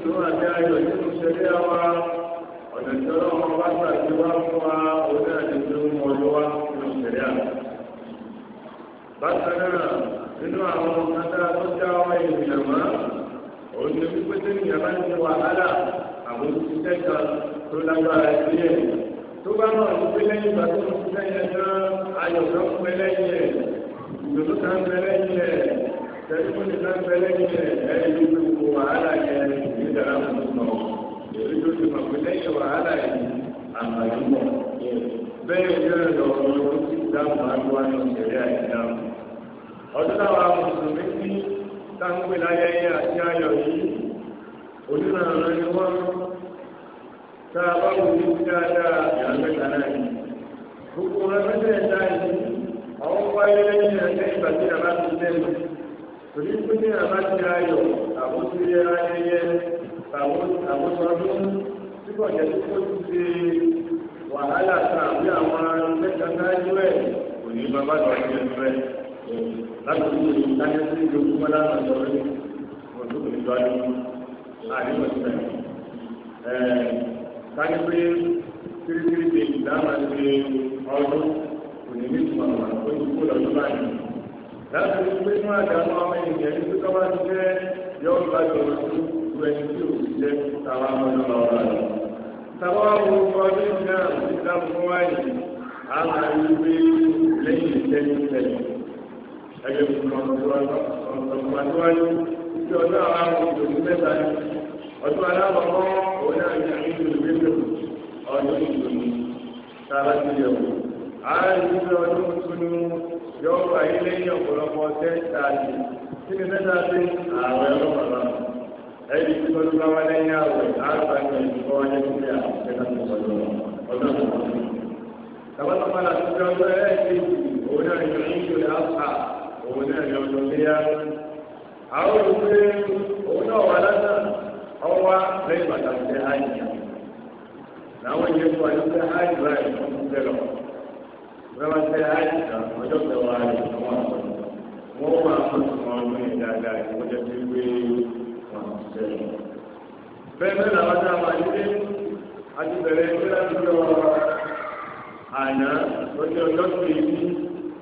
ìdùnnú àti ayọ̀ nínú ṣẹlẹ̀ wa ọ̀nà tí ọlọ́run bá gbà tí wá fún wa òun àti tí ó mọ ọjọ́ wa nínú ṣẹlẹ̀ àná. bákan náà nínú àwọn ọ̀nà tó já wa ènìyàn mọ́ òun ni wípé tí ènìyàn bá ń ṣe wàhálà àwọn òṣìṣẹ́ kan tó lágbára sílẹ̀ tó bá náà ti pé lẹ́yìn ìgbà tó ń ṣiṣẹ́ yẹn náà ayọ̀ kan pẹ́ lẹ́yìn ẹ̀ ìdòdó kan pẹ́ lẹ́yìn ẹ̀ tẹlifóònù náà fẹ́lẹ́ ní ẹ̀yìn gbogbo wàhálà yẹn ní ìdára fún un náà èyí tó ti mọ̀ pé lẹ́yìn wàhálà yìí àmàlú mọ̀ bẹ́ẹ̀ yóò lọ ọ̀rọ̀ tí ìdáhùn àdúrà ní ìṣẹ̀lẹ̀ àìdáhùn. ọdún táwọn mùsùlùmí sí táǹgbé láyẹyẹ àti torí pé ní àbájáde ayọ̀ àbójúlé ayẹyẹ àbójúọdún tí kò jẹ́ kó ti ṣe wàhálà kan àbí àwọn mẹ́ta sáájú ẹ̀ kò ní bàbá lọ sí ẹnu rẹ̀ láti ní ìlú táyé sí ìlú kúmọ́lá àtọ̀ rẹ̀ kò tó kò ní lọ ayé àdéhùn sílẹ̀. táyé pé kíríkírí ti dáhùn àti ọdún kò ní ní ìtumọ̀ àwọn àkókò lọ́dún báyìí láti rí pé fún àdánù àwọn ènìyàn ní pípa máa ń jẹ́ yọ̀ọ́ bá jọ̀rọ̀ tó ju ẹni tí ò sí jẹ́ tàwa mọ́nà ọ̀rọ̀ rẹ̀. Tàwa wo ọdún náà ti dá fún wáyé, a máa rí pé lẹ́yìn ìtẹ́lẹ̀ ìtẹ́lẹ̀. Ẹgbẹ́ mi kan ọ̀sán àtiwájú tí ọjọ́ àwọn òṣèlú mẹ́ta ni. Ọdún alábọ̀kọ́ òun náà ní àmì ìlú mẹ́tò ọdún ìlú. Tàbá ti yẹ̀wò. A rí pé ọdún tuntun yọ wà yí lẹ́yìn ọ̀pọ̀lọpọ̀ tẹ́ta yìí kí ni tẹ́ta sí ààrẹ ọlọ́mọlá ẹ̀yìn tí wọ́n ti bá wá lẹ́yìn ààrẹ àgbà ní ìfọ́ ọjọ́ tó yà tẹ́ta tó sọ̀rọ̀ ọjọ́ ya sọ̀rọ̀. tàbátà padà tó fi ọjọ́ ẹ̀ẹ́dì wọ́n fẹ́ àìsà ọjọ́ kẹwàá rẹ̀ wọ́n wọ́n máa fún ọmọ ọdún yìí dáadáa ní wọ́n jẹ́ pé pé wọ́n ti sẹ́yìn. bẹ́ẹ̀ làwọn tá a máa ń dé àti bẹ̀rẹ̀ pé láti lọ àná lọ́jọ́ ọjọ́ kejì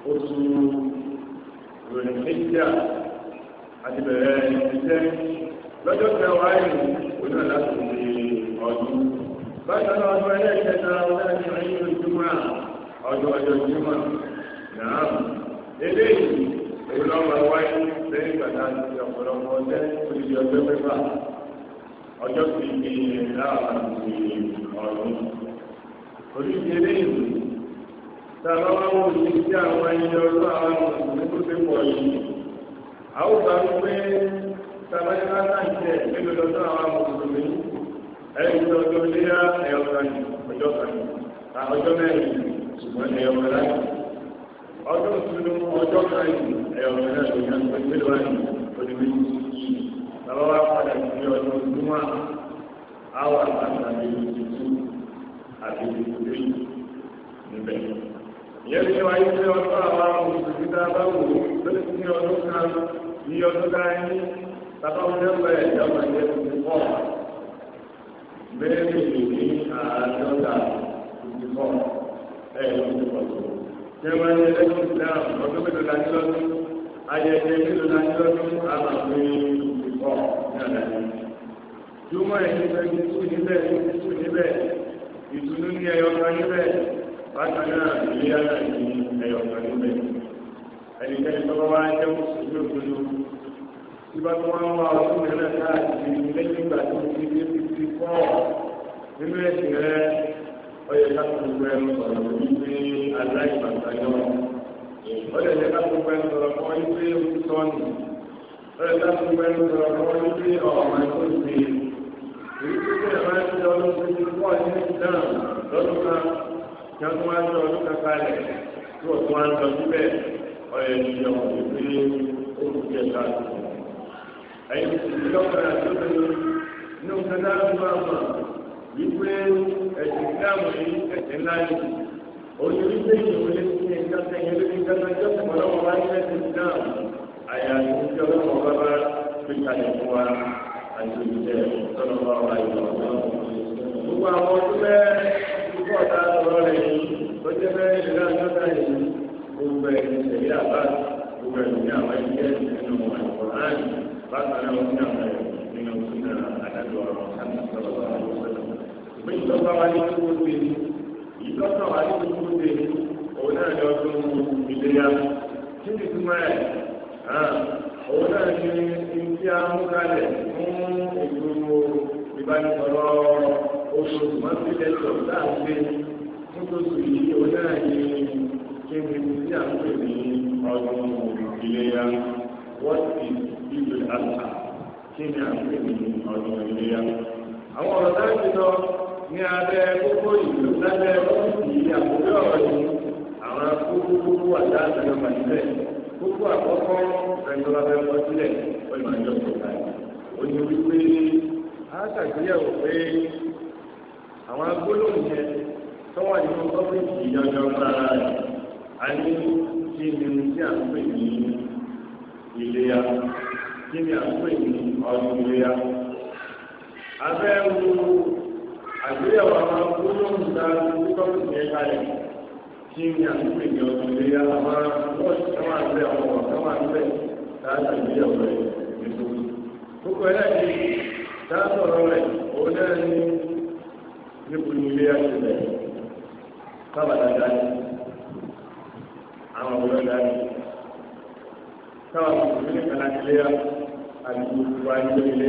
oṣù rẹ̀ níjà àti bẹ̀rẹ̀ iṣẹ́ lọ́jọ́ kẹwàá yìí wọ́n láti ṣe ọdún. bákan náà ọdún ẹlẹ́ẹ̀kẹta ọ̀sẹ̀ ní ọ̀yìn ìjùmọ̀ ọjọ́ ọjọ́ jímọ̀ náà eléyìí èyí lọ́wọ́ wáyé lẹ́yìn gbàdá àti ọ̀pọ̀lọpọ̀ ọjọ́ oríṣi ọjọ́ mẹ́fà ọjọ́ sì ní láàbùkù ọ̀run oríṣi eléyìí tàbá wá wò ní sí àwọn ẹni ọjọ́ àwọn mùsùlùmí tó ti pọ̀ yìí àwọn pé tàbá bá náà jẹ nínú lọ́jọ́ àwọn mùsùlùmí ẹni ọjọ́ léyà ẹ̀yọ̀ kan ọjọ́ kan ọjọ́ mẹ́rin ṣùgbọ́n ẹ̀yọ̀ kẹlá ọdún tuntun ọjọ́ kan yìí ẹ̀yọ̀ kẹlá ló yàn pé pé lọ́wọ́ yìí ó di méjì bàbá wa padà sí ọdún júmọ́ àwọn àgbàdo àti tuntun àti tuntun níbẹ̀. ìyẹn ti wáyé pé ọdún àwọn mùsùlùmí tá a bá wò ó lórí ní ọdún kan ní ẹ ẹ wọ́n ti pọ̀ tó. ṣé wọ́n yẹ lẹ́yìn islam ọdún mélòó la ní lọ́dún ayẹyẹ mélòó la ní lọ́dún àlàfé ìkọ́ ní àlàyé. júmọ́ ẹ̀ níbẹ̀ ìtú níbẹ̀ ìtú níbẹ̀ ìtùnú ní ẹyọkan níbẹ̀ bákan náà ìlera náà ní ẹyọkan níbẹ̀. ẹnikẹ́ni tó bá wá jẹ́ mùsùlùmí ìgbà tó wọn wá ọdún rẹ káàkiri lẹ́yìn ìgbà tó ti dé fífi fọ nínú ẹsìn rẹ ọyọ káfíńtì gbẹ sọ̀rọ̀ wípé aláìbàtà yọ ọyọ yẹ káfíńtì gbẹ sọ̀rọ̀ kọ wípé sọnù ọyọ káfíńtì gbẹ sọ̀rọ̀ kọ wípé ọmọ ẹ̀kọ́ ìgbé èyí tó tẹ ẹ̀rọ ẹ̀sìn ọdún tó ti pọ̀ ní ìdáhùn lọ́dún kan kí wọ́n tún wá sí ọdún kankan lẹ̀ tí wọ́n tún wá ń lọ síbẹ̀ ọyọ ìjọ wípé ó ń jẹ káàkiri ẹ̀yìn ìjọba àti ọ̀gbìn ní òkúta dáhùn máa mọ̀ wípé ẹ̀sìn ìsìláàmù yìí ẹ̀sìn ńlá yìí òní wípé ìyẹ̀wò lè fi ẹ̀ka sẹ́yìn lórí ìdáná jẹ́ ọ̀pọ̀lọpọ̀ wá ní ẹ̀sìn ìsìláàmù àyà ìdíjẹ́ ọlọ́wọ́ bábá fi kalẹ̀ fún wa àti ìjẹ́ ọlọ́wọ́ wa ìwà ọ̀gá gbogbo àwọn ọdún bẹ́ẹ̀ ikú ọ̀tá ọ̀rọ̀ rẹ̀ yìí ó jẹ́ bẹ́ẹ̀ ìlànà ọ̀tá yìí gbogbo ẹ̀ ìṣẹ̀lẹ̀ àbá gbogbo ṣùgbọ́n ìtọ́ka wa ní gbogbo tèmi ìtọ́ka wa ní gbogbo tèmi òun náà lọ tó ń ìlera kí ni ẹ̀ òun náà ní ní a mú kalẹ̀ fún ìgbòho ìbánisọ̀rọ̀ oṣù mọ́tìlẹ̀ lọ sáàgbé nítòsí yìí òun náà ní kébi tí a ń pè ọdún ìlera wọ́n ti ìlú àgbà kí ni a ń pè ọdún ìlera. àwọn ọ̀rọ̀ dájú lọ ní abẹ́ gbogbo ìlú lábẹ́ ọ́fíìsì àkókò ọ̀rọ̀ yìí àwọn akókó gbogbo àdá àtàlẹ́ gbogbo àkọ́kọ́ wípé pé àwọn agbólóhùn yẹn tọ́wọ́ nínú ọ́fíìsì ìyọjọ́ rárá rẹ̀ ní kí ni tí à ń pè ní kí ni à ń pè ní ọdún abẹ́wò àgbéyẹ̀wò àwọn gbólóhùn dáadé nípa ìgbẹ́ kalẹ̀ tí ní àdúgbò ìgbẹ́ ọ̀sán lé yá àwọn wọ́ọ̀sì táwọn àgbẹ̀ àwọn ọ̀rọ̀ táwọn àgbẹ̀ láti àgbéyẹ̀wò rẹ̀ nítorí. gbogbo ẹ̀ láti dáàtọ̀rọ̀ rẹ̀ òun náà ní níbo ni ilé yàtọ̀ rẹ̀ kábàtà dání àwọn ọ̀rọ̀ dání kábàtà ìgbẹ́ kalẹ̀ àdúgbò ìgbẹ́ ilé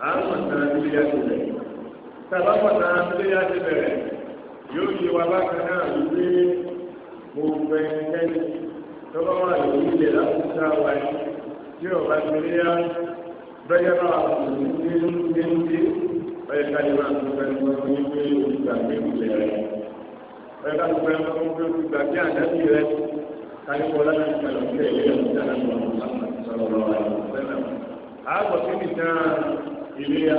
àwọn ọ̀sán abílẹ̀ ti bẹ̀rẹ̀ tàbá ọ̀sán abílẹ̀ ti bẹ̀rẹ̀ yóò ṣe wà bákan náà wípé mo fẹ́ kẹ́lí tọ́lá wà lórí ilẹ̀ lákòókò àwa yìí tí ọba ti rí á bẹ́yẹ́ bá wà lórí ilé ní ilé ọ̀yẹ́ káyọ̀ máa tó fẹ́ fún ọ ní pé olùgbàgbé ìlẹ̀ rẹ̀ ọ̀yẹ́ ká tó fẹ́ fún ọ pé olùgbàgbé àdáni rẹ̀ káyọ̀ kọ́ láti kàlọ́ kẹ́ ilé ọ̀sán àgbọ̀ àgbọ̀ àgbọ̀ àgbọ̀ àgbọ̀ ilé ya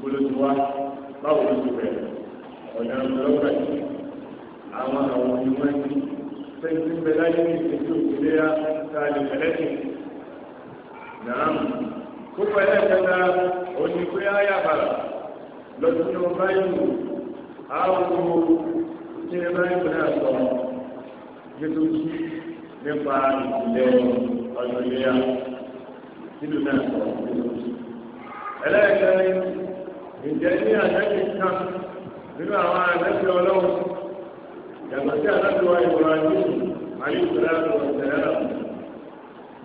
gbólótó wa báwo ló ti bẹ̀rẹ̀ ọ̀nà lọ́gbà yìí àwọn àwọn onímọ̀ yìí sẹ́ńtì bẹ láyé ní náà lọ́dún yìí tí ẹ bá gbẹdọ̀ nípa ìpìlẹ̀ ọ̀nà ẹlẹ́ẹ̀kẹrin ìjẹ́ ní àjẹ́bí kan nínú àwọn àjẹ́bí ọlọ́run yàtọ̀ sí àjẹ́bíwa ìwòrán yìí ayé ìṣẹ̀lẹ̀ ọ̀sẹ̀lẹ̀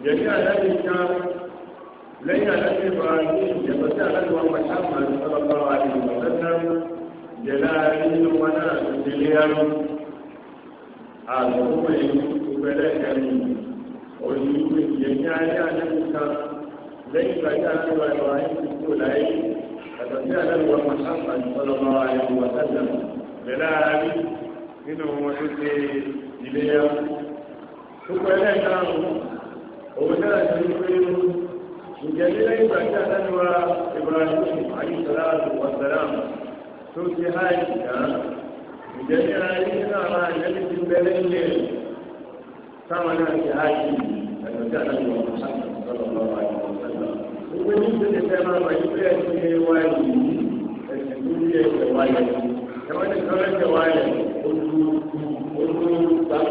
ìjẹ́ ní àjẹ́bí kan lẹ́yìn àjẹ́bí ìwòrán yìí yàtọ̀ sí àjẹ́bíwa pàṣápàá ìṣọ̀lọ́pàá ìwòsàn jẹ̀lá nínú wọn òyìnbó ìjẹ́ ayé àjẹ́bí زي ما كان ابراهيم يقول اي فتبدا له محمد صلى الله عليه وسلم بلا ابي منه وجود اليه ثم لا يعلم هو لا يقول جليل بعد ابراهيم عليه الصلاه والسلام توفي هاي جليل علينا ما جلس بليل كما نحكي هاي فتبدا له محمد صلى الله عليه وسلم gbogbo ní ìpínlẹ̀ fẹ́ máa wà yí bẹ́ẹ̀ ní ilé wa yìí ẹ̀sìn tó ní ẹ̀jẹ̀ wa yẹ ẹ̀wọ́n ní sọ́rọ́ ẹ̀jẹ̀ wa yẹ gbàgbọ́n ìdílé kan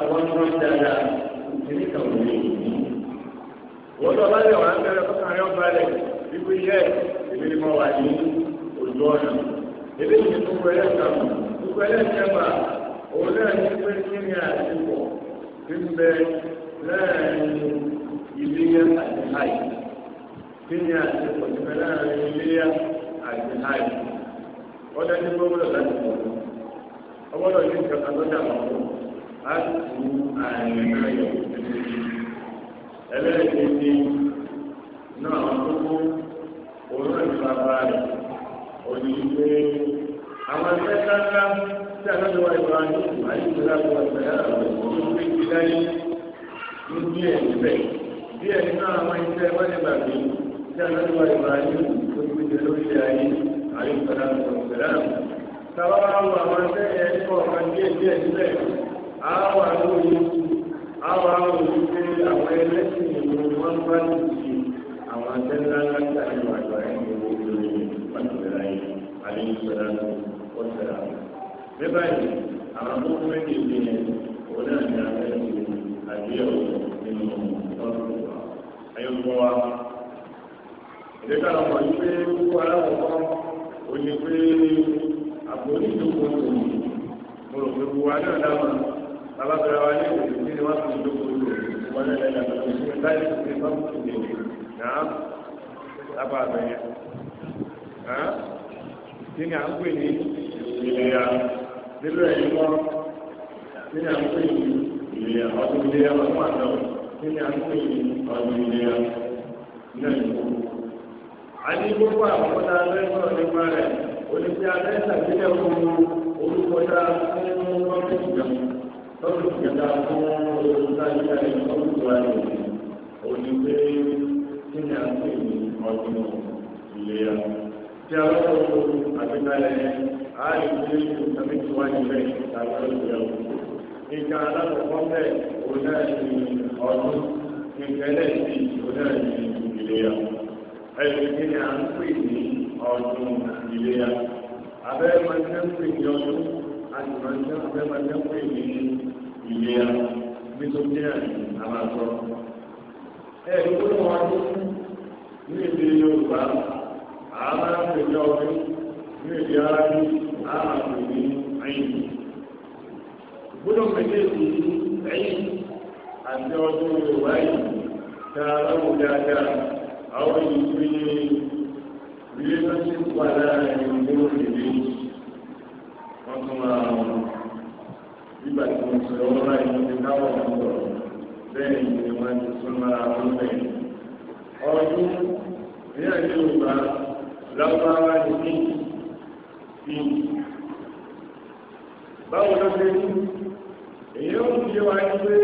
wọ́n lọ bá á bẹ̀rẹ̀ fún kàrí ọ̀gbà rẹ̀ ibi yẹ ojú ọ̀nà ebi òun náà ní pé kí ni kí ni àti pọ̀jùmẹ́ láàrin iléyà àti láì wọ́n dájú pé wọ́n lọ́dà tó wọ́n wọ́n lọ́dà ní ìjọba lọ́dà wọn á tu àìrìn náà yọ ẹlẹ́yìn ní náà wọn tó kú òun náà ti bàbá rẹ̀ òní pé àwọn ẹgbẹ́ káńká tí a lọ́dọ̀ wà ìgbà ní ìgbà yìí tó láti wà ìgbà yàrá rẹ̀ kó ló gbé ìgbé láyé ní bí ẹ̀ níbẹ̀ bí ẹ̀ nínú àwọn iṣẹ́ wọ́n ní bàbá yìí tí a lọ́wọ́ ìbáyé tó ti gbé lórí ayé ayé ìpàdà ìpàdà. Sábà àwọn àwọn ẹgbẹ́ ẹni kọ̀ọ̀kan díẹ̀ díẹ̀ sílẹ̀, àwọn àwọn òye, àwọn àwọn òye pé àwọn ẹlẹ́sìn ìlú wọn bá ti di àwọn ẹgbẹ́ ńlá ńlá tí a lè wà lọ ẹni ìlú lórí pàtàkì ayé ayé ìpàdà ìpàdà. Bí báyìí, àwọn tó fẹ́ kéde yẹn, òun náà ni a fẹ́ ṣe àgbéyẹ̀wò nínú ọdún wa. Ayọ̀ nígbà wọn yìí pé kókó aláwọ̀kọ́ ò ní pé àpò onídokò tó ní mo rò pé gbogbo wa náà dáwọn bàbá bẹ̀rẹ̀ wa ní ìlú tí wọ́n fi dókòó lò wọ́n lẹ́lẹ́ lọ́wọ́ ìṣẹ́ láì sí pé wọ́n fi lè náà lábà bẹ̀yẹn. kí ni à ń pè ní ìlera nílò ẹ̀yìn wọn kí ni à ń pè ní ìlera ọdún ìlera wọn fún àjọ kí ni à ń pè ní ọdún ìlera náà ìlú àní gbogbo àwọn tá a fẹ́ sọ̀rọ̀ nípa rẹ̀ oníṣẹ́ abẹ́ sàbílẹ̀ ohun orúkọ tá a fún lọ́dún ìjọ lọ́dún ìjọ tá a fún olùdájọ́ lọ́dún ìjọ ayọ̀ òní pé kí ni a ń pè ní ọdún ìlera tí a bá tó àgbékalẹ̀ a lè fi tàbí tí wọ́n yẹ tàbí lọ́dún ìjọ nǹkan alákọ̀ọ́kọ́ bẹ́ẹ̀ onáà ọdún nǹkan ẹlẹ́sìn onáà ní ẹ̀yìn kí ni à ń pè ní ọdún ìléyà abẹ́rẹ́ máa ń tẹ́ ń pè ní ọdún àti máa ń tẹ́ ń pè máa ń tẹ́ ń pè ní ìléyà nítorí àyìn àmàtọ́. ẹ̀yìn kí ni wọ́n ti ní èdè Yorùbá àmà ń pè ní ẹ̀yìn. àti ọdún Yorùbá yìí ká lọ́wọ́ dáadáa àwọn ìpele relationship wà láàrin ìlú ìlú wọn tún máa wọn nígbà tí wọn sọ wọn láì wọn ti dáwọ wọn lọ bẹ́ẹ̀ ni wọn ti sún máa wọn bẹ́ẹ̀ ọdún ní àyè òkúta lágbára ní ti báwo ló ṣe ní èyí ó ń yé wa pé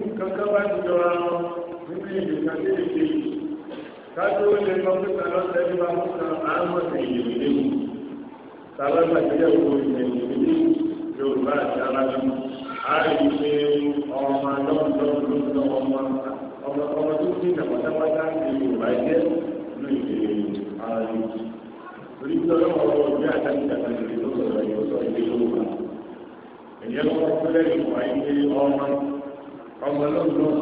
nǹkan kan bá ti jọra wọn níbi ìgbésà tí èyí kájú ó lè sọ pé kàlọ́ tẹ́lú bá mú kan àmọ́ ẹ̀yìn ìdílé mu tàbá gbàgbéyàwó ẹ̀yìn ìdílé yorùbá àti arábí àárín pé ọmọ lọ́dún lọ́dún ọmọ ọmọ tó ti nà pátápátá ní yorùbá jẹ́ ló ìdè àárín torí tí ọlọ́wọ́ ọ̀rọ̀ bí àtàkì àtàkì tó sọ̀rọ̀ yóò sọ ilé yorùbá ẹ̀yẹ́ lọ́wọ́ fúlẹ̀ ìwà ilé ọmọ ọmọ lọ́dún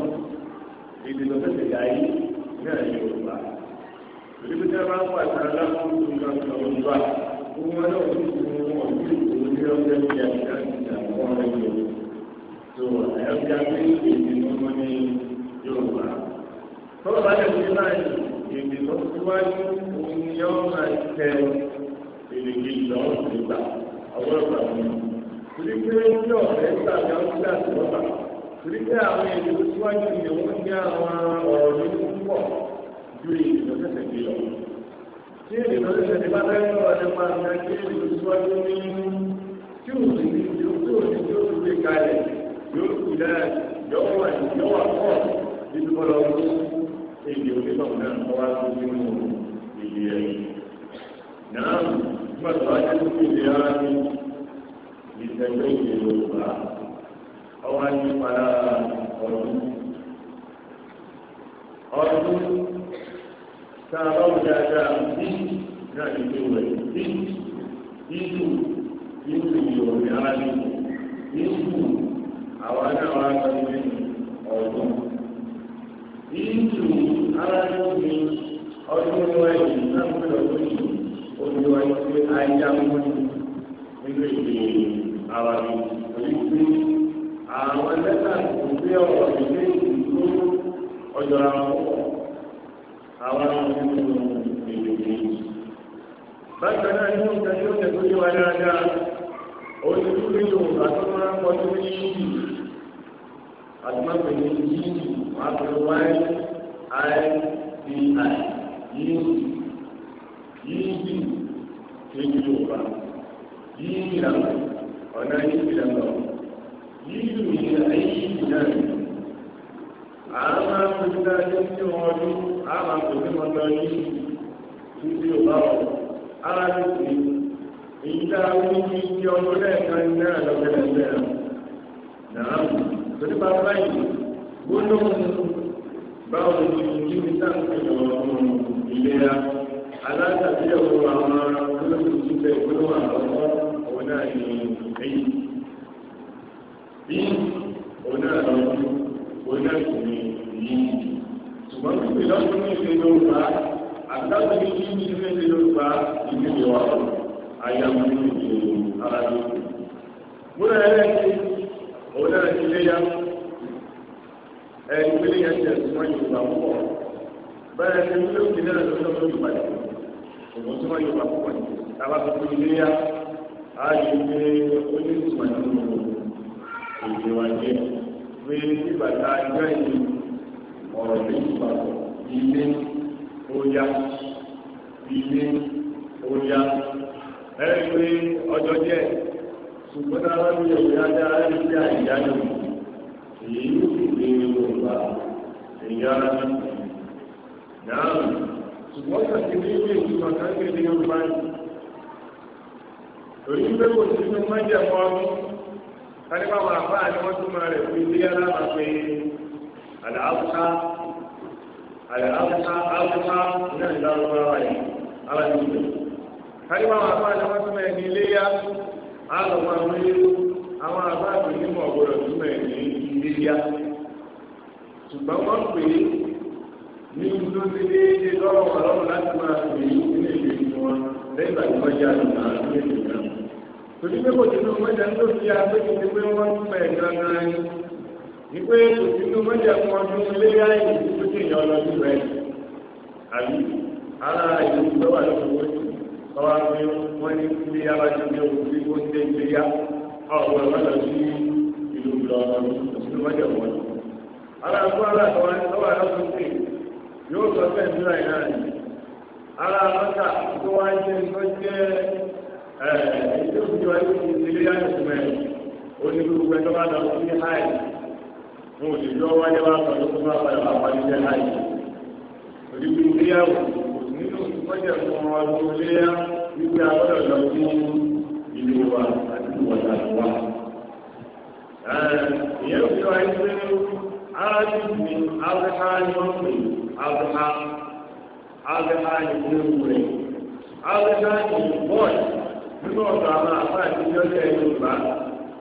ìdè lọ́sẹ̀ ní àyè òkúta ìdíbi tí a bá ń wà ní aláwọ̀ ìgbà ìgbà wọn náà ti fún wọn ní ìgbòho ní ọjọ́ ìgbà ìgbà ìgbà wọn rẹ̀ yìí tó ẹ̀ka pé èdè mọ́mọ́ ní Yorùbá tó bá lè fi náà èdè tó síwájú òun ni yóò máa tẹ èdè kejì lọ́wọ́ ìgbà ọwọ́ ìgbà wọn. Ìdíbi tí ó ń yọ̀ ẹ́ gbàgbọ́ sí àtìwọ́pàá torí pé àwọn ènìyàn tó síwájú ni wọ́n jẹ́ àwọn ọ̀rọ̀ nínú púpọ̀ ju ènìyàn tẹ̀sẹ̀ gbé lọ. tí ènìyàn tẹ̀sẹ̀ ti bá fẹ́ sọ̀rọ̀ nípa àgbà tí ènìyàn tó síwájú ní tí ò sì ní tí ò sì tí ò sì gbé kalẹ̀ yóò kù dáa yóò wà yóò wà pọ̀ nínú bọ́lá ọdún ènìyàn onígbàgbọ́n náà kọ́ wá sí nínú ìlú ẹ̀yìn. náà nígbà tó wá jẹ́ ọwọ́ ní para ọdún ọdún tá a bá wù dáadáa bí náà ní ìlú rẹ̀ bí nínú nínú ìròyìn ara ní nínú àwọn adáwọ̀ ara ní ọdún nínú ara ní ọdún wáyé náà ń pè ọdún yìí wáyé pé ayé dáhùn nínú ìlú ara ní àwọn ẹlẹ́ta kò gbé ọ̀rọ̀ ilé ìlú ọjọ́ àwọn àwọn ọmọ ìlú yìí. bákan náà ní oúnjẹ tí ó tẹ̀kọ́ yé wa dáadáa oṣù tó lè lò àtúnmọ́ra pọ̀ tó ní yíyí àtúmọ̀pẹ̀ ní yíyí wọ́n á pè wáyé àìsí àìyí yíyí kéjì yorùbá yíyí ìlànà ọ̀nà yíyí ìlànà lílù ilẹ̀ ayé ìlú náà àwọn máa ń fojú dájú tí wọn ọdún àwọn máa ń fojú wọn lọ ní ìdí òbá wọn ara ló pè é èyí tá a wí ní ibi ọmọ lẹ́ẹ̀kan náà lọ́gbẹ̀lẹ́gbẹ̀ náà torí bá báyìí gbólóhùn báwo yìí onáàlọ́jú onáàkùnrin yìí ṣùgbọ́n tó fi lọ́dún ní ìlú yorùbá àtàwọn ní yìí ní ìlú yorùbá ìlú yorùbá ayáwó ní ìlú ara yìí. múra ẹlẹ́ni onáàkùnrin léyà ẹni pé léyà ti ẹ̀sùn wọn yorùbá púpọ̀ bẹ́ẹ̀ ni wọ́n yóò fi èdè wa jẹ́ pé nígbà tá a gbá ìlú ọ̀rọ̀ méjì papọ̀ ilé ó yá ilé ó yá ẹ pé ọjọ́ jẹ́ ṣùgbọ́n tá a bá ní ìwé ajá ẹni tí àìyá lò èyí ló sì lè yorùbá èyí ara ní náà ṣùgbọ́n kàkiri ní ìwé ìtumọ̀ kankan yorùbá yìí. Torí pé kò sí fún májèmọ́ ọdún kálífà wọn àbá ni wọ́n túmọ̀ rẹ̀ fún ilé yàrá máa pe àlàáfíà àlàáfíà àlàáfíà náà ní lárúbá wa yìí alájùmọ̀ kálífà wọn àbá ni wọ́n túmọ̀ ẹni ilé yá àlọ́mọ àwọn ewu àwọn àbá àbìnímọ̀ ọ̀gbọ̀dọ̀ túmọ̀ ẹni ilé yá ṣùgbọ́n wọ́n pè é ní ìlú ti dé lọ́wọ́ ọlọ́run láti máa pè é nínú ìlú wọn lẹ́yìn ìgbà tí wọ́n jáde náà lóye torí pé kò sínú mẹ́ta tó fi agbẹ́jì ti pé wọ́n ń pẹ̀ gangan ni wípé kò sínú mẹ́ta kan ọdún léyà yìí tó ti yàn lọ síbẹ̀ àbí ara ìlú tó wà lọ́wọ́ tọ́wá pé wọ́n ní ilé alájú ní oṣù tí wọ́n ń dé ilé yá ọ̀pọ̀ ìwádà sí ìlú ìlọrin kò sínú mẹ́ta kan ara ń kọ́ ara tọ́wá tọ́wá lọ́sùn sí yóò sọ fẹ́ẹ̀ dúrà ìlànà ara èyí tó ti wáyé ti ilé yàtọ̀ mẹ́rin ó ní gbogbo ẹjọ́ bá lọ sí háì wọn ò lè lọ wáyé wá sọ ló fún wa padà wá wáyé jẹ háì òdi bí iléyàwó nínú ìfọ́jẹ̀ fún ọdún iléyà wípé agbọ́dọ̀ lọ sí ìlú wa àti ìwọ̀ta wa. ìyẹn ló fi wáyé pé aráàlú ni áfíríkà ni wọ́n pè áfíríkà áfíríkà ni wọ́n pè áfíríkà ni bọ́ọ̀lù nínú ọ̀dọ̀ àwọn àbá àtijọ́ ilẹ̀ yorùbá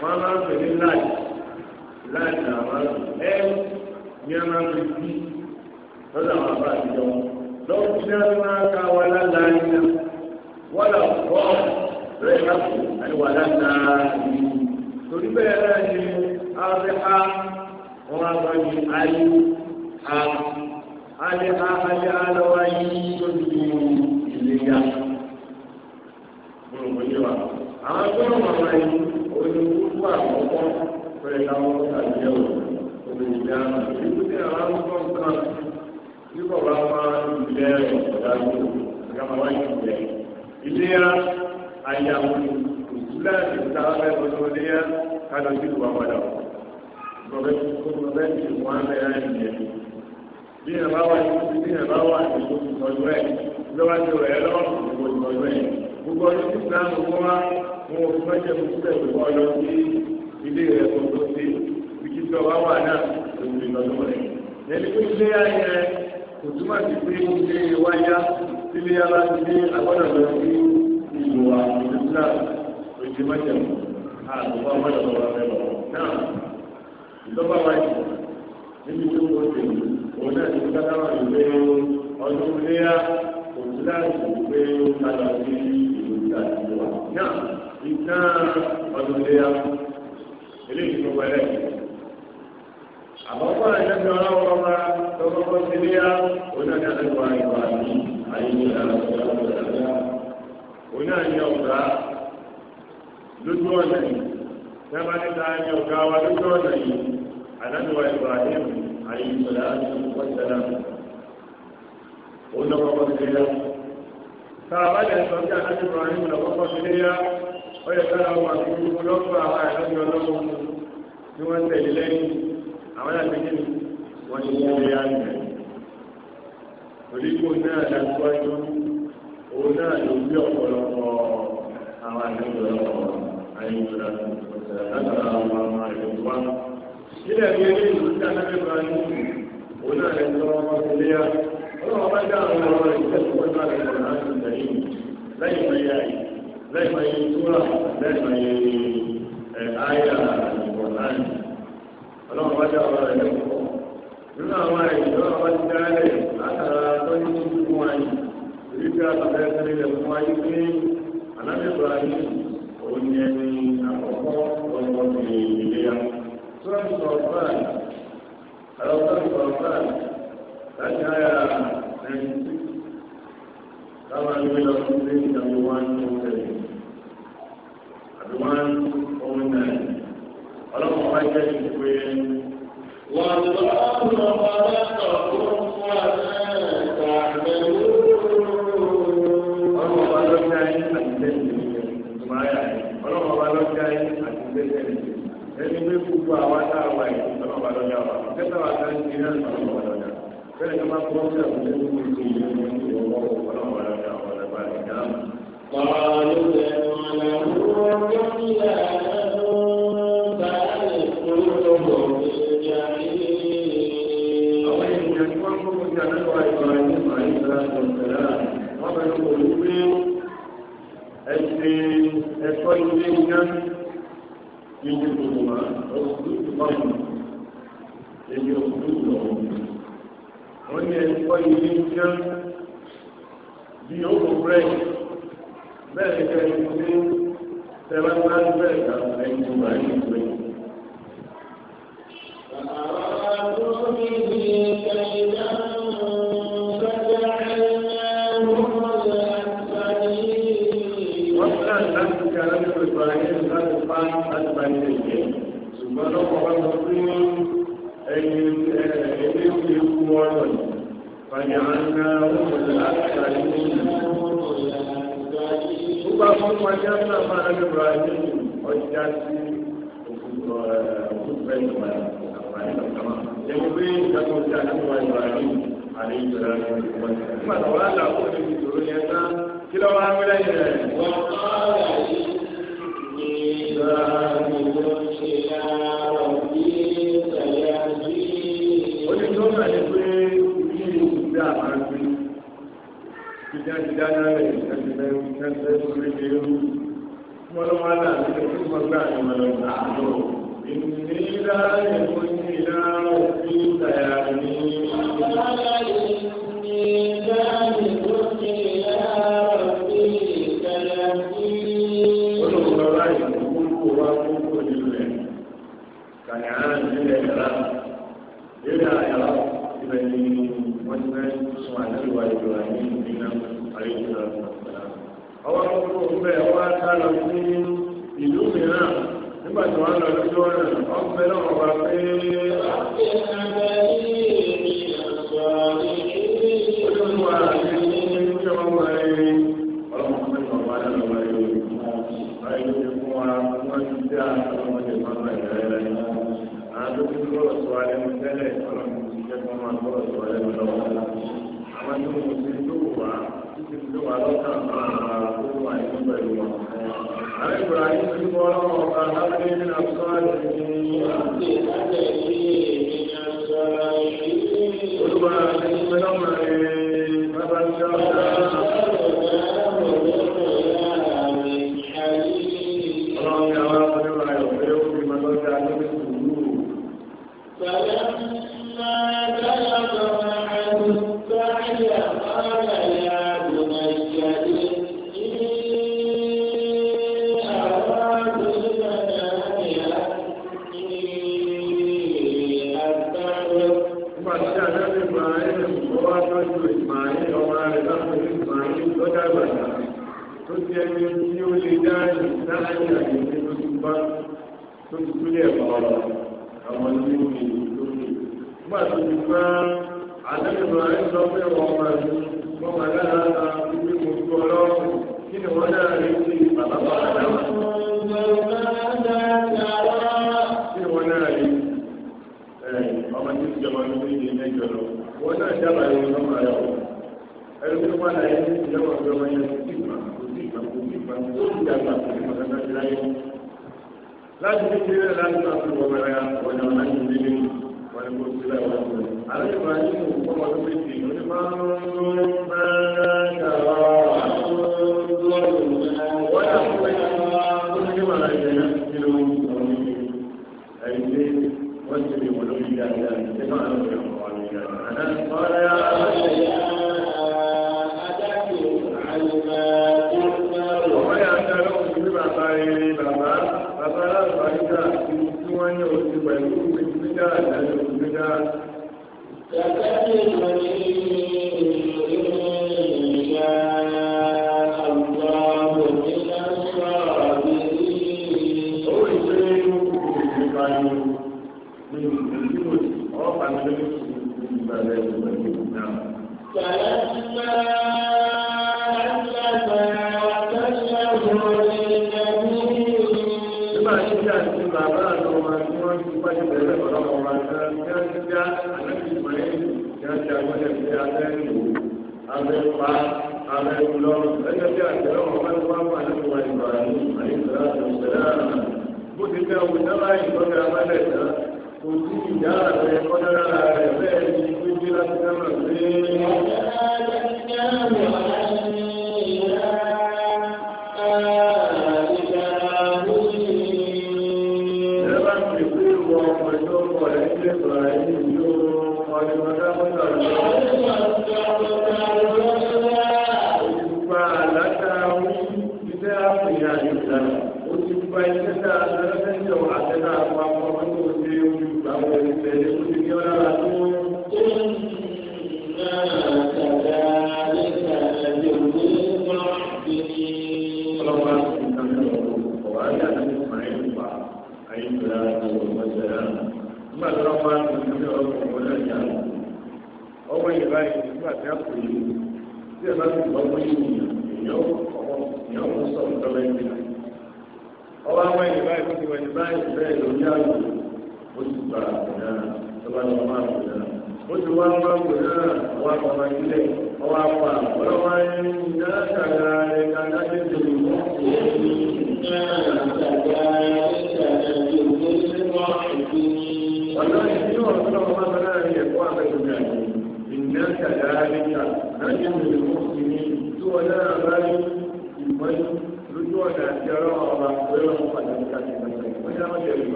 wọn máa ń pè ní láì láì àwọn ẹ̀rù ní a máa ń pè sí lọ́dọ̀ àwọn àbá àtijọ́ lọ́wọ́ tí wọ́n máa ń ká wa lálàá iná wọ́n lọ kọ́ rẹ̀ lápò àríwá lálàá ìlú torí bẹ́ẹ̀ náà ni abẹ́ ha wọ́n á máa ní ayé ha alẹ́ ha alẹ́ ha lọ́wọ́ ayé tó ti di ìlera ọmọ yẹn wa àwọn agbọ́dọ̀ máa ma yìí oní kúkú àkọ́kọ́ pẹ̀lú àwọn àjẹ́ o obìnrin bí a ma yìí kúkú àwọn akọ́kọ́ nǹkan yíkọ̀ bá ma ilé ọ̀dà tó ọ̀gá ma wá yìí jẹ ìlera àyàwó òṣùlá ìta ọ̀gá ìgbọ̀dọ̀ léyà kálọ̀ sí ìwà padà bọ̀bẹ́ tí wọ́n á bẹ̀rẹ̀ ẹ̀ bí ẹ̀ bá wà ní bí ẹ̀ bá wà ní ìtọ́jú ẹ̀ lọ́wọ́ tí ò ẹ̀ lọ́wọ́ ìtọ́jú ẹ̀ gbogbo ọdún tí ìgbà wọn wá wọn ò fún ẹ̀jẹ̀ fún sílẹ̀ ìwọ lọ sí ilé rẹ̀ tó tó sí ibi tí ọba wà náà lòun ìlọ lọ rẹ̀. ẹni tó ilé ayẹ kò túmọ̀ sí pé e ilé wáyá sílé yàrá ti dé agbọ́dọ̀ lọ sí ìlú wa ìlú náà oṣù mẹ́jẹ̀mú àgbọ̀bá wáyà lọ́wọ́ rẹ̀ lọ. náà ìjọba wáyà níbi tó kọ́ sí òun náà ti dáná wà ní pé ọdún léyà òun láti pé ó padà ìgbà tí ó wà. náà ìtàn ọdún lé ya eléyìí tó wẹlẹ. àkọ́kọ́ ẹ̀jẹ̀ fi ọlọ́wọ́ ọba tọkọ́kọ́ sí lé ya onáni àdúgbò àyíká àti àyíká àti onáni ọ̀gá lójú ọ̀nà yìí sábà níta sàràbàjẹ́ sọ bí àti Ibrahim lọ́kọ́kọ́ sí léyà ó yẹ ká lọ́wọ́ àti gbogbo lọ́kọ́ àwọn àìsàn ọlọ́wọ́ ni wọ́n tẹ̀lé lẹ́yìn àwọn àgbẹ̀jẹ̀ wọ́n ti wọ́n léyà nìyẹn. orígbó náà dàgbájú òun náà ló bí ọ̀pọ̀lọpọ̀ àwọn àìsàn ọlọ́wọ́ àìsàn látara àwọn ọmọ àìsàn wa. ilé ẹ̀rí ẹni ìlú tí a náà bẹ̀rẹ̀ òun náà lè sọ ọmọ sí léyà ọlọ́wọ́ bá dá àwọn ọmọ rẹ̀ lẹ́yìn mẹ́yẹ ayé lẹ́yìn mẹ́yẹ túra lẹ́yìn mẹ́yẹ ayé àgbọ̀ láàyè ọlọ́run bá dá ọ̀rọ̀ rẹ̀ lẹ́kọ̀ọ́ nínú àwọn àyè ọlọ́run bá ti dá rẹ̀ látara tó ní kíkú fún ayé èyí tí a lọ bẹ́ẹ̀ sẹ́lẹ̀ lẹ̀ fún ayé pé alábẹ́sọ̀ ayé òun ni ẹni àkọ́kọ́ ọ̀pọ̀ ti ìlera tó ń sọ báyìí àwọn tó ń sọ báyìí láti ayé Someone who does something that you want to say. At one only man. Ọlọ́run ọba jẹ́ ìpè. Wọ́n lọ́wọ́ ọba lọ́tọ̀ fún fún àtẹ̀yẹ̀ta pẹ̀lú. Ọlọ́run ọba lọ́jà yín àti lẹ́yìn ìgbàlá. Ọlọ́run ọba lọ́jà yín àti lẹ́yìn ìgbàlá. Ẹni pé gbogbo àwa tá a wà yìí, ọlọ́run ọba lọ́jà wa. Kẹ́tà wa ká ń ṣe náà, ọlọ́run fẹ́rẹ̀ ní bá kọ́ sí àwọn ẹgbẹ́ tó ti yẹ ní ìwọ́wọ́ ọ̀pọ̀lọpọ̀ àti àwọn ọ̀dàgbà ìjà. قالوا له رجل لا نكون فأدخلهم في الجحيم. أولئك يشكركم كما إبراهيم عليه الصلاة والسلام ومن قلوبهم ẹsìn ẹ̀kọ́ ilé iná ní gbogbo wa ọdún tó bá wọn èyí ọdún tó lọ wọ́n ní ẹ̀kọ́ ilé jẹ́ bí owó rẹ̀ bẹ́ẹ̀ kẹ́ ẹ̀ ní tẹ́lẹ̀tẹ́lẹ̀ bẹ́ẹ̀ kà ẹ̀yìn tó bá yìí pé. Wọ́n ní àtàkì kan láti pèsè àyè láti pa àti bá ilé jẹ́. Ṣùgbọ́n lọ́kọ̀ọ́ bá lọ sí فجعلناهم الأكثرين Gbogbo àwọn ọmọ ajá náà máa ń lọ Ibrahim ọjà sí òkúta ìgbà àpàyè ọ̀kàmá. Ẹni pé ìjọba ọjà sí wa Ibrahim àlẹ́ ìjọba ní ìjọba. Nígbà tó wá là ó lè dòrò yẹn ná kí lọ́wọ́ á wílẹ̀ yẹn. Wọ́n á rà yìí ní ìgbà àgbègbè ṣe náà. jáde dáná rẹ̀ láti bẹ̀rù kẹ́sẹ̀ sórí eérú. Wọ́n ló wá là ní ẹ̀kú gbọ́gbà ìmọ̀lẹ̀ àlọ́. Ìnira ẹ̀kọ́ ní ìlànà òfin ìtàyà ní Kànyàrá ìdílé ìlànà, ìdílé ìlànà, ìbẹ̀ ni wọ́n ti fẹ́ sún àdéhùn àdéhùn àdéhùn nínú àlejò náà. ọwọ́ àkókò bẹ́ẹ̀ wá sá lọ sí ìlú mìíràn nígbà tí wọ́n lọ sí lọ́nà ọ̀gbẹ́ náà wà pé. olùwà àti ìṣe ọmọ ẹni ọlọ́mọ pé bàbá náà lọ́wọ́ ẹni báyìí ti fún wa wọ́n ti dá ọlọ́mọdé máa bá ìrẹ́ rẹ̀. àwọn tó ti lọ́wọ́ sọ alẹ́ mi tẹ́lẹ̀ ọlọ́mọ ti jẹ́ kó máa lọ́wọ́ sọ alẹ́ mi lọ́wọ́. àwọn tó ti ti fi wà lọ́kàn máa kó wà nínú pẹ̀lú wọn. Àwọn ìgbà yìí ti bọ́ ọ̀gá lábẹ́ ní àbúrò ní àti ìdájọ́ ìdílé mi ní aṣọ ara ń jọ ọ̀gá. lára ẹni ìlọ́wọ́ ọ̀dọ́ wọn yẹn kò sí ìgbà kò sí ìgbà kò sí ìgbà kò sí ìdàgbà kò sí ìgbà kò sí láti fi kéré láti máa fi wọ́n mẹ́ra wọ́n yàn láti fi lé wọ́n ní kó sílẹ̀ wọ́n tó. Àlẹ́ ìgbà yìí kò kọ́ ọdún méjì ló ní máa ń rún bẹ́ẹ̀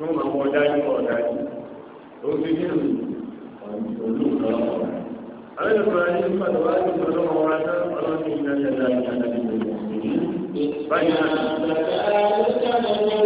tó máa wọ dájú ọ̀dájú tó ti ní ìlú olú ọ̀rọ̀ àwọn ìlúfà ní ìlú àtọwà ní ìlú ọlọ́wọ́ wa náà ọlọ́run ní ìlú ẹ̀ṣẹ̀ náà ní ìlú ẹ̀ṣẹ̀ náà ní ìlú ẹ̀ṣẹ̀ náà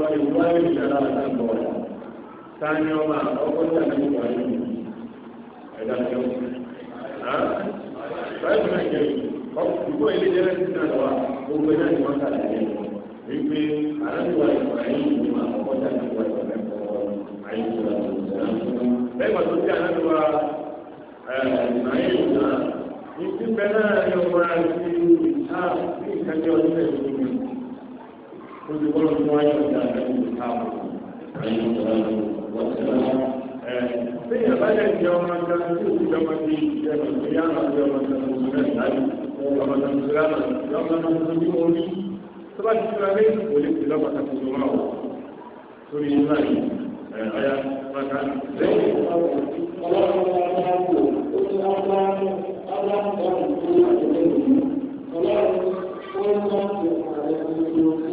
ọmọ ìwúwa ìṣẹ̀lẹ̀ àtàgbọ sani ọmọ àkọ́kọ́ sani ìwà yìí ẹ̀dá tó báyìí náà jẹ ọkùnkùn ilé jẹrẹ ti sàn wá gbogbo ẹ̀dá ni wọn sàn lẹ́yìn wípé aláǹtìwá ìwà yìí ni wọn àkọ́kọ́ sani ìwà yìí ọmọ ẹ̀kọ́ ayé tó wà lọ lẹ́yìn wọn tó ti aláǹtìwá ẹ ìmọ̀ ayé ìwà yìí ti bẹ náà ní ọmọ ayé. olùkọ́ ló fún ayé ọ̀gá àgbẹ̀wò káàbọ̀ ayé ọ̀gá wọ́n ti lọ. ṣé ìyàbáyé ìjọ ọmọ ọjọ́ tí òkú jọ máa ti jẹ ìgbéyà náà jọ ọmọ ọjọ́ tó ṣẹlẹ̀ láyé ọmọ ọjọ́ tó ṣẹlẹ̀ láyé ọmọ ọjọ́ tó ṣẹlẹ̀ orí tó bá ti ṣe lálé kò lè fi lọ́pàá tó ṣe máa wọ̀ sórí iná yìí ọ̀yà pátá. lẹ́yìn ọlọ́run ọlọ́run ọlọ́run ọlọ́run ọlọ́run ọlọ́run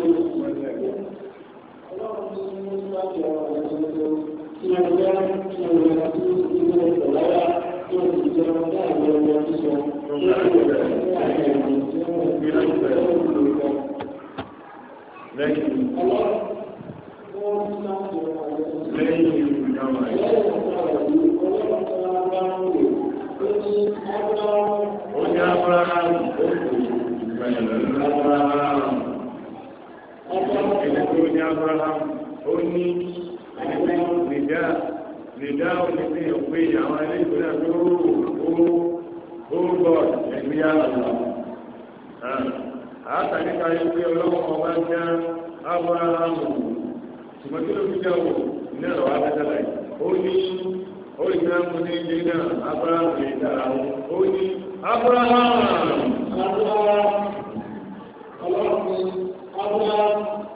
Abraham ó ní nínú nìdá nìdá ó ní fi hàn pé àwọn ilé ìwé náà tó ó gbọ́ ẹ̀mí àlọ́. àátàní ká yẹ pé ọlọ́wọ́ ọba já ábúráhámù ṣùgbọ́n kí ló fi jẹ́ wò ní ọ̀rọ̀ adájọ́ ó ní ó ní náà mo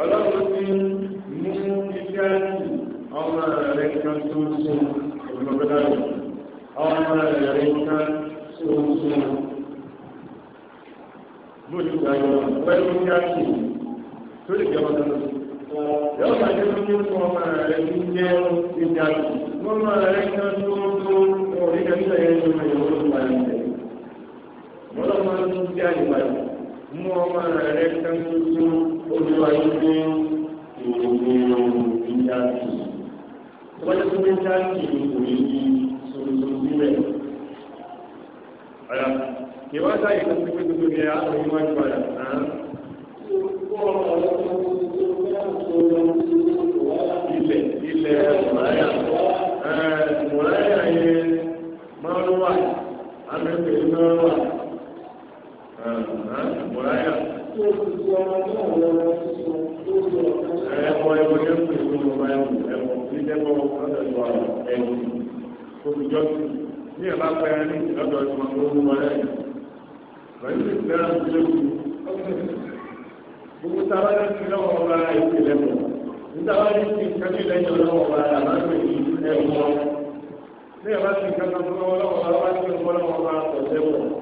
ọlọ́run ti mú iṣẹ́ ọmọ rẹ̀ kan tó so olùmọ̀gbẹ́dá rẹ̀ ọmọ rẹ̀ kan tó so lójú ayọ̀ pẹ̀lú kíákì tó lè jẹ́ ọmọ tó so yóò máa jẹ́ kí fún ọmọ rẹ̀ ní jẹ́ kíákì wọ́n máa rẹ̀ kan tó so orí kẹsàn-án yẹn ló máa yọ̀ wọ́n máa ń wọ́n lọ́ máa ń jẹ́ àyè báyìí mú ọmọ rẹ̀ kan tuntun olúwa yìí ìwòwò ìjáde tọ́jú tó ń jáde ìwòye yìí tuntun sílẹ̀. ọ̀yà ìwádà ìkan tó fi tuntun yẹ àwọn ìmọ̀ ìgbà yà náà. Ilẹ̀ ilẹ̀ mùláyà mùláyà yẹn máa ń wà, àmì pẹ̀lú máa ń wà. Mọ̀láyà. Tó ti ọmọ tó o bá ẹ̀wọ̀ ní dẹ́gbọ́ lọ́wọ́ bá ti kájú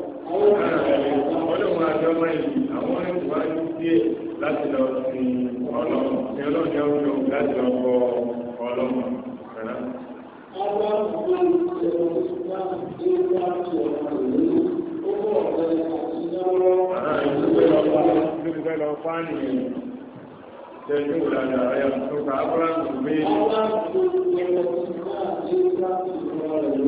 ọlọ́run àjọmọ́ yìí àwọn ìwádìí díẹ̀ láti lọ sí ọlọ́run ní ọlọ́run yẹn wúlò láti lọ bọ ọlọ́run rẹ̀. Àwọn ọmọ ìṣẹ̀lẹ̀ ìṣúná ní láti ọ̀nà ìlú ó bọ̀ ọ̀rẹ́ àti ìyàwó. Àwọn ìlú fáànì tẹ̀lé ìwòlànà àyà tó ká Ábúráhùn gbé. Àwọn ọmọ ìṣẹ̀lẹ̀ ìṣúná ní láti ọ̀nà ìlú.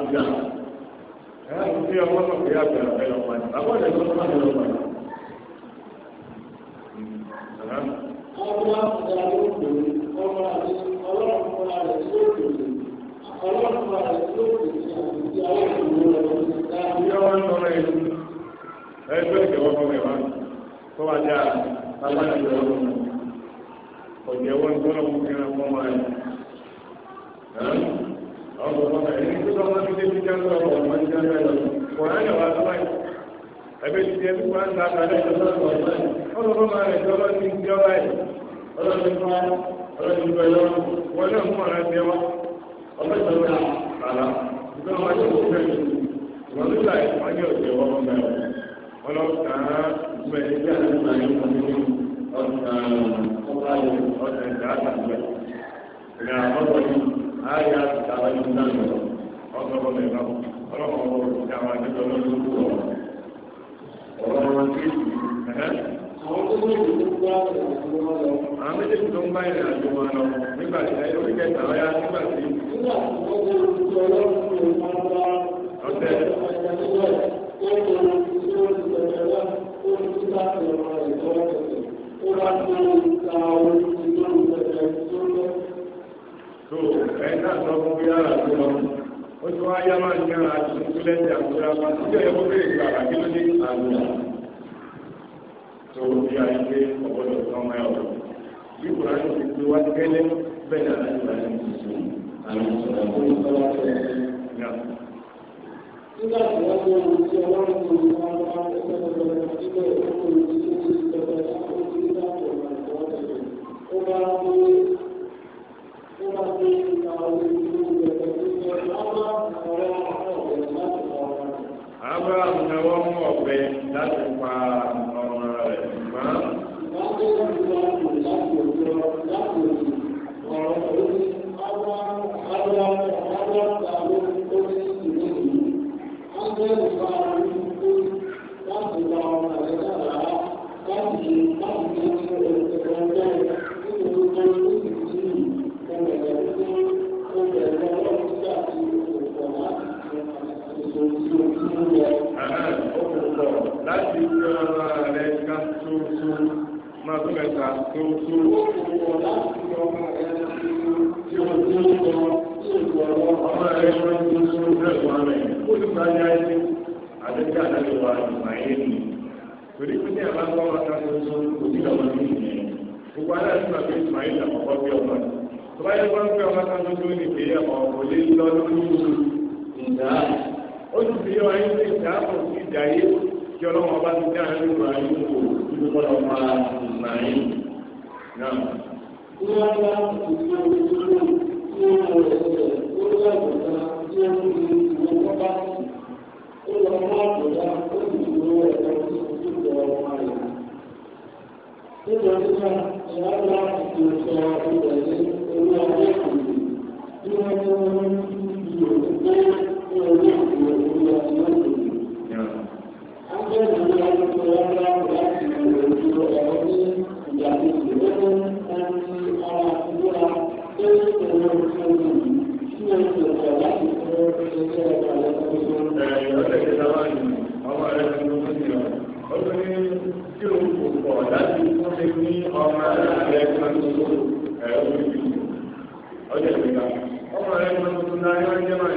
àbújá ẹ̀ ń fi ọmọ náà fi àgbẹ̀ àgbẹ̀ lọ pa ní àbọ̀ ìdẹ́gbẹ́ tó máa ń lọ pa ní. ọmọ àgbà ló ń pè é ọmọ àti ọlọ́run fúnra rẹ̀ ló ń pè é ọlọ́run fúnra rẹ̀ ló ń pè é àti aláìsàn ló ń pè é. ìyá wọn ń lọrọ ẹni ẹgbẹ́ ìjọba fún mi wá tó wá dé àná bàbá ìjọba fún mi ọ̀jẹ̀ wọn tó lọ́kùnrin náà fún wa rẹ̀. Ẹgbẹ́ ti di ẹbí wa ń ta àtàlẹ́ ìjọba ọ̀gbọ̀n náà. Ọlọ́run máa rẹ̀ jọba ti ń jọba Ọlọ́run fún wa, ọlọ́run fún ẹ̀yọ́, wọ́n náà mú ọ̀rẹ́ Ọlọ́run tó dà àlá. Ìgbà wọn yóò wọ́n fẹ́ mi. Ìwọ̀n ló láì wọ́n yóò jẹ Ọlọ́run tàn án gbẹ̀ nígbà tí màá yẹ fún mi. Ọ̀sán ọ̀sán ìjà àtàlẹ́. Ìrìn àwọn ayé àtúntà wà ní ìdáná ọgbọgbọ mẹ́fà ọlọmọ ọgbọgbọ tí a máa tẹjọ lọ lóko ọ̀rọ̀ ọ̀rọ̀ wọn ti ẹhẹ. àwọn tó ń lò ó gbọ́ àwọn méjèèjì tó ń bá ìrìn àjò wọn lọ nígbà tí ayé orí kẹta ọyá nígbà tí. nígbà tí wọ́n kó lóko ọlọ́run tó ń bá ọ̀tẹ̀. Thank you tó ẹni náà sọ fún bóyá rà tó lọ ó tún wáyá máa ń yára àti ìpínlẹ̀ ti àkúrà bá tó jẹ́ ẹ̀kọ́ bẹ́ẹ̀ gbà àbí ló ní àgbà tó bí a yí pé ọ̀pọ̀lọpọ̀ tó ọmọ ẹ̀ ọ̀rọ̀ bí kò ráyè ti pé wá gẹ́lẹ́ bẹ́ẹ̀ náà láti wá ní ìṣòro àwọn ìṣòro tó ń sọ wá sọ Nígbà tí wọ́n tó ń ṣe ọlọ́run tó ń bá wọn ṣe ọ̀dọ̀ ìgbẹ́ ìfowópamọ́ ìṣòro ìjọba ìṣàkóso ìdáàbò àti ọ̀dọ̀ ó bá ń gbé Abraham ni wọ́n mú ọ̀bẹ láti pa ọmọ rẹ̀ mọ́. Thank you. òkú wọ ọkùnkọ láti fi ọmọ rẹ ká tóótó máa tó mẹ́ta tóótó. ọkùnkọ láti fi ọmọ rẹ tí ó tó tọ ọmọ rẹ tó tó tó lẹ́wọ̀ rẹ̀ ó ti bá yá ẹni àdéhùn àdéhùn wa ìgbà yẹn ni. torí pé ní àbá kọ́ ọmọ kan tóótó kò ní ọmọ mi nìyẹn. gbogbo aláàbí bàbá ìgbà yẹn làkọ́kọ́ bí ọmọ rẹ tọ́ba yẹn wọ́n ń pẹ́ ọmọ kan tóótó ní ìgbéyàwó kò lè lọ lórí ìgbà ó sì fi yọ ayé pé ìdáàbò sí ìjà yé kí ọlọ́wọ́n bá ti dá àárín ìwà ayé wò nínú kọ́lá ọmọ àmà yìí náà. Wọ́n wá ìṣòro ìṣòro tí ó mọ̀ ẹ̀sẹ̀ ó lọ àgbọ̀dá tí ó mú ní ìwọ pápá ó lọ mọ́ àgbọ̀dá ó sì ìwọ ẹ̀sẹ̀ tó ti lọ ọmọ rẹ̀. Nítorí náà, ìyá ńlá ti sọ ìbẹ̀rẹ̀ owó ọjọ́ ìgbìmọ̀ tí wọ́n mú ní ìlò tó ọjọ́ ìgbéga ọmọ rẹ̀ ń lọ tuntun náà yọ ọjọ́ náà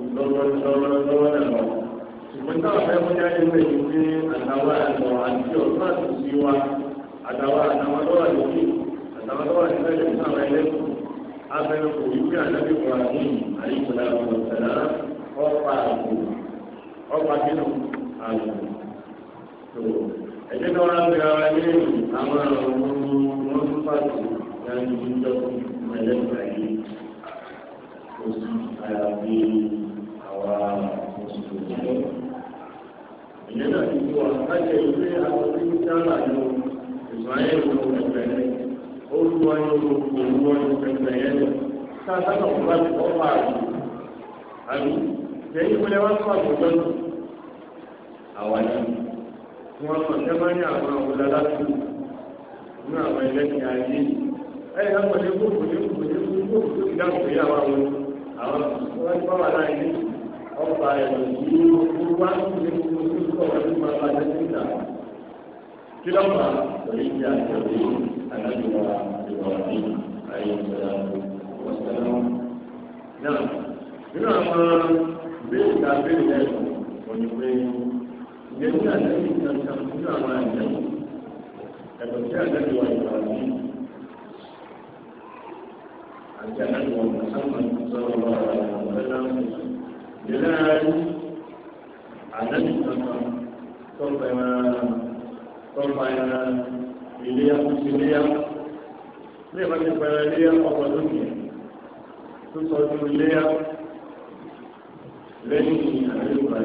lọ́wọ́ lọ́wọ́ lọ́wọ́ ṣùgbọ́n táwọn fẹ́ mú jáde wẹ̀ ní pé àtàwọn àtọ̀ àti ọ̀tún àti òsì wa àtàwọn àtàwọn lọ́wọ́ lókè àtàwọn lọ́wọ́ nílẹ̀ lè fún àwọn ẹlẹ́kùn abẹ́rẹ́ kò wí pé ànábì kan àmì àyíkọ̀lá ọ̀sẹ̀lá ọ̀pá àgbò ọ̀pá kínú àgbò. ẹ̀jẹ̀ náà wá sí ara ní àwọn àwa mùsùlùmí. ìyẹn náà ti tó àkájẹ ìwé àwọn onímọ̀ a yóò ìsọ̀rọ̀ ọgbà ẹ̀rọ yìí ó wá ní gbogbo tó sọ̀rọ̀ nípa ọ̀gá nígbà. kí ló fà lórí ìjà ìjọba yìí àgbàjọba ìwà ní náà. nínú àwọn bẹ́ẹ̀ ká bẹ́ẹ̀ lẹ́nu òní pé ìgbésí àtẹ́bí kankan nínú àwọn àjẹ́ ẹ̀kọ́ sí àtẹ́bíwá ìwà ní àti àtẹ́bíwá ìwà sọ́kàn sọ́rọ̀ ọ̀rọ̀ àwọn ọ̀rẹ́ náà ìlànà àdáni kankan tọ́pa ẹran tọ́pa ẹran ìléyà kùsì léyà lè má ti pẹ̀lẹ́ léyà ọkọ̀ lókè tó sọ ju léyà lẹ́yìn àyíkọ̀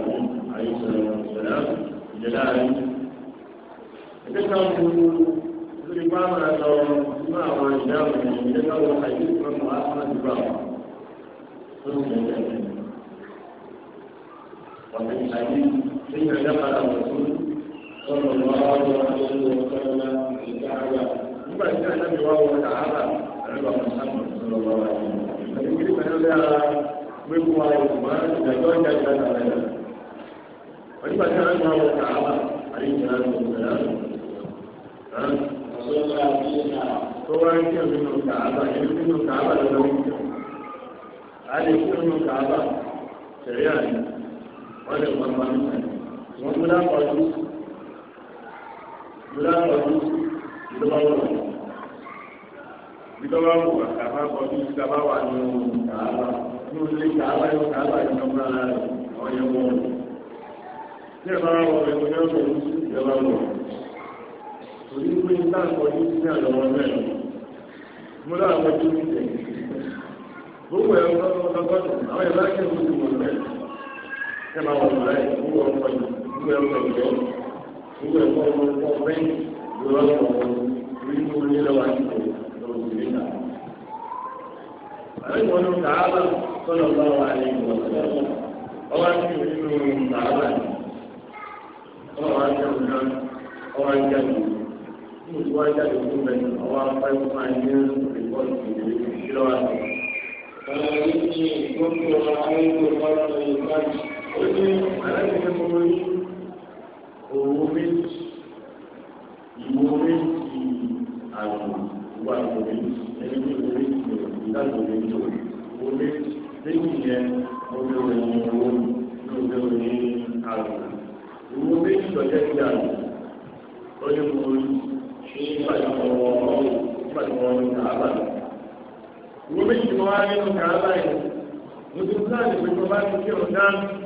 àyíkọ̀ ìṣẹ̀lá ìjẹ̀lá rẹ̀. Ẹgbẹ́ ká wù lórí pàmò lọ nínú àwọn ìdáhùn ومن حديث حين دخل الرسول صلى الله عليه وسلم في الكعبة nígbà tí ẹ̀ṣẹ́ mi wá wọ kàhálà ẹ̀rọ mọ̀sánù sọ̀rọ̀ wà wáyé ẹ̀rí kí pẹ̀lú lára wíwú wa ìgbà ìdájọ́ ìjà ìjà ìjà ìjà nígbà tí ẹ̀ṣẹ́ mi wá wọ kàhálà àyè ìjà ìjà ìjà tó wá ń kí nínú kàhálà ẹ̀rí nínú kàhálà lọ́wọ́ àyè kí nínú kàhálà tẹ̀lé àyè wọ́n lè wọ́n máa ń sàn. wọ́n tó lápọ̀jù tó lápọ̀jù tó bá wọ̀ bí tọ́wọ́ wò wá kàbá kọjú sí kàbá wà ní kàbá ní olè kàbá yóò kàbá yóò kàbá ọ̀yẹ́ wọ̀. tí ẹ bá wọ̀ ẹ̀ wọ́n yóò wọ̀ ẹ̀ bá wọ̀. torí pé nígbà kọjú sí náà lọ́wọ́ mẹ́rin mo láwọn ojú mi tẹ̀. gbogbo ẹ̀ ń bá wọn lọ́gọ́dọ̀ àwọn ẹ̀ bá kẹ́ sẹ́wà wọ̀ ọ̀rọ̀ rẹ̀ wúwo ọ̀pọ̀ ìwé ọ̀pọ̀ ìjọ wúwo ẹ̀kọ́ ọmọ ọ̀pọ̀ bẹ́ẹ̀ wúwo ọ̀pọ̀ orí tó ní lọ́wọ́ àdìgbò lọ́wọ́ ìwé náà. àwọn ìwọ̀n náà sàábà sọ̀rọ̀ bá wà ní ìwọ̀n sọ̀rọ̀ ọwọ́ àti ìwé nínú sàábà ni ọwọ́ àti ìwọ̀n náà ọwọ́ àti ìwọ̀n ní ìwọ ajáde fún mi ọwọ́ apá ìwọ máa ní rìpọ́tì ìlú ìlú ọ̀hún. Àwọn ìdí ìgbókùn ọ̀rọ̀ ayélujára ló ń bá yìí ó ní aláìsí mo rí òwò méjì ìwò méjì àgbò ìwà ìwò méjì ẹni tí ìwò méjì rẹ̀ ìdájọ́ méjì òwò méjì lẹ́yìn yẹn mo fi ròyìn owó mo fi ròyìn àgbò ìwò méjì lọ́jọ́ sí àgbò ó ní mo rí nígbà tí mo wọ ọ́ nígbà tí mo rí kàábà ìwò méjì mo wá nínú kàábà yìí mo ti ń sáà lè pè tó bá ti kí ọ̀dá mi.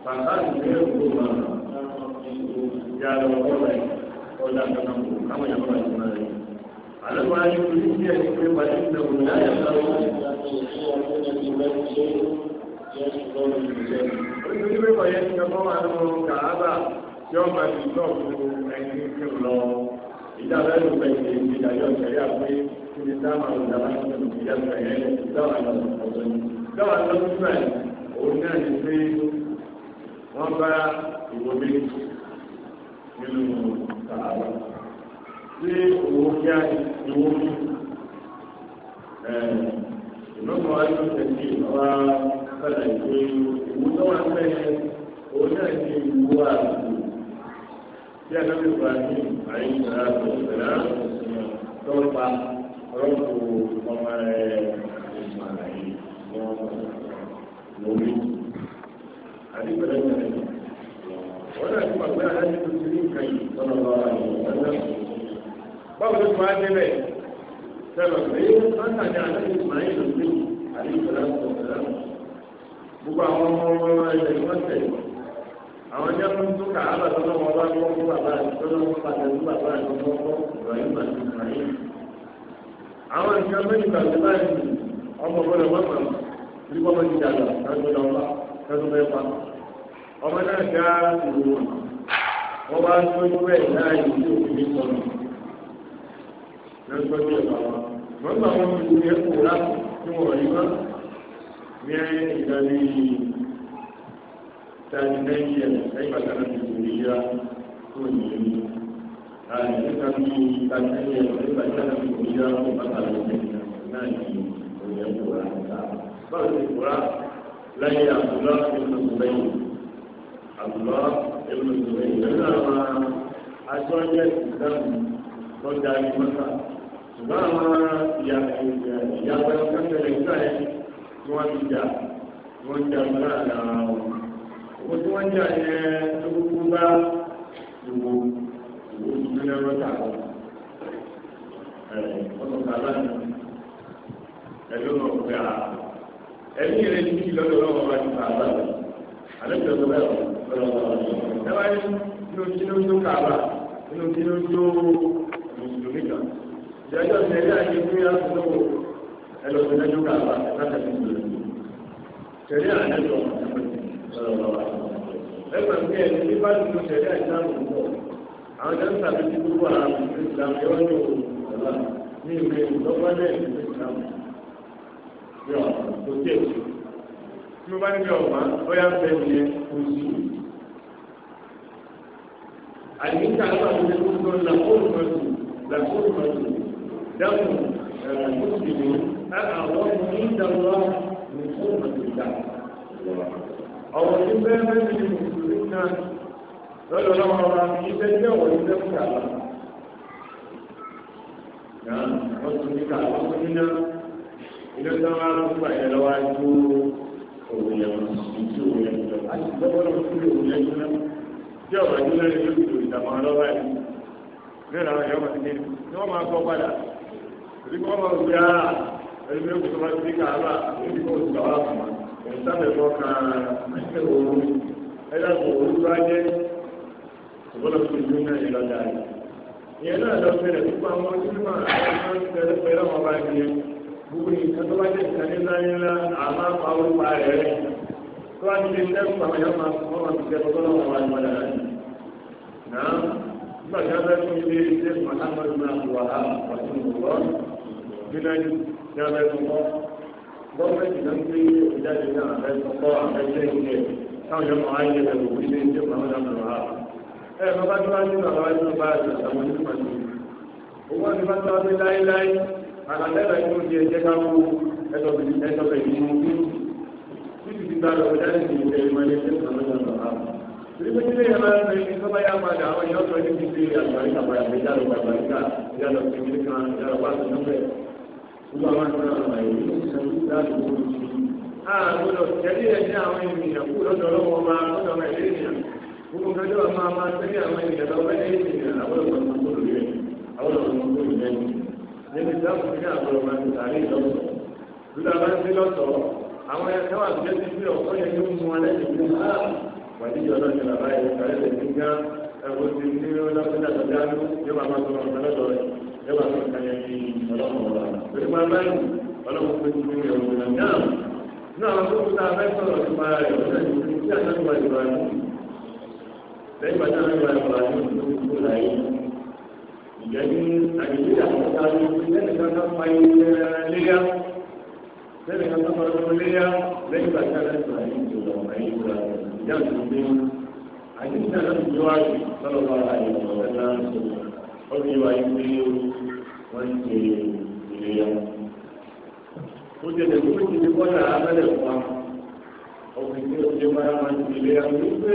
Bahkan dia rumah Jalan orang Orang akan mampu Kamu yang orang kemarin Alam orang yang beli dia Dia balik ke benda yang tahu Jadi mereka yang kamu alam orang Kaaba Yang masih tahu Yang ini lọ Ìjábẹ́ ló fẹ́ ṣe ìdájọ́ ìṣẹ̀lẹ̀ àpé kí ni táwọn àwọn ìjàmbá ń sọ̀rọ̀ ìjábẹ́ yẹn dáwọn àwọn ọ̀sán. Dáwọn àwọn ọ̀sán òun náà ní pé wọ́n bá ìwé méjì nínú tààrà tí owó kíá ìwó mi ìmọ̀mọ́ ayé tẹ̀sí ọ̀rá kọ́lá ìwé ìwú tó wà sẹ́yẹ owó náà àgbò tí a lọ́wọ́ ìwà ní àyè ìgbàlá tó ìgbàlá tó pa rọ́pò ọmọ ẹ̀ ìgbàlá yìí lọ́wọ́ lórí àdìgbò lẹ́yìn rẹ̀. wọ́n náà ti mọ̀ pé aláṣẹ tó ti rí nǹkan yìí sọ̀rọ̀ lọ́wọ́ àyè báwo ló máa débẹ̀ sọ̀rọ̀ pé sọ́ńtàdé aláṣẹ ìsmáyé ló dé àdìgbò lọ́wọ́ gbogbo àwọn ọmọ ọmọ ẹgbẹ́ ìwọ́sẹ̀ àwọn ẹgbẹ́ fún tó kà á bàtọ́ náà wọ́n bá gbọ́ fún bàbá àtijọ́ náà wọ́n pàṣẹ fún bàbá àtijọ́ náà wọ́n ìbrahim àti ìbrahim. àwọn nǹkan mẹ́rin gbàgbé báyìí ọmọ ọmọ rẹ̀ wọ́n mọ̀ ní kọ́mọ́ ti dàgbà lọ́jọ́ lọ́wọ́ ọmọ náà dá ìwò wọn bá tójú bẹ́ẹ̀ náà yìí tó sọnù lọ́jọ́ bí ọ̀la wa wọ́n gbà wọ́n fi wúlé kó láti tí wọ́n rí wá ní ìdarí tani lẹ́yìn ẹ̀ lẹ́yìn bàtà náà ti wúlé yá tó ní ẹni àti nípa bí tani lẹ́yìn ẹ̀ lẹ́yìn bàtà náà ti wúlé yá tó bàtà náà yìí òun yẹ kó rà báwo ni kó lẹ́yìn àbúrò àti ìlú bẹ́yìn àbúrò ẹ̀rù ìṣòro ìṣẹ́lẹ̀ àwọn aṣọ́jẹ́ ìdáhùn lọ́jà ìmọ̀ta ṣùgbọ́n àwọn ìyàgbẹ́ kẹ́kẹ́rẹ́ ìgbà yẹn tí wọ́n ti jà wọ́n jà lọ́la àgbà wọn. owó tí wọ́n jà yẹn tó kúkú bá ìwò ìwò ìṣẹ́lẹ̀ lọ́jà wọn. ọ̀sán kàlá ni ẹ̀lọ́nà ọ̀gbẹ́ àá ẹ̀mí rẹ̀ ní kí lọ́wọ́ bá ti bá a bá a àlejò tó bẹ́ẹ̀ ẹ wáyé inú kí ló ń tó kààbà inú kí ló ń tó mùsùlùmí kan ìdájọ́ ìṣẹ̀lẹ̀ àti ìpínlẹ̀ àtúntò ẹlòmí lẹ́jọ́ kààbà láti mùsùlùmí ṣẹlẹ̀ àlejò ẹgbẹ́ mi ẹ̀ ní bá tí mo bá níbi ọ̀gbọ́n ó yá ń fẹ́ mi yẹn kò sí. àyíká náà ló ti kú tó làkóòtù mọ̀tò làkóòtù mọ̀tò dáhùn ẹ̀rọ tó ti lò àwọn ọmọ ní ìdáwọ́ ní fún mọ̀tò ìdá. ọ̀wọ̀ tí bẹ́ẹ̀ bẹ́ẹ̀ ni mùsùlùmí náà lọ́dọ̀ lọ́wọ́ ọba kì í bẹ́ẹ̀ jẹ́ ọ̀wọ̀ ìfẹ́ fún kàlá. Nah, waktu kita, waktu kita, itu sama lupa ya, lawan itu òun yẹn ní tí òun yẹn jọ àti lọ́wọ́ náà tí òun yẹn jọ tí ọ̀rọ̀ yẹn lórí yóò tó ìdààmú lọ́wọ́ ẹ̀ bí ìlànà yẹn wọ́n ti dé ni wọ́n máa kọ́ padà èyí kọ́ máa gbé ara ẹni bí ó kọ́ máa ti kàrà èyí kọ́ oṣù kàrà fún wa èyí sábẹ̀ kọ́ kan ẹ̀ṣẹ̀ òru ẹ̀dá kò òru tó ajẹ́ ìbọ̀lọ̀ tó ìlú náà yẹn lọ́jà yẹn náà lọ gbogbo nǹkan tó bá jẹ́ nǹkan ní láyé ńlá àmọ́ àwọn ọmọ rẹ̀ rẹ̀ tó bá ti lè dẹ́kun àwọn yàrá máa fún ọmọ ìjẹ́ tó lọ́wọ́ wa ìwà dára ní. náà nígbà tí wọ́n fẹ́ fún ilé iṣẹ́ mọ̀lámọ́lù náà wà á pàṣẹ òwúrọ̀ gbínájú tí wọ́n fẹ́ fún kọ́. gọ́ọ̀mẹ̀ntì náà ń gbé ìjáde náà fẹ́ fún kọ́ àfẹ́sẹ́ ìjẹ́ táwọn yàrá máa yẹ ẹ̀rù ilé iṣẹ́ mọ̀lámọ́lù náà wà á. ẹ̀rọ bá tó wá àlàlẹ́lẹ̀ inú ti ẹ̀jẹ̀ ká kú ẹ̀sọ̀bẹ̀ ìdìbò bí títí ti gbàdọ̀ ọ̀dá ìdí ìjẹ́ ìmọ̀ ilé ẹ̀sẹ̀ ọ̀dọ̀ ọ̀dọ̀ ọ̀dọ̀ Ibi tí ìyá máa ń rìn ní sọ́bà yá padà àwọn èèyàn sọ ní títí àgbàríkà padà pé yálò àgbàríkà yálò kìíní kan yálò wá sí níbẹ̀. Gbogbo àwọn àti náà wà yìí ló ń sọ ní láti wọ́n ti. A gbọ́dọ̀ tẹ̀lé ẹ̀ ní àwọn ènìyàn kú lọ́dọ̀ lọ́wọ́ máa lọ́dọ̀ máa ilé ènìyàn. Gbogbo níbi tí wọ́n fi àbúrò máa ti sàrí ìlọ́sọ̀. Lúdà bá ń sí lọ́sọ̀, àwọn ẹ̀ka wà tó ti fi ọ̀pọ̀ yẹn tó mú alẹ́ ti fi hàn. Wàdí ìjọba ti bàbá yẹn sàrí lè ti gán ẹ̀kọ́ ti ní lọ́sọ̀dá tó dáná yóò bá máa tọrọ ọ̀sán lọ́dọ̀ rẹ̀ yóò bá máa yẹn ní ọlọ́mọ wa. Lórí máa bá yìí, ọlọ́mọ pé kí ni ọ̀gbìn náà náà ìgbẹ́jú àyíká àtúntà ní lẹ́nu kankan fa ilẹ̀ léyà lẹ́nu kankan fa ilẹ̀ léyà lẹ́yìn ìgbà tí a lẹ́nu sọ̀rọ̀ yìí tó lọ àyè ìgbà ìyá àtúntò gbé àyè ìgbà lẹ́nu tó wá sí lọ́dọ̀ bá àyè ìgbà lẹ́nu ó fi wá yí pé wọ́n ti ìléyà. ó ti lè kó ti kọ́ta abẹ́lẹ̀ fún wa ọkùnrin tí ó ti máa ma ti ìléyà wípé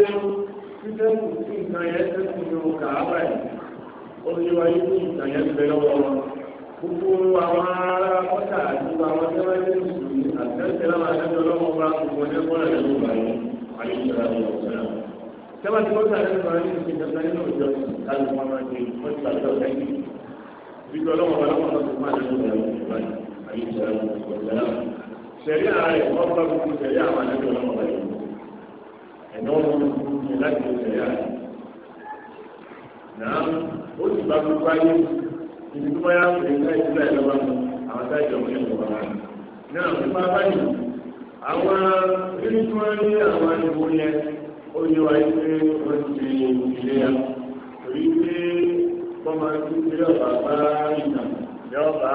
títẹ́kù sí nǹkan yẹn tẹ́kù ní ọkà ábàyè ó ti wáyé ní ìtàyẹ̀ ń bẹ lọ́wọ́ wọn gbogbo àwọn ará ọ̀tà àti àwọn tí wọ́n ń sùn àtẹ̀sẹ̀ láwọn àtẹ̀sẹ̀ ọlọ́wọ́ bá gbogbo ní ọgbọ́n rẹ̀ ló wà ní àyíkára ní ọ̀sẹ̀ náà. sẹ́wọ́n ti wọ́n sáré sọ̀rọ̀ ní ìsìn ìjọba nínú ìjọ láti wọ́n máa di wọ́n ti sàtọ̀ lẹ́yìn. ibi ọlọ́wọ́ bá lọ́wọ́ tó máa lẹ́nu rẹ̀ ló àyíkára ní ọ̀sẹ̀ náà. sẹ̀rí ààrẹ wọ́n bá gbogbo sẹ̀rí àwọn àtẹ̀sẹ̀ ọlọ́wọ́ náà ó sì bá gbogbo ayé ibi tó báyà ń pè ní ìpínlẹ̀ ìjọba àwọn táyà ìjọba ní ìjọba wa. náà nípa báyìí àwọn bíríkúrọ́ ní àwọn ìbò yẹn ó yẹ wá pé wọ́n ti ilé ya torí pé wọ́n máa ń gbé ọ̀bà bá ìtàn yọ̀ọ̀bà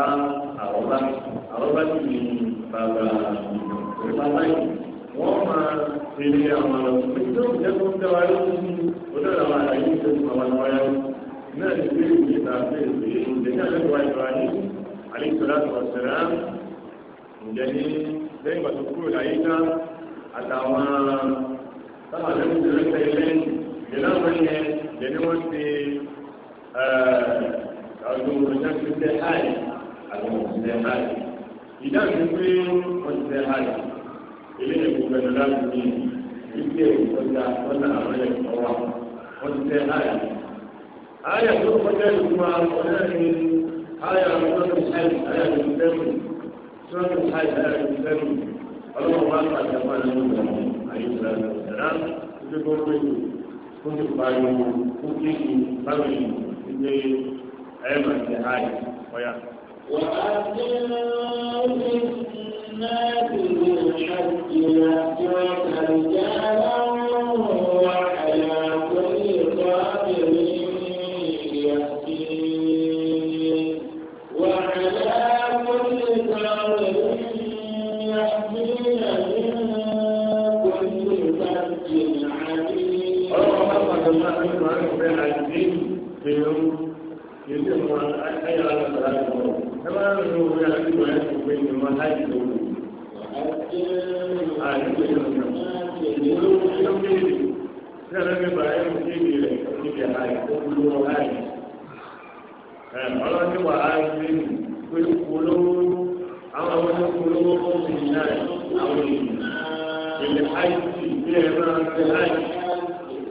àwọ̀bá àwọ̀bá sì ní bàbá ìtàn wọ́n máa rere àwọn ọ̀rọ̀ tó ń jẹ́ kó ń tẹ́wàá lórí olóòrò àwọn àlàyé tó ń pàmò àwọn ọ̀rọ̀ náà ní pé ìwé ta bẹ́ẹ̀ pé ǹjẹ́ ní àlejò àìsàn àyè àlejòlá sọ̀rọ̀ sẹ̀rẹ̀ á ǹjẹ́ ní lẹ́yìn ìgbà tó kúrò láyé ká àtàwọn ń tẹ̀ ọjọ́ ti tẹ́ àyè ilé ẹ̀kọ́ pẹ̀lú láti ní ilé ìkọjá ọ̀nà àwọn ẹ̀kọ́ wa wọ́n ti tẹ́ àyà. àyà tó kọjá ìlú wa ọ̀nà ni àyà ọ̀nàmì àyà àyà tó tẹ́lù sọ́nù àyà àyà tó tẹ́lù ọlọ́run wa pàṣẹ fún àwọn ọmọ àyùsọ̀rọ̀ ìṣẹ̀dá tó tó gbé kó ti pariwo kó kéèké báwo ni ilé ẹ̀ máa ti àyà ọ̀yà. وأذن في الحج يأتوك رجالا ọlọ́ni wà á gbé pé polówó àwọn ọmọ tó polówó fún mi náà àwọn èèyàn ilẹ̀ àìsí ilé ẹ̀rọ àti àìsí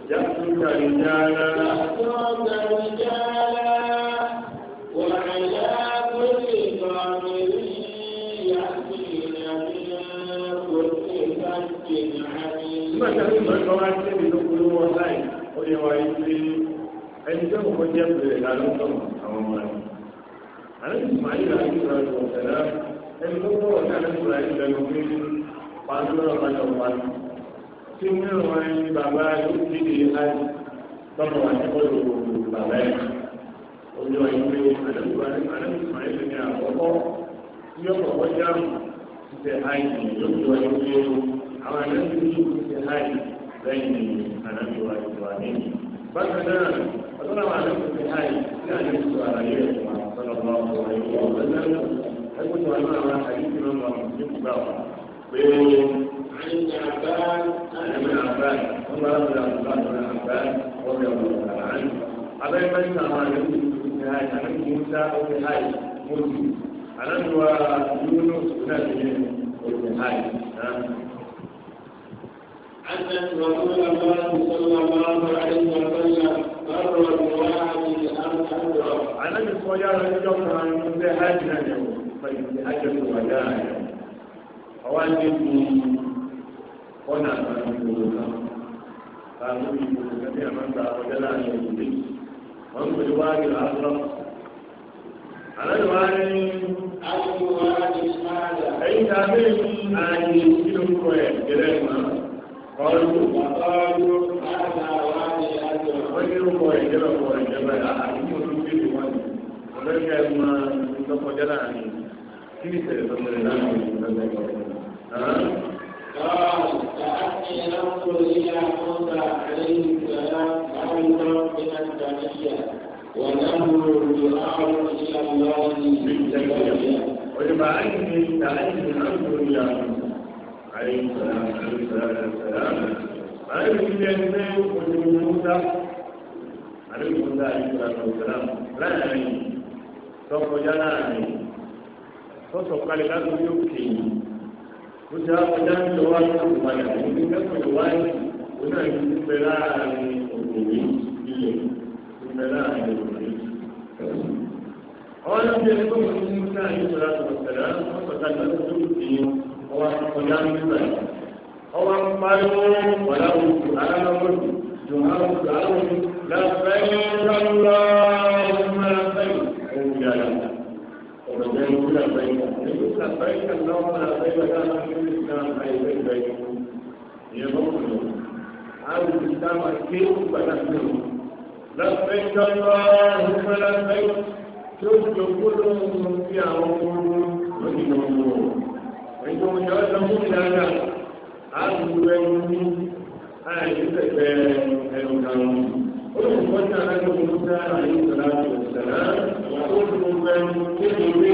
yàtúndà ìjà ara. nígbà tí a ti mọ̀ ẹ́kọ́ wá sí èmi ló polówó ọ̀láì ó yẹ wá yín pé ẹni tó kọ́kọ́ jẹ́ bẹ̀rẹ̀ lálọ́tọ̀ àwọn ọmọ rẹ̀. àlẹ́ ìsìnkú ayé rà yín rà lọ ọ̀tẹ̀lá ẹni tó kọ́ ọ̀tẹ̀ alẹ́ ìsìnkú ayé rà lọ pé pàṣẹ ọ̀rọ̀ padà wà ní. tí mìíràn wá ní bàbá yóò kéde láti tọ́lọ̀ wá ní bọ́ọ̀lù bàbá yẹn. ó yọ ìwé alẹ́ ìsìnkú ayé rẹ̀ àwọn àlejò yóò ti láì lẹ́yìn ànájọ ìwádìí bákan náà ọdún àwọn àlejò ti láì ní àlejò àlàyé ẹ̀sùn àtọ́lọ́gbọ́ ọ̀rọ̀ ìwọ̀ ọ̀gbẹ́lẹ́ ẹgbẹ́ tó wà ní àwọn àyíkí lọ́nà ọ̀gbìn gbà wá pé ẹ̀yìn àbá ẹ̀mí àbá ọmọ àbúrò àbúrò àbúrò àbá ọmọ ìwọ̀n àlàyé abẹ́ mẹ́ta àwọn àlejò ti láì àlejò musa ó ti láì mọ́tò àlejò wa yúnú náà ti ní ó ti láì náà. أن رسول الله صلى الله عليه وسلم مر بواحد أمر عن أبي الصيام يجر عن مزدهاج نجوم فيزدهاج الوداع أواجب هنا من قالوا جميع من تعرض لنا يهودي وهم الوالي الأغرب على الوالي أي وادي هذا أي تابعين أن يسلم كويس جريمة قالوا وقالوا هذا وهذه غير معجبة معجبة أعلم وتوفيق وانا ولكن ما تفضل عني كيف يتفضل عني قال فأتي ننظر إلى موسى عليه السلام موسى من البرية وننظر دعاء إلى الله بالتبرية ويبقى أني أنظر إلى موسى عليه الصلاة والسلام عليه الجنة وجود موسى عليه الصلاة والسلام لا يعني sọkò yálà ni sọsọ kalẹ̀ láti yóò kéyìn kó sì á kọjá ń lọ wá lóko padà níbi kẹ́kọ̀ọ́ yóò wáyé kó náà yóò ti pẹ́ láàrin òkòwé ilẹ̀ tó pẹ́ ọwọ́ akọjá nígbà yìí ọwọ́ akpariwo wàlá òkú alámọ̀lù dùnà òkú alámọ̀lù làfẹ́yìn lọ́lá ọmọ làfẹ́yìn òkú yàrá ọ̀gbẹ́ni òkú làfẹ́yìn lẹ́yìn òkú làfẹ́yìn kàlá ọmọ làfẹ́yìn lọ́lá ọmọ làfẹ́yìn lẹ́yìn òkú ìyẹn bọ́ọ̀lù àwọn ìdáwà kéwù padà kéwù lọ́sẹ̀yìn lọ́lá ọmọ làfẹ́yìn tó jọ gbọ́dọ̀ mú bí àwọn ọmọ lónìí lọ́wọ́. ẹjọ́ ìjọ ìjọmú ìlànà àgùnbẹ ní àìsíkẹ̀kẹ́ ẹnu kan olùkọ́ ní alájọ ìlú sára yìí sọ̀rọ̀ àti ìṣẹ̀lá olùkọ́ ní ìlú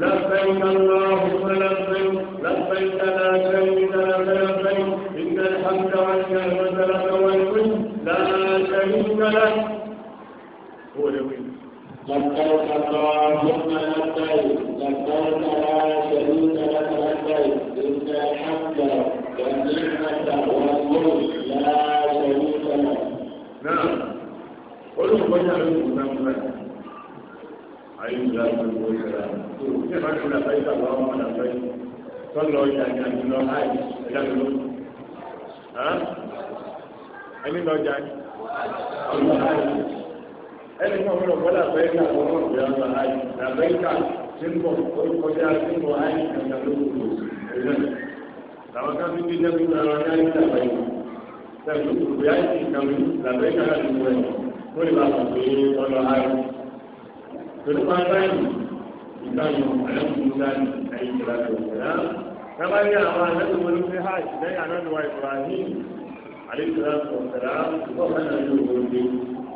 lásán kálọ́ ọ̀hún lásán lásán kálá sẹ́yìn kálá sẹ́yìn ìgbà àgbà wọn ní àwọn ọ̀sán lásán wọn ní láàárín kálá. لبيك اللهم لبيك لبيك لا شريك لك لبيك إن الحمد والنعمة والملك لا شريك لك. نعم. قل من يعرف أين لا تقول كيف أقول لبيك اللهم لبيك صلوا إلى جانب الله هاي جانب ها؟ أمين لو جانب الله هاي ẹni náà wọ́n wọ́n làbẹ́ríkà wọ́n wọ́n bí wọ́n bá ayé làbẹ́ríkà tí ń bọ̀ kọjá tí ń bọ̀ ayé kàkà ló kù lò ẹ̀rẹ́ làwọn kan fi dídé fún ara ní ayé làbẹ́ríkà tẹ̀lé òkùnkùn ayé ti kàn mí làbẹ́ríkà láti wọ̀ ẹ̀ wọ́n lè bá a pè é ayé pẹ̀lú pàtàkì ìdáyọ̀ ẹ̀rẹ́kùnrin ayé ìlànà ìlànà kama ní àwọn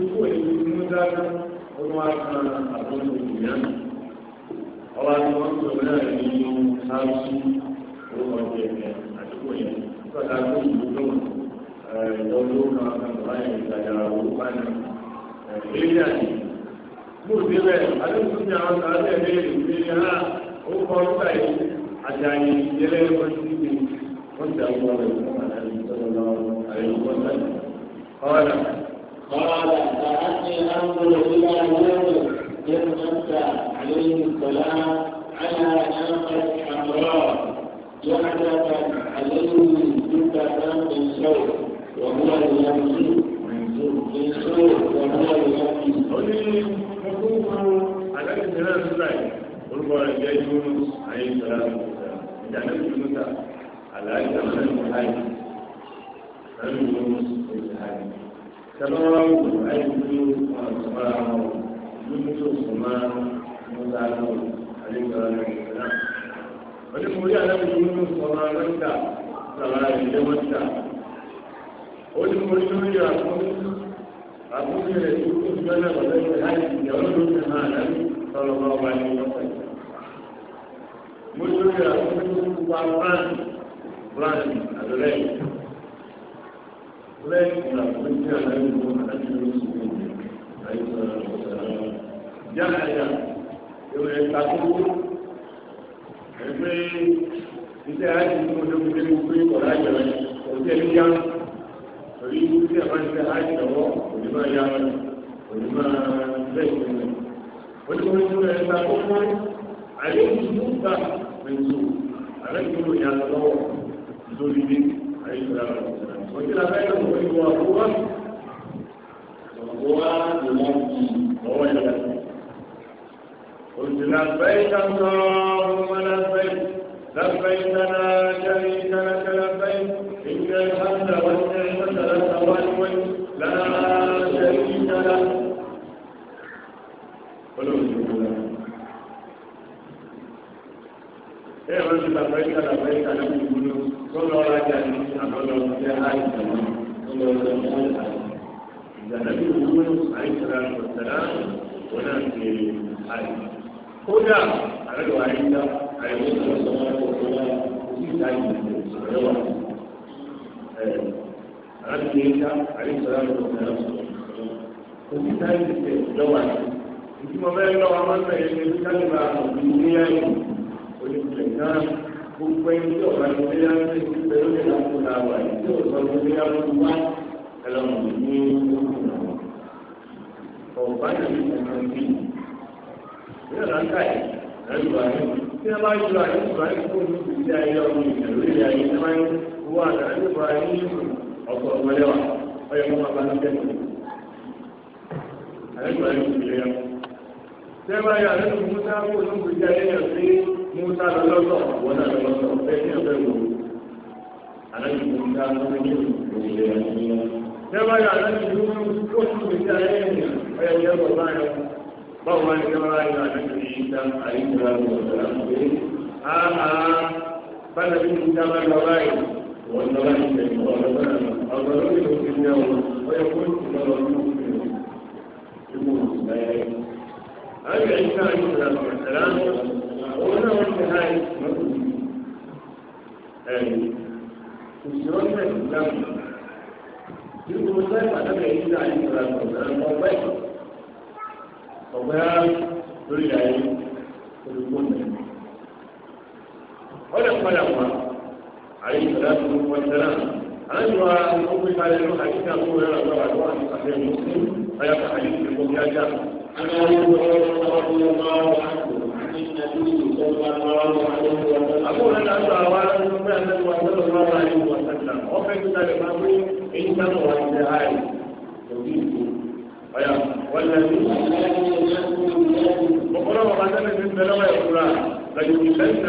ti kú èyí tí wọ́n dáná wọ́n wá sí àbúrò ìyá ọba tí wọ́n tó náà ní ohun sáájú orúkọ tó yẹ àdúgbò yẹn nígbà tá a tó ìlú tó ìtọ́jú kan àgbà yẹn ìtajà owó báyìí èyí àti mú sí bẹ́ẹ̀ adéhùn ní àwọn sàlẹ̀ ẹ̀dẹ́ ìgbéyà náà ó kọ́ ọ́nà yìí àjàyè ìjẹ́lẹ̀ wọ́n ti ní wọ́n ti àwọn ọ̀rẹ́ fún àdáyé tó lọ́wọ́ àyẹ̀wò kọ́ńtà yìí. قال فأني الأمر إلى يوم إذ أنت عليه السلام على ناقة حمراء يعلق عليه جثة من شوك وهو يمشي من شوك وهو يمشي. على الجنازة الثانية قرب جاي يونس عليه السلام جعلت يونس على أجل من الحاج فلم يونس في الحاج samawu ayiwu ọsùnmáwò lójútó sùnmáwò mọsálò alẹgbẹrẹ ìsìlá onímọ̀lẹ́ alábìyí ló ń sọ̀rọ̀ amẹ́ríkà sọ̀rọ̀ àìlẹ́ mọ́tà onímọ̀lẹ́ lórí àkókò àkókò rẹ̀ tó kó sọ́nà ọ̀lẹ́gbẹ̀rẹ̀ láti ìyàwó ló ti hàn àdáni sọ̀rọ̀ bá wà ní ọ̀sẹ̀. mo lórí àkókò tó kó wá fúlàní fúlàní àdọ́lẹ́yìn. أولئك من كان منهم أجر المسلمين عليه الصلاة والسلام يحيى يوم يتعقبون ẹgbẹ́ iṣẹ́ àti ìlú olóògbé ní gbogbo ìkọlá ìjọba òjò ẹni yá torí iṣẹ́ àbájáde àti ìjọba òjò máa yá òjò máa bẹ́ẹ̀ tó ní. oníkóyún rẹ̀ ta kókó عليه السلام قلت لبيك اللهم لبيك لبيك شريك لك لبيك إن الحمد والنعمة لك والملك شريك لك Evan, la fecha, tó lọ máa ń bẹ̀rẹ̀ ní kájọba àwọn ní ẹ̀yìn oníṣẹ̀lẹ̀ náà gbogbo ẹni tí ọ̀gá ti fi láti ṣe ìgbẹ́ lórí ìlànà làwà yìí tí ọ̀gá ti fi láti wá ẹlọ́mù ní ọdún àwọn. ọ̀gá yìí ti kàn bí ní ọ̀làǹkà yìí ẹ̀rù àyè tí a bá yọ àyè tó bá yẹ kó ní ìdí ayé ọmọ ìgbà lórí ayé tí wọ́n wá àtàlẹ́ bọ̀ ayé ní ọ̀pọ̀ ọ̀gbọ́lẹ́wà ọ̀yẹ́ kó má bá ní tẹ́lẹ̀ àlẹ́ bọ̀ ayé tó Musa lọ lọ́tọ̀ wọn náà lọ lọ́tọ̀ bẹ́ẹ̀ ní ọ̀bẹ wò alájú Musa lọ ní òwúrẹ́ àníyàn. Tẹ́wá yà alájú Musa kó tún mi sí ayé ẹ̀yìn ọ̀yà ìyá bọ̀ báyọ̀. Báwo wá ní tẹ́wá yà alájú Musa àyíkúra lọ sọ̀rọ̀ pé áhà bàtà bí Musa bá lọ báyìí wọ́n lọ́wọ́ ní ìtẹ̀yìn ọ̀rọ̀ ọ̀rọ̀ lórí òfin náà ọ̀yọ̀ kó tún lọ lọ́wọ́ àwọn náà wọ́n ti láì lọ́dún yìí ẹ̀yìn òṣìṣẹ́ ọ̀sẹ̀ ìdáhùn nínú ọgbẹ́ ìpàdánù yìí náà ní ìgbà ọ̀gbẹ́ ọ̀gbẹ́ lórí ayé olùkọ́ mi. wọ́n lè padà wá àyè ìgbà tó ń wọ́n sẹ́lá aláìwá ọgbẹ́ ìpàdé ló àti ìgbà tó ń wọ́n lọ́wọ́ àdúrà àti ìgbà tó ń wọ́n ayé àti ìgbà tó ń wọ́n yájá àbúrò náà sọ àwọn aráàlú náà ní wọn tó lọ wọn láàyè wọn sàkà wọn fẹẹ tó sáré máa pé èyí sábà wà ní àyè òbí ìlú ọyà wọn lè ní. ọ̀pọ̀lọpọ̀ bàtà ní ti bẹ̀rẹ̀ wáyé fúra lẹ́yìn ìlẹ́yìn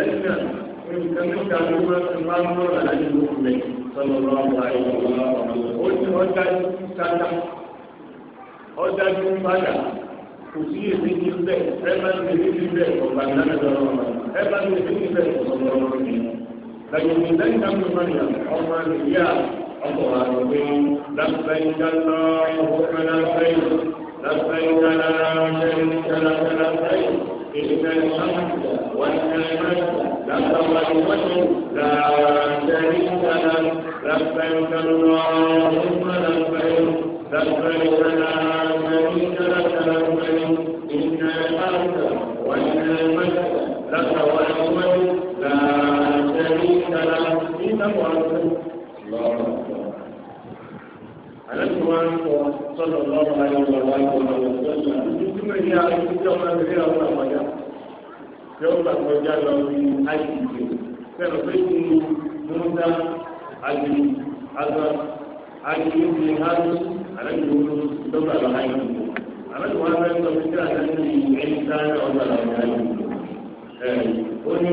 ẹ̀mí olùkọ́ tó ga ló máa ń mú ọ̀rọ̀ àti ìlú rẹ̀ sọ̀rọ̀ lọ́wọ́ àìsàn ó ní ọjà sáta ọjà tó ń padà kò sí èmi ní bẹ́ẹ̀ ẹ bá ní èmi ní bẹ́ẹ̀ ọ̀gbà náà lọ́wọ́ ẹ bá ní èmi ní bẹ́ẹ̀ ọ̀gbà lọ́wọ́ mi. lẹ́yìn lẹ́yìn náà ló máa ń yà ọmọ ìyá ọkọ̀ àrògbé láti لبيك لا شريك لك لبيك إن الحمد والنعمة لك والمجد لا شريك لك لبيك اللهم لبيك لبيك لا شريك لك لبيك إن الحمد والنعمة لك والمجد لا شريك لك إنك الله àlejò máa ń sọ sọ́dọ̀ lọ́wọ́ ayọ̀wọ̀ láìpọ̀ lọ́wọ́ sọ́dọ̀ ìdúgbò ní àwọn ìdíjọ́ máa ń rí àwọn àwàdà yóò gbà kọjá lọ sí àìsíkè pẹ̀lú pé kí ni musa àti àgbà àti ìdí hàlù àlejò lọ́gbà lọ àìsíkè àlejò máa ń sọ pé kí àlejò ìyẹn sáré ọgbà lọ àìsíkè ẹ̀ ó ní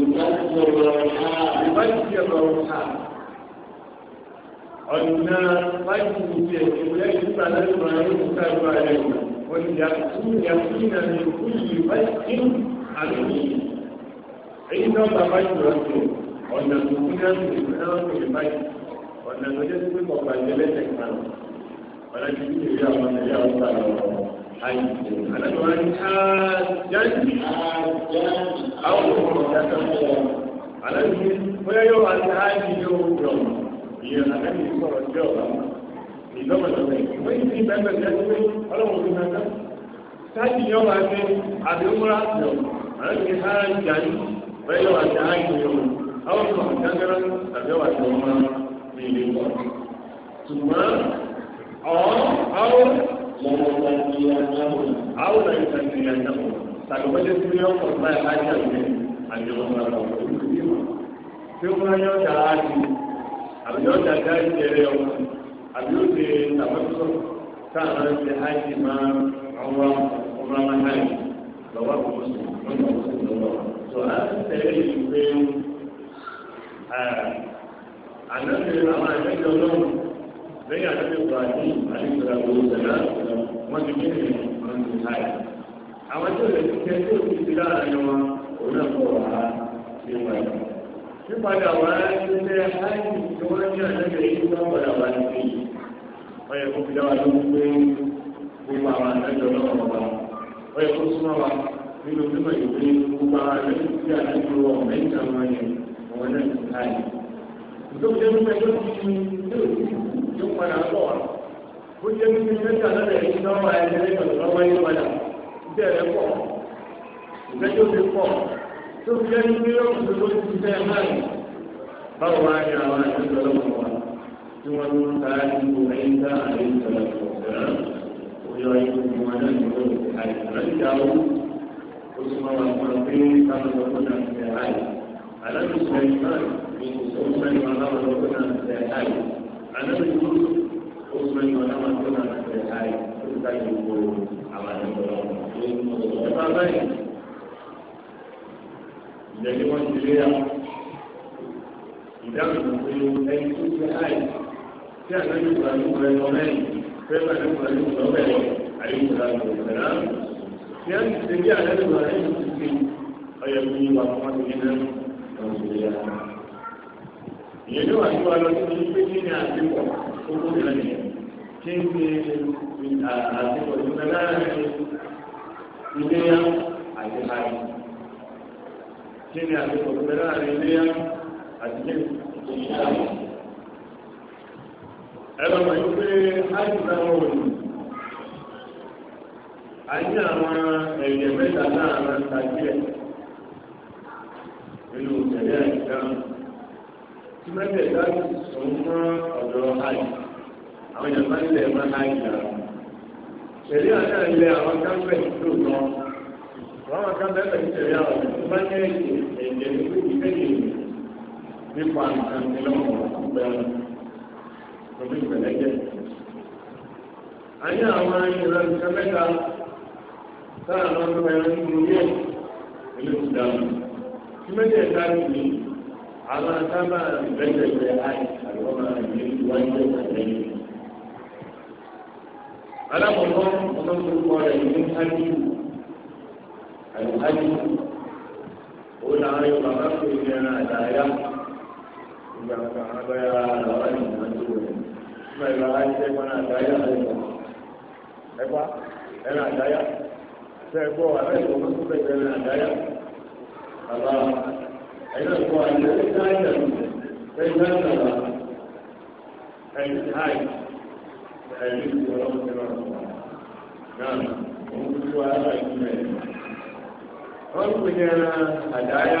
ìgbà tí ọ̀rọ̀ ha ìbáṣepọ̀ ọ̀rọ̀ ha ọ̀nà báyìí kò tiẹ̀ ìwé ìgbà lẹ́nu ayé òkúta ìgbà rẹ̀ ọ̀nà ìyàkúnyà ní òkúyì báyìí àlùmí èyí náà bá báyìí rọ̀ tó ọ̀nà tó kú náà ní ìgbà náà kò lè báyìí ọ̀nà tó jẹ́ pé kọ̀ọ̀pá ìjẹ́lẹ́sẹ̀ kan ọ̀nà tó kú ìrẹ́ àwọn ọ̀nà ìyá òkúta lọ́wọ́ ayi alẹ́ wa ni ajáde àwọn ọmọ ìyá kan wọ̀ alẹ́ ni bóyá yóò wá sí ajáde yóò rọ̀ ìyẹn àlẹ́bí sọ̀rọ̀ jẹ́ ọ̀la ìdọ́gbẹ̀dọ́gbẹ̀ wọ́n ti bẹ́ẹ̀ bẹ́ẹ̀ pé ọlọ́run ti máa tán táàkì yọ máa ṣe àdéhùnmúra yọ àlẹ́bí ha ìjà yìí bẹ́ẹ̀ yọ àti àìsàn yọ àwọn ọmọ ìdágẹ́rẹ́ tàbí ọwà tí wọ́n máa ní ilé wọn. ṣùgbọ́n ọ̀hún àwọn lọ́wọ́ ìyá ìyàwó àwọn ìtàkì ìyá ìyàwó tàbí wọ́n lé sí ọkọ̀ báyìí láti àgbẹ̀ àjọ ọmọ ọmọ ìlú tí wọ́n yọ àbí yóò dàgbà ìjẹrẹ ọmọ àbí yóò ṣe tàbátọ táwọn ṣe hajj máa ọmọ ọmọ ọmọ hajj lọ́wọ́ kò sí lọ́wọ́ kò sí lọ́wọ́. tó a ti tẹ̀lé yìí pé ànábi àwọn àjẹjọ náà lẹ́yìn ànábi buhari àdìsọ̀rọ̀ àwọn òṣèlú àwọn ọmọdé mẹ́rin ọ̀hún ti hajj. àwọn tó lè ti tẹ́ tó ti ti láàrin. 我讲完，现在还，怎么讲？现在我讲完，我也不讲了。你们，你们还讲不讲？我也不说了。你们这么有心，我把这个院子给我门长阿姨，我认真看。中间那个树，就就快拿掉了。中间那个院子，现在我爱的那个老外，我讲，你别来过，你再就别过。中间那个院子，我今天还。báwo wá ní àwọn àjọyọ̀ lọ́wọ́ wa tí wọ́n ń ta ìlú ẹ̀yìnká àyíká ọ̀sẹ̀rán oyọ ìlú wọn náà ní ọ̀rọ̀ àìsàn ìdáwó ó sì máa wà fún ọgbẹ́ táwọn ọkọ̀ náà ti tẹ̀ láì aláàbò sọ̀rọ̀ náà ní kò sọ fún ẹ̀yìn wọn láwọn ọkọ̀ náà ti tẹ̀ láì aláàbò sọ̀rọ̀ ó sọ ẹ̀yìn wọn láwọn ọkọ̀ náà ti tẹ̀ láì ó sì táyé gbogbo àwọn àjọyọ̀ lọ́wọ́ ìjẹ́ ìdáhùn ìpinnu ẹni tó ti láì tí àgbẹ̀lú ìgbàlú rẹ̀ lọ lẹ́yìn fẹ́ẹ́ bá ìgbàlú lọ bẹ̀rẹ̀ àyíkúra ìgbàlá tí a ń ṣe bí àgbẹ̀lú ìgbàlú rẹ̀ ti ṣe ọyọ ìlú ìwà fún akéwì náà nàìjíríà. ìyẹn ló wà ní wa lọ sí pé kí ni àdébọ̀ tó kó lẹ́nu yẹn kí n ṣe àdébọ̀ tó kẹ́ láàrin iléyà àti àyè kí ni àdébọ̀ tó kẹ́ láàrin iléyà àti mẹ́rin ẹ̀rọ mọ̀ yí pé áìsì náà wọ̀ ní àyè àwọn ẹ̀yẹ mẹ́ta náà máa ń ta díẹ̀ nínú ìṣẹ̀lẹ̀ àìsíkà tí mẹ́tẹ̀ẹ̀ta sọ mọ́ ọ̀dọ̀ áìsì àwọn èèyàn anyị ń lẹ̀ máa áìsì àwọn ṣẹlẹ̀ àti àìlẹ̀ àwọn káńpẹ̀ nípa ìtànilọ́wọ́ ìgbẹ́rún lórí ìgbẹ́lẹ́jẹ́. Àyẹ́ àwọn ìran ìṣẹ́mẹ́ta sára lọ sí ẹran nínú ilé ìlú ìdáhùn. Kí méjì ẹ̀ka ni àwọn asábà ìgbẹ́jẹ̀gbẹ́ àìsàn àwọn àìsàn ìwájú ìgbẹ́lẹ́yìn. Alákọ̀ọ́kọ́ ọlọ́dúnkọ rẹ̀ ní Hájú. Àìhájú. Ó làárẹ̀ bàbá pé ìrìn àdáyà ìgbàgbà agbára àwọn ènìyàn tó wẹ̀. Nígbà ìgbà wa ṣe ẹ̀gbọ́n àdáyà lẹ́kọ̀ọ́. Ẹ̀gbá ẹ̀rọ àdáyà. Ṣé ẹ̀gbọ́ aláìsàn máa ń fẹ́ ẹ̀rọ àdáyà? Bàbá ẹ̀yìn ẹ̀kọ́ àyè ẹ̀dáyà ẹ̀dáyà bàbá ẹ̀yìn háì ẹ̀yìn ìwọ̀n náà òun tó wá láì fún ẹ̀. Wọ́n ń pè ní àdáyà.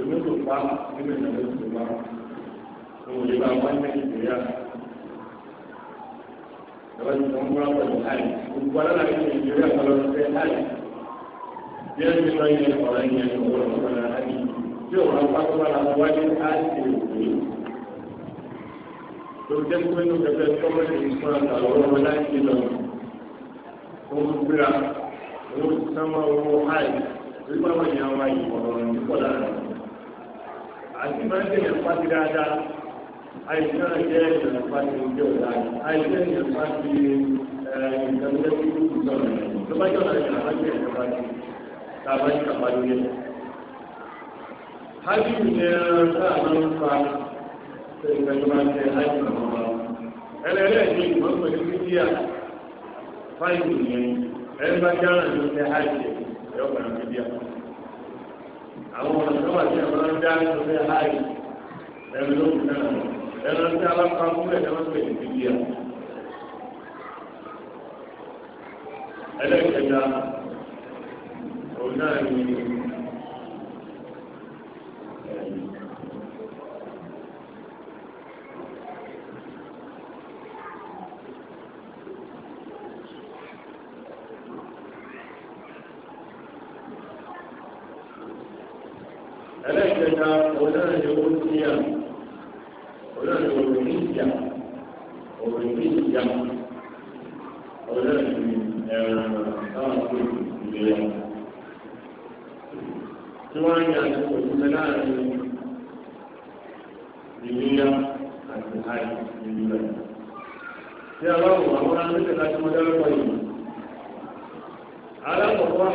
olóòtúpa nínú ìlú olóòtúpa òun lè bá wọn ní ìgbéyà ìjọba ti sọ ń gbọ́dọ̀ àyè gbogbo alára ní nàìjíríà kan lọ sí àyè bí ẹ ti lọ yẹ ọ̀rọ̀ yẹn ọ̀rọ̀ ọ̀rọ̀ àyè tí òun apá tó bá làwọn wáyé àyè òkè tó jẹ́ pé ní kẹfẹ́ tọ́wọ́ ti sọ àtàwọn ọmọ láti lọ òun gbéra òun sánmọ́ owó àyè nígbà wọ̀nyí àwọn àyè ọ̀rọ̀ ìkọlá rẹ̀ àti máa ń gbìyànjú pàtì dáadáa àìsí náà jẹ́ ìgbìyànjú pàtì ojú ọ̀la àìsí náà jẹ́ pàtì ìgbàlódé tó kù sọ̀rọ̀ tó bá jọ̀ọ́ láti àwọn àti ẹ̀jẹ̀ pàtì tá a bá ń kàpá lóye. hajj ní ẹran tá a máa ń fa ìgbàlódé máa ń tẹ hajj àwọn ọmọ ìjọba tí a máa ń dá ní ọdẹ láàyè ẹnu ló ń dáná ẹnu tí a bá pa fún ẹ̀dá wọn pè ní bíbí à. ẹlẹ́kẹ̀ẹ́ta òun náà ní olóòjò ó ti yà olóòjò òròyìn ìjà òròyìn ìjà olóòjò ẹ̀rọ táwọn tó ìlera tí wọ́n ń yà òṣìṣẹ́ láàrin ìlera àti àì ìlera tí a bá wù àwọn akẹ́kọ̀ọ́ láti mọ́ dárúkọ yìí alákọ̀ọ́kọ́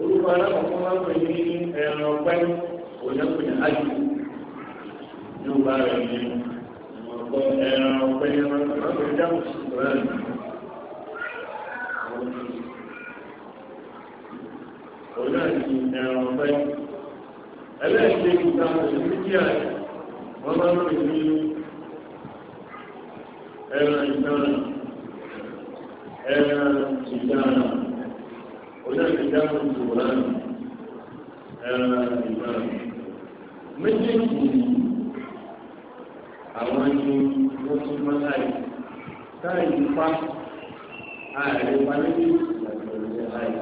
orúkọ alákọ̀ọ́kọ́ máa ń pè ní ẹran ọ̀pẹ òyìnbó ní ayù yóò bá rẹ̀ ní ọ̀pọ̀ ẹran ọ̀pẹ ẹran ọ̀pẹ dáhùn sí ìbáraẹni. òun náà ní ẹran ọ̀pẹ ẹlẹ́ẹ̀kejì ìgbà òṣèlú díà wọ́n máa ń pè ní ẹran ìdáná ẹran ìdáná olóòtú dáná ìṣòwòrán ẹran ìgbà méjèèjì àwọn ẹni wọ́n tún máa ń láyé táyì ipá ààrẹ ipá méjì àti ọ̀rẹ́ láyé.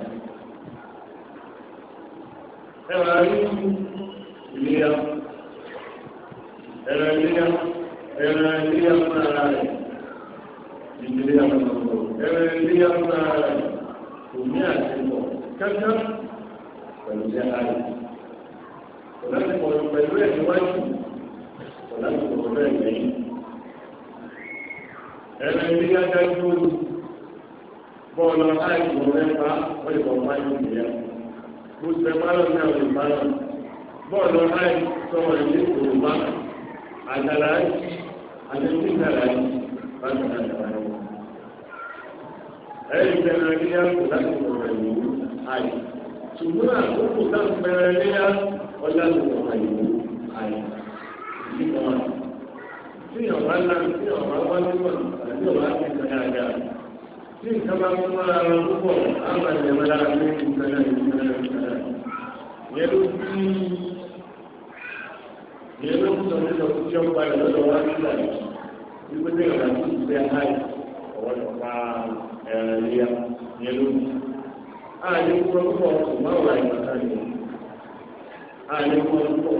ẹran ayé ìlera ẹran ìlera ẹran kẹ́kẹ́ pẹ̀lú jẹ́ ayé. Ọ̀làjì kọ̀ọ̀lù pẹ̀lú ẹ̀ níwájú, ọ̀làjì kọ̀ọ̀lù ẹ̀ lẹ́yìn. Ẹ̀rọ ilé yájá dúró bọ́ọ̀lù aláìsàn mẹ́fà wọ́n lè kọ̀ọ̀mọ́ ayé ìyá. Mo sẹ́ márùn-ún ní àwọn ìbáraẹ̀. Bọ́ọ̀lù aláìsàn wọ̀ ní Yorùbá, àgàlà àti títàlà bá ti dàgbà. Ẹ̀rọ ìgbẹ́ni ayé yá kò láti kọ̀ọ̀mọ́ àyè ṣùgbọ́n àkókò náà pẹ̀rẹ̀ léyà ọjà tó wọ̀ àyè àyè nígbà wọn. tí ọ̀rọ̀ ńlá tí ọ̀rọ̀ wá nígbà àti ọ̀rọ̀ àti ìgbàlagà tí nǹkan bá mú mọ́ra wọn púpọ̀ àwọn ìjọba lára ní ìgbàlagà ìgbàlagà ìgbàlagà. yẹ ló fi yẹ ló fi sọ̀rọ̀ lọ sí ọgbà ìlọ́dọ̀ wá nígbà ìgbésẹ̀ ìgbàlagà ìgbésẹ̀ àyè ọ̀wọ́ ìfọ̀ká ẹ̀rẹ̀ yẹ ló fi ààyè wọn pọ̀ ṣùgbọ́n àwọn àyíká ni ààyè wọn pọ̀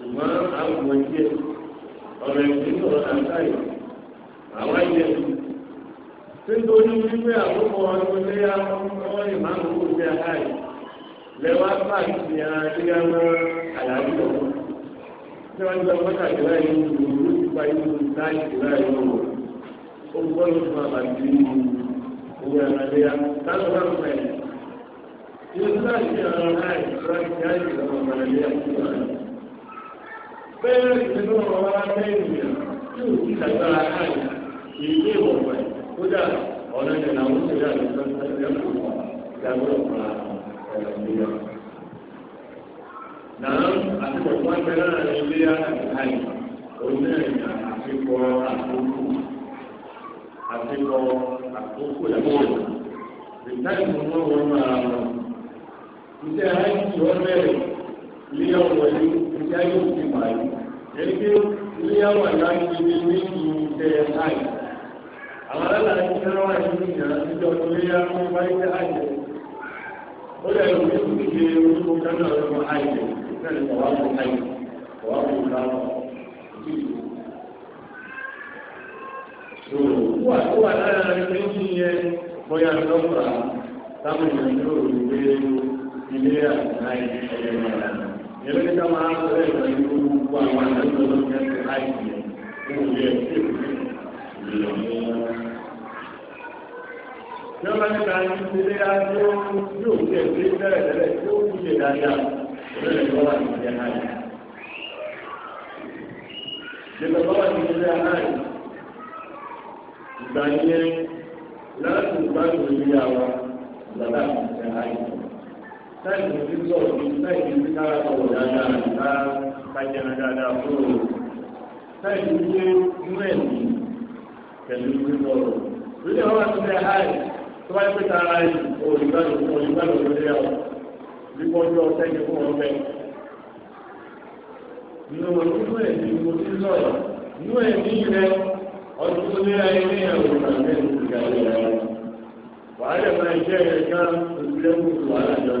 ṣùgbọ́n àwọn ẹgbẹ́ ọ̀rọ̀ ìwé sọ̀rọ̀ àǹtáyì àwọn ẹgbẹ́ nítorí wípé àkókò ọdún lé àwọn ọmọ ìmáàmù kò jẹ àáyì lẹ́wọ́n apá àti àdéhàmọ́ àlàyé ọ̀hún tí wọ́n gbọ́ pàtàkì láyé ìlú ló ti pa ìlú láyé láyé ọ̀hún ó gbọ́ ló fún àbàtì ìlú òwe àmàlẹ́yà táwọn bá ń pẹ̀lú. Bẹ́ẹ̀ni ìṣẹ́lú ọ̀rọ̀ wá lẹ́yìn ìyàn tí ò ti dàgbára káyì, ìdí ìwọ̀pẹ̀, kódà àti ìṣẹ́lú àkókò, àtikọ ìtàkùn náà wọ́n máa rọrùn iṣẹ́ àìsí ọ̀bẹ̀rẹ̀ iléyàwó ẹ̀lú iṣẹ́ yóò fi ẹni pé iléyàwó àyà ń gbé ní iṣẹ́ àwọn alága ti fẹ́ràn ní ìyá níjọ tó lé yá wáyé tẹ́ àìsẹ̀ ó lè lò ní ìdíje orúkọ kánà ọ̀rọ̀ àìsẹ̀ náà ní ọ̀wá fún ìlànà ìdíje. tó wà lára ẹni pé ń yẹ lọ́kùnrin táwọn èèyàn yóò rí pé ilé àgbà ìṣẹ̀lẹ̀ náà. Ìrètí máa ń sọ̀rọ̀ ìgbà yìí gbogbo àwọn àdúgbò ló ń kẹ́kẹ́ láìpẹ́ fún òye ẹ̀sìn ìlọ́mọ. Yọ́n bá ní ká ní ilé ajó yóò fi ẹ̀sìn bẹ̀rẹ̀ tẹ́lẹ̀ tó kú lè dáadáa lórí ẹ̀kọ́ wà ní ilé náà. Ìjọba bá wà ní ilé náà ìgbà yẹn láti gbàgbé ìyá wa lọ́dà ìṣẹ̀lẹ̀ àìsàn. sáyìn ní sọ̀rọ̀ ní sáyìn ní ká sọ̀rọ̀ dáadáa nípa kájẹ́ra dáadáa fúrò sáyìn ní pé inú ẹ̀mí pẹ̀lú sísọ̀rọ̀ lórí àwọn àti bẹ́ẹ̀ háì tó bá pé tara ẹ̀ olùgbàlù olùgbàlù lórí ẹ̀ wípọ́jú ọ̀sẹ̀ ní fún ọ̀fẹ́ nínú inú ẹ̀mí mo ti sọ̀rọ̀ inú ẹ̀mí ọdún tó ní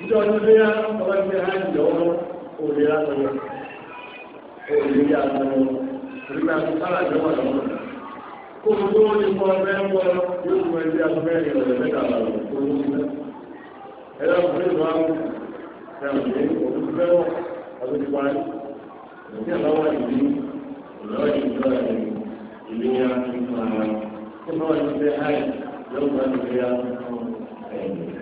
níjọ́ ní bí a ọba ha ìjọwọ́ òde látọ̀yọ́ òde yà lọ́wọ́ torí pé a ti sára ìjọba kó o tó ní kọ́ ọbẹ̀ ń bọ̀ yóò fún ẹgbẹ́ abúlé ìrọ̀lẹ́ mẹ́ta lọ́wọ́ tó ń bí ẹ̀rọ ìwé ìwà ẹ̀rọ̀lẹ́ òkú fẹ́rọ̀ ọdún ti parí ní àbáwá ìlú ìlọ́ọ̀ ìjọba ìlú ya ń fún ara kó o náà ti fẹ́ háì lọ́wọ́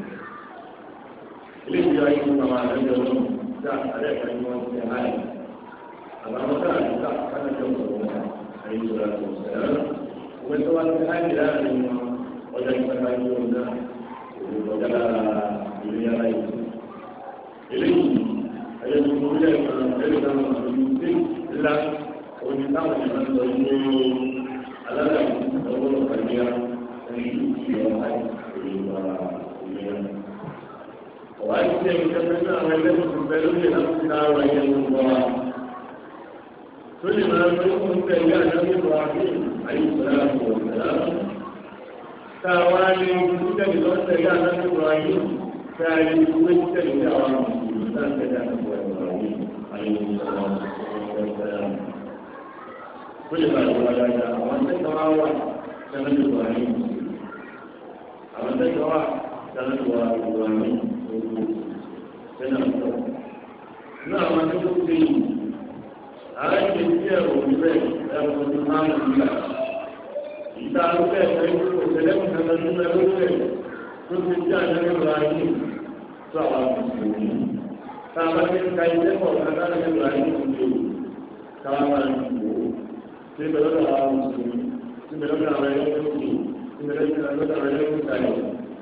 ilé ìjọ yìí ń sọmọ àlejò lónìí sí àtàlẹ́ ìka ni wọ́n ti láì àbámọ́ sáà ní ká kánà tó ń sọ̀rọ̀ àyè ìjọba tó ń sọ̀rọ̀ òwe tó wá sí láì láàrin wọn ọjà ìpàdé ayé wọn náà òwò ọjà ìlú yàrá yìí ilé yìí ayé tó ń wọlé ẹ̀ka ẹ̀rọ náà wọn àti ìdílé ńlá òní táwọn ìlú ń sọ yìí ní alága ìlú ọgbọ́n ọ̀gá ìlú ìlú ọ̀gá ìlú ìlú ọ̀gá ìlú wàá ṣe ìjọba náà wọn ẹlẹ́kùn pẹ̀lú ìlànà àwọn ẹ̀yẹ gbogbo wa. tó lè máa ń tó ń tẹ̀lé àdáwọ̀ wa bí àyíkọ̀lá kò tẹ̀lá. tá a wá ní ojú tẹ̀lé lọ tẹ̀lé àdáwọ̀ wa yìí tá a lè gbé tẹ̀lé àwọn ọmọ náà tẹ̀lé àdáwọ̀ wa yìí àyíkọ̀lá kò tẹ̀lá. tó lè máa wà dáadáa àwọn tẹ̀lé wa wà tẹ̀lé wa yìí àwọn tẹ̀lé wa tẹ̀lé wa wà yìí gbogbo sẹ́nà lọ. Ní àwọn tó ń pè yìí, àwọn ìṣe tí ẹ̀rọ rẹ̀ ẹ̀rọ tó máa ń gbà. Ìta arúgbó ẹ̀fẹ́ òṣèlérùn kankan nínú ẹ̀rọ rẹ̀ tó ti dí àjọyọ̀ ayé tó àwọn mùsùlùmí. Tá a bá ti ń ka ilé pọ̀ kankan nínú ayé òjò, ká máa ń wò ó. Ṣé ìbẹ̀rẹ̀ lọ́dọ̀ àwọn mùsùlùmí? Ṣé ìbẹ̀rẹ̀ lọ́dọ̀ àwọn ẹ̀rọ tó ń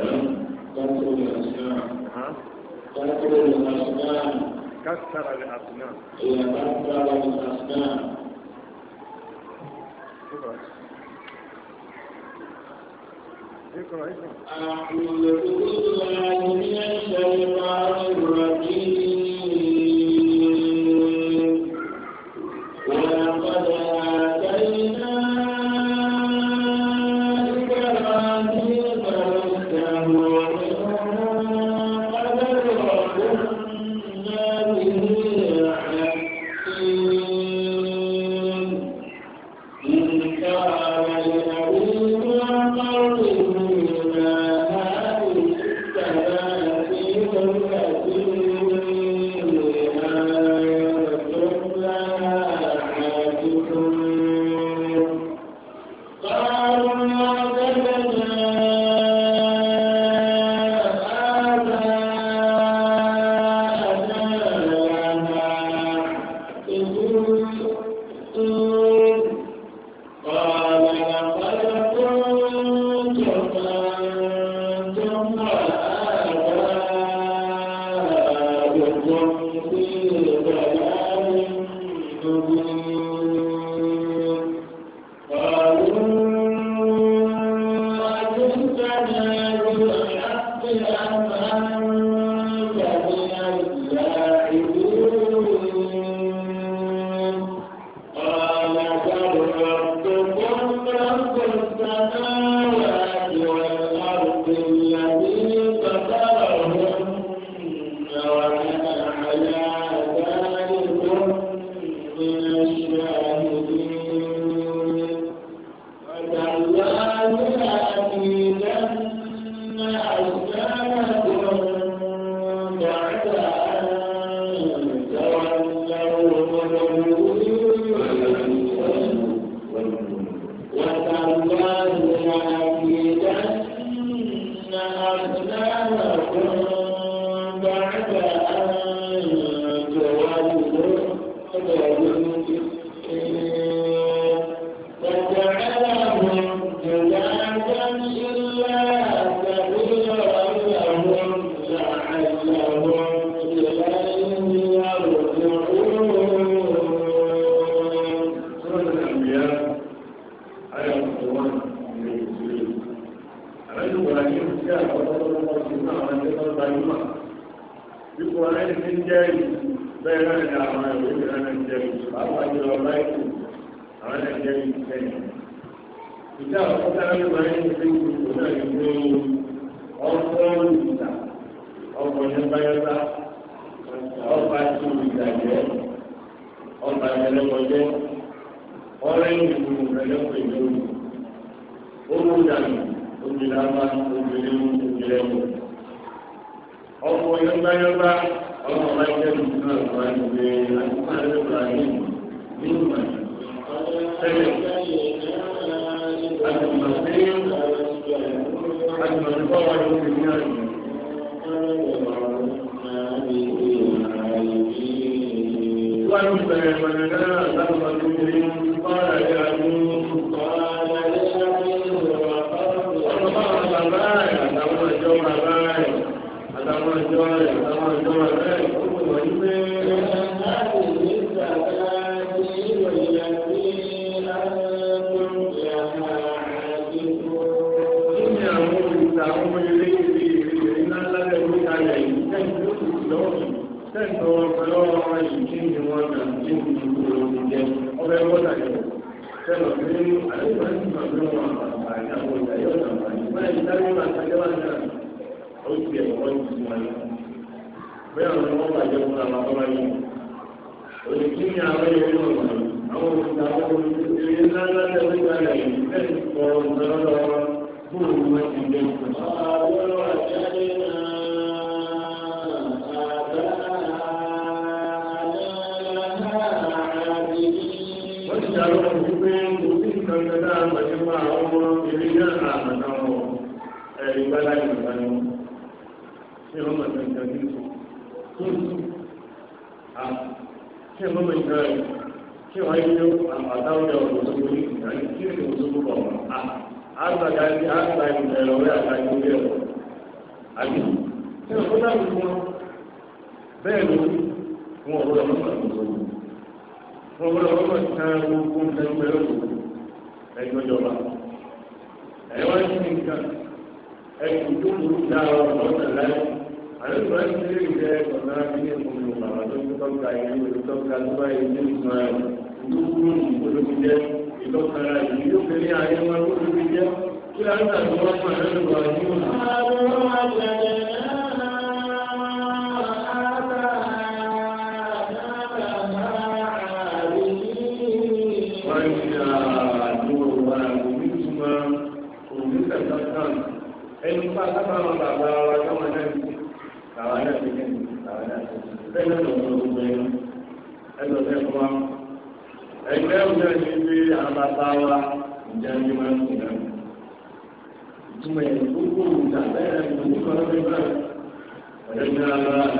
كسر الأصنام إذا كسر الأصنام اقرأ اقرأ أعوذ بالله من الشيطان الرجيم ìlú pẹ̀lú ayé wọn ó ti fi jẹ́ kí á Ẹni bá sábà wọn bàbá tawa menjadi manusia. Cuma yang kumpul tak ada yang menyukai orang lain. Ada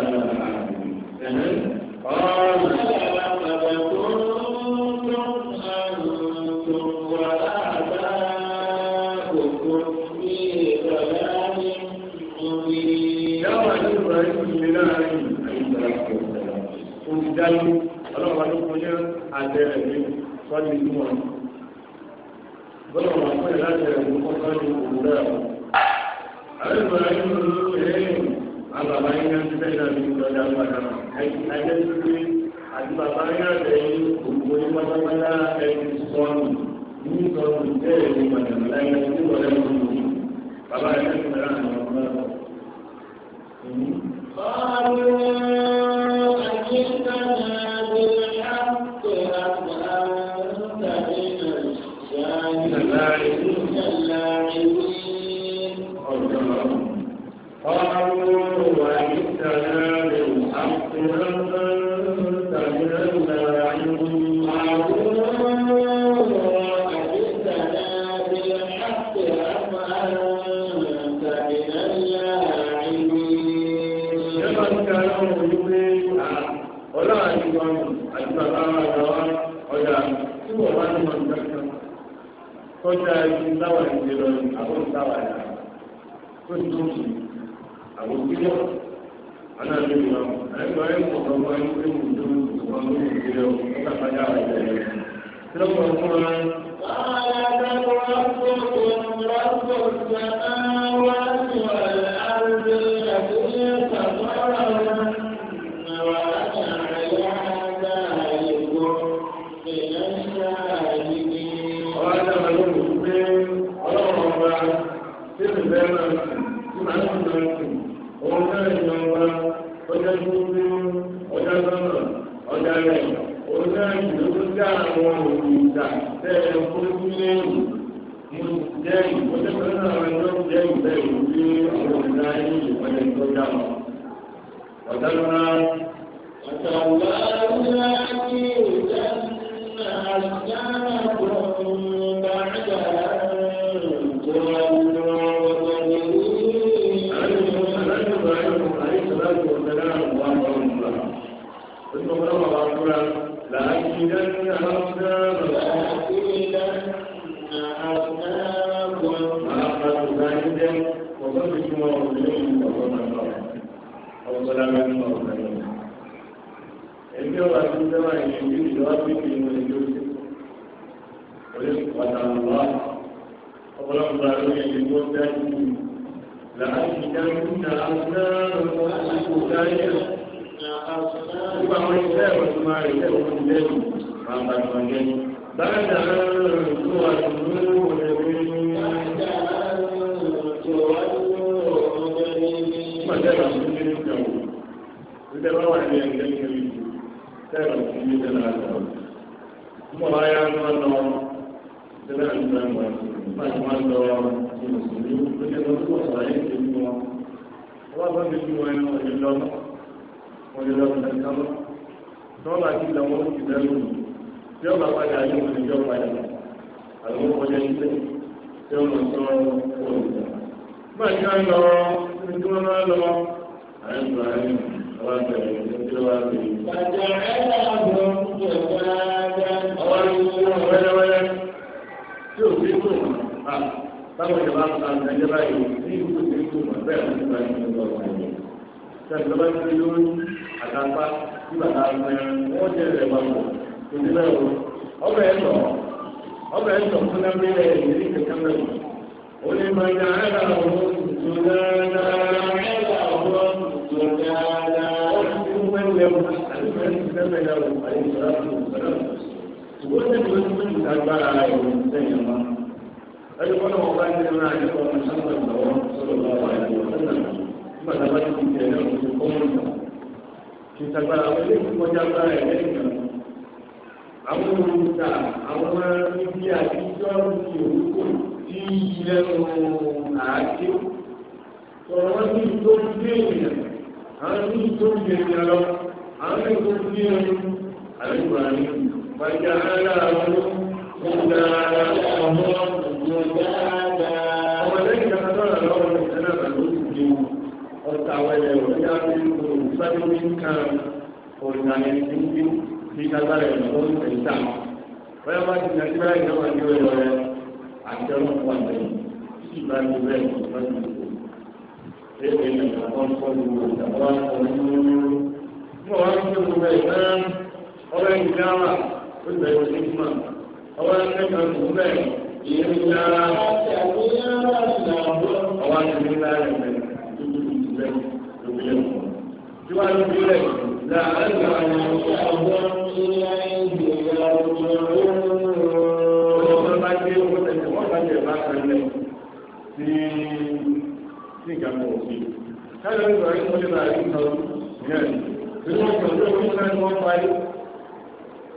wọ́n parí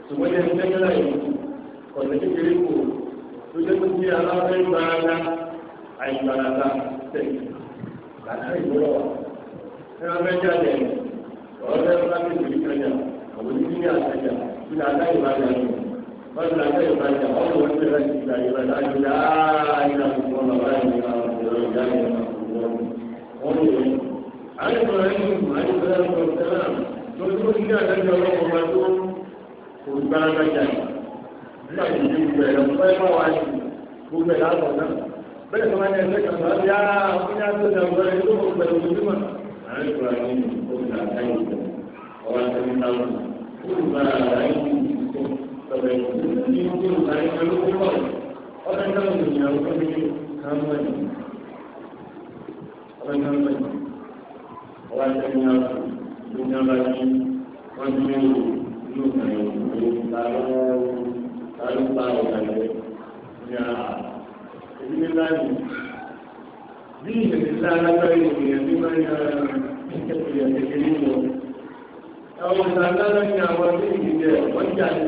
ṣùgbọ́n yẹn tẹ́lẹ̀ náà yìí ọ̀nà kékeré kò tó jẹ́ pé kí aláfẹ́ gbáradá àìgbàlàdà tẹ̀lé kàtà ìgbọ́lọ̀ wa ní wọ́n fẹ́ jáde ọ̀rọ̀ fẹ́ fún akéwì ìtajà àwọn onídìrí àtajà kí ni àtàyè bá jà ní wọ́n ti àtàyè bá jà wọ́n lè wọ́n ti rẹ̀ ti gbà yẹ̀rẹ̀ láti dá ìlà fún ọmọ bá yẹn ní àwọn ọ̀rọ̀ ìyá yẹn wọ́n lè wọ́n. àwọn ìgbọ̀nrẹ́ lórí tó ti ní àtẹ́jú ọlọ́pàá máa tó kò ní bára bá jà yìí nígbà tó ti gbogbo ẹ̀ lọ́pọ̀ ẹ̀ máa wá sí gbogbo ẹ̀ láàbọ̀ náà bẹ́ẹ̀ tó máa ní ẹgbẹ́ kan máa bí á fún yá tó dàgbà ẹ̀ tó kò gbẹ̀rù ojúmọ̀ àárín ìgbà ní oṣù àtàyè ọwọ́ àtẹ́jú táwọn olùbára àlàyé ọ̀rẹ́ ní ojú àlàyé pẹ̀lú púpọ̀ ọ̀rẹ́ náà ní ìyàwó tó ní kámọ́ọ̀nì ọ̀rẹ́ náà ní ọ̀rẹ́ náà ní ní abájú wọn ti mú inú kan ìwé tààrọ tààrọ pa ọ̀gàdẹ ní àhà èyí ní láàyè bí ìṣẹ̀lẹ̀ tá a lágbára ìròyìn ẹ̀mí máa ń yára ìṣẹ̀lẹ̀ kékeré lọ. àwọn ìṣàlára ní àwọn ilé ìdíje wọ́n jà ní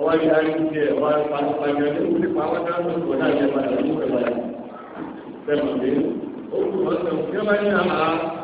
ọwọ́ ìyá ìdíje ọwọ́ ìpàdé ní ìwé pàwọn náà ló ń bọ̀ náà jẹ́ padà ní ìwé padà. bẹ́ẹ̀ mọ̀ pé ó kù ọ̀sẹ̀ òkú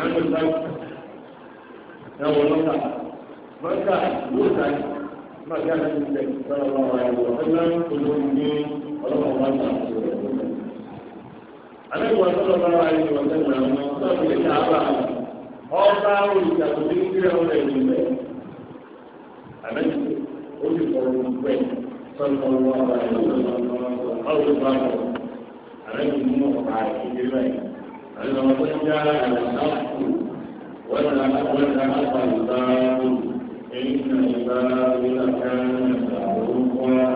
àwọn ọ̀dọ́ ẹ̀wọ̀n lọ́kà lọ́kà ló ta náà bí a ti ń tẹ̀ sọ́nà wọn wà lọ́wọ́ ẹgbẹ́ olórí ní ọlọ́wọ́ wọn náà tó rẹ̀ lọ́wọ́. alẹ́ wọn sọ́nà wọn wà lọ́wọ́ ẹgbẹ́ náà wọn sọ́nà wọn lè ta àbá ọba olùdàgbò ní kíkẹ́ wọn lè lù bẹ́ẹ̀. àmẹ́ ó ti kọ̀ ọ́ bẹ́ẹ̀ sọ́nà wọn wà lọ́wọ́ ẹgbẹ́ náà wọn sọ́nà wọn lè ta àbá الذين جاءوا وتمت الباب إن الباب لكان معروفا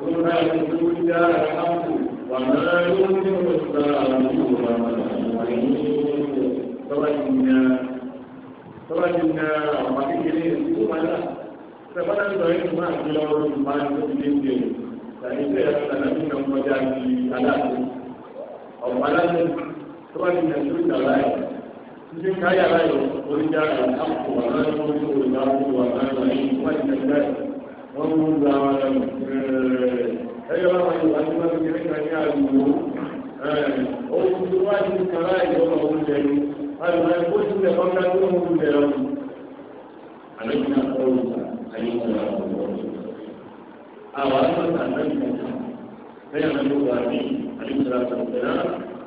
ثم يرجع الحق وما يرجع الباب وما يريد ترجنا ترجنا ومكيلين ثم لا فمن البعيد ما يجلو ما يجلو فإذا أتنا منهم وجاء في ألاهم أو ألاهم tó bá ti yàn lórí ìdàlá yìí títí káyà láyò oríjà àkókò wà láyò orí òrìjà àkókò wà láyò yìí tó bá ti yàn láyò wọn mú un gba wọn lọ ẹyọ bá wọn yóò wá sí wọn kékeré kan ní àdúgbò ohun tó wá sí kàrá ìjọba òun lẹ́nu àdúgbò ó ti lẹ ọjà tó ń wù lẹ́nu àlejò náà kọ́ ọ́ ayé wọn lọ àwọn àwọn àti àlejò náà lẹ́yìn àlejò wà ní àlejò náà kọ́ ọ́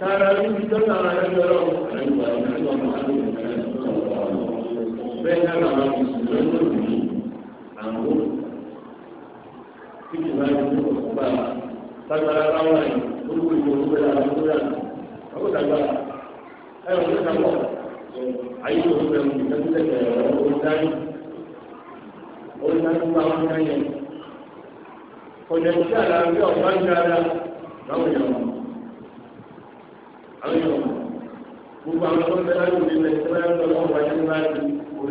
kára níbi tó náà ẹgbẹ́ ọlọ́run bẹ́ẹ̀ náà làwọn mùsùlùmí lòdì àwọn tí kò bá yẹ kó kó bá lágbára ẹ̀ lórí ìwé òwúrọ̀ àwọn tó yà àwọn dàgbára ẹ̀ wọ́n ti sàkọ́ ayé òwúrọ̀ ẹ̀ wọ́n ti sẹ́kẹ̀ ẹ̀ wọ́n dání wọ́n dání bá wọn dání ẹ̀ kọ̀dẹ̀ ní sàlàyé ọ̀gbá ń dára báwọn àwọn yòó gbogbo àwọn ọmọ ìgbà láti òde ìgbà ìgbà láti ọmọ ọmọ ìgbà láti òde ìgbà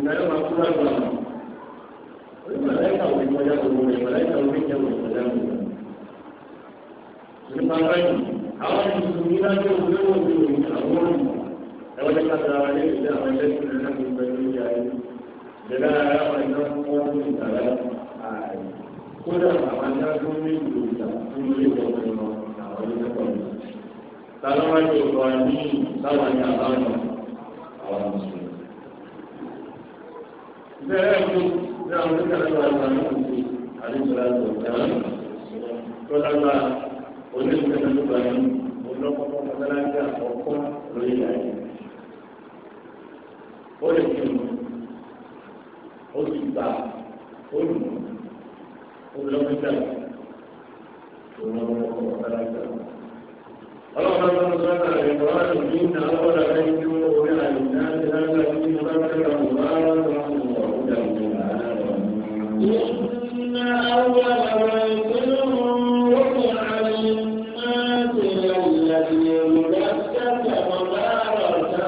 láti òde ìgbà láti ìgbà láti òde ìgbà láti òde ìgbà láti òde ìgbà láti òde ìgbà láti òde ìgbà láti òde ìgbà láti òde ìgbà láti òde ìgbà láti òde ìgbà láti òde ìgbà láti òde ìgbà láti òde ìgbà láti òde ìgbà láti òde ìgbà láti òde ìgbà láti òde kalọ́wọ́ ti bọ̀ ní báwọn ní àbáwọn àwọn mùsùlùmí. ni náà wọ́n kẹ́lẹ́ bá wà ní òkè àdéjọba tó dáná tọ́lágbá onígbẹ́ni tó bá yẹn olókòkò mọ́tàlájà ọ̀kọ́ lórí ìdájọ́. ó lè fi mú ó sì gbà ó lù mú ó lọ́kọ́jà ó lọ́kọ́ mọ́tàlájà ọ̀kọ́. اللهم صل وسلم على ابراهيم انك اول من يؤمن بالناس هذا دين ربك مبارك وهدى إن أول من يؤمن بالناس الذي يبكك مباركا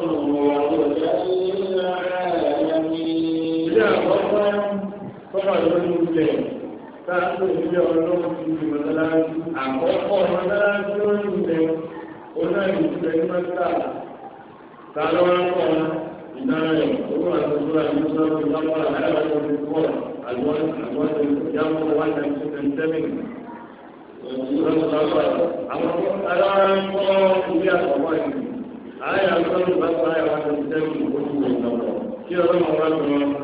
وهدى للعالمين ti mọ́tàlájú àkọ́kọ́ mọ́tàlájú lórí ilẹ̀ onáyìí ti ẹni mọ́tà sálọ́ akọ́ ìdárayọ̀ owó àtúntò àdúgbò ìdáwọ́ àdáyọ̀ tó ti pọ̀ àgbọ̀n àgbọ̀n tó ti yàgò wá ní ẹ̀sìn tẹ̀síntẹ́mì. Àwọn aláǹkọ́ ilé àkọ́kọ́ yìí, àyà ń sọ́dún bá sọ àyà wá tẹ̀síntẹ́mì ó ti wọ̀ ìdàpọ̀ kí ọlọ́run wá lọ́wọ́.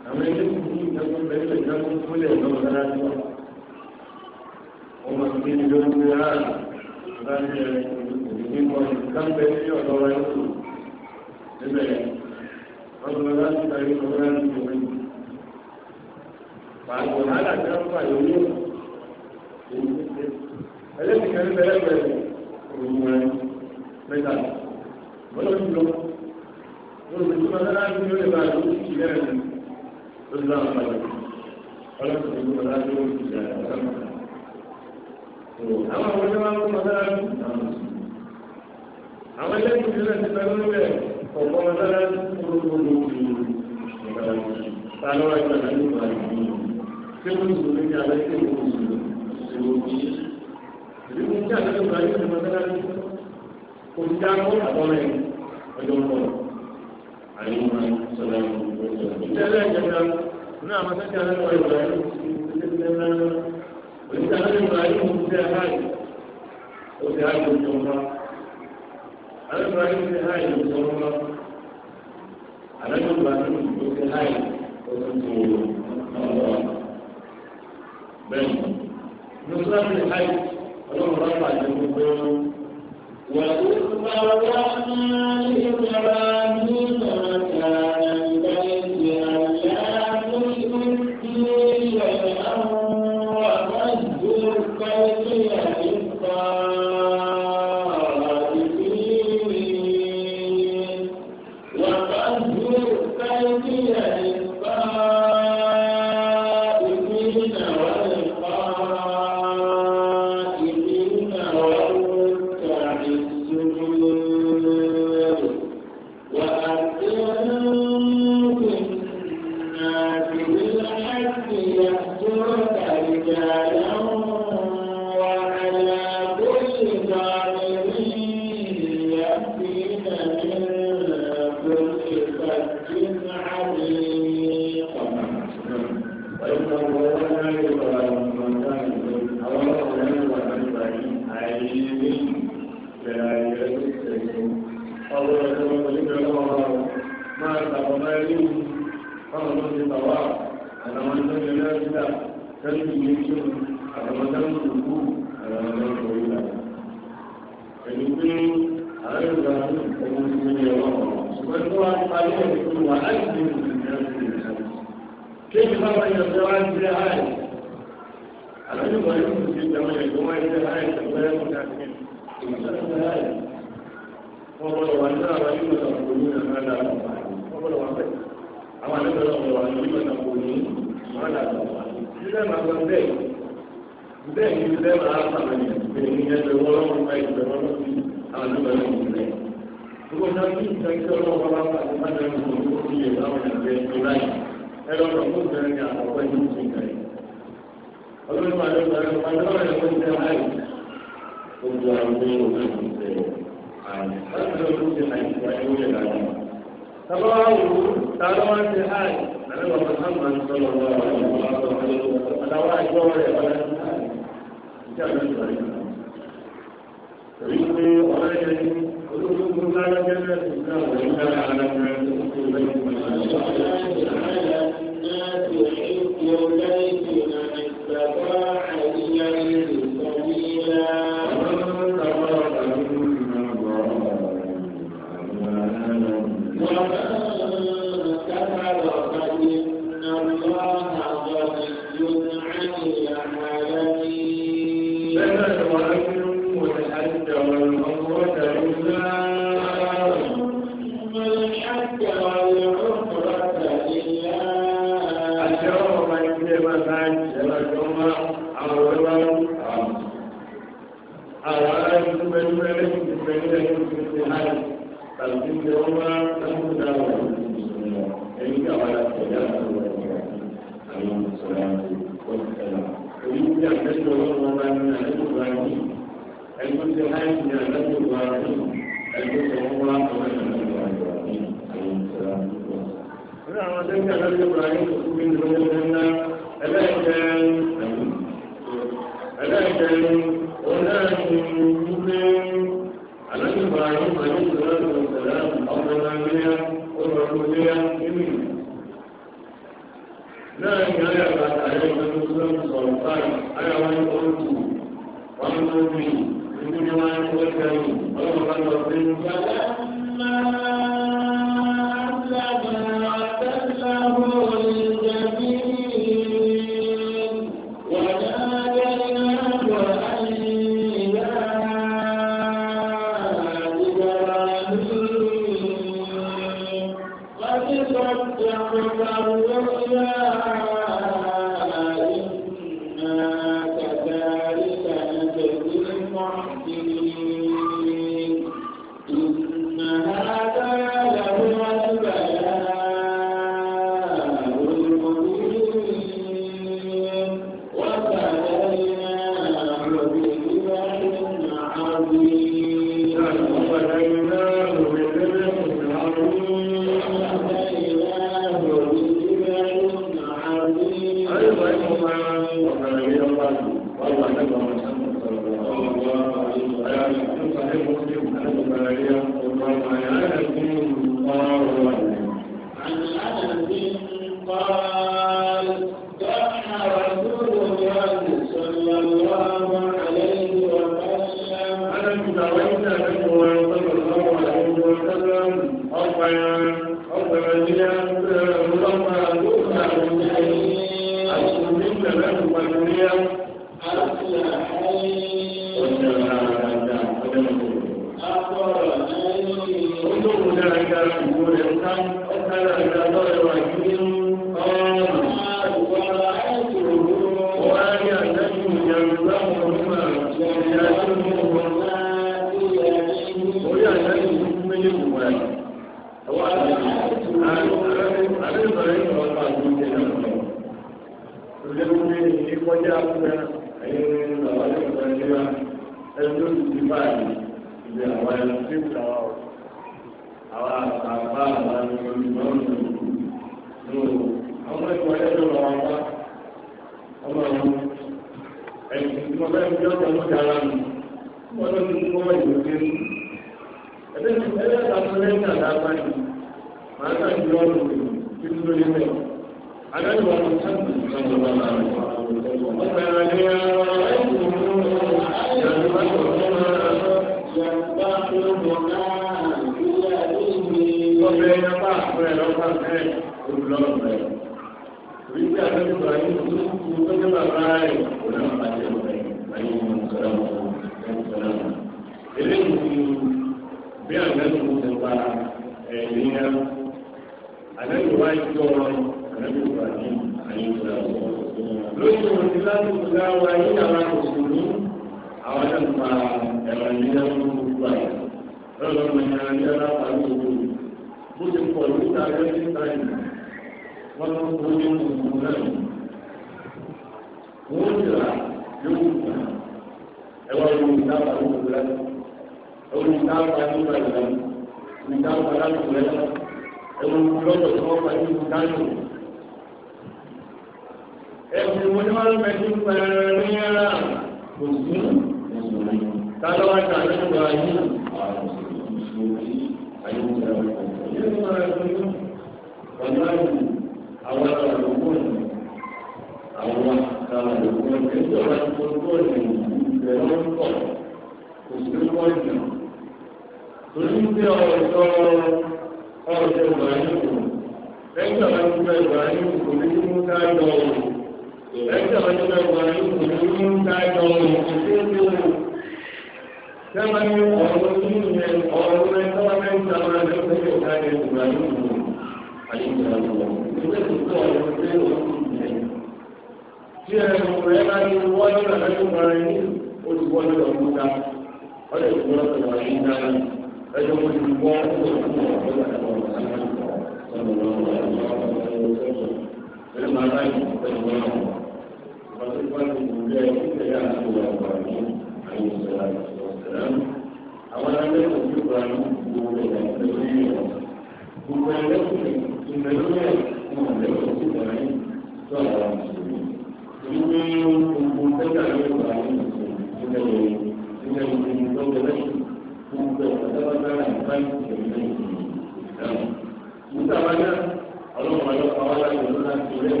ọlọ́run ayọ́pọ̀ wáyé ìlú náà ti rẹ̀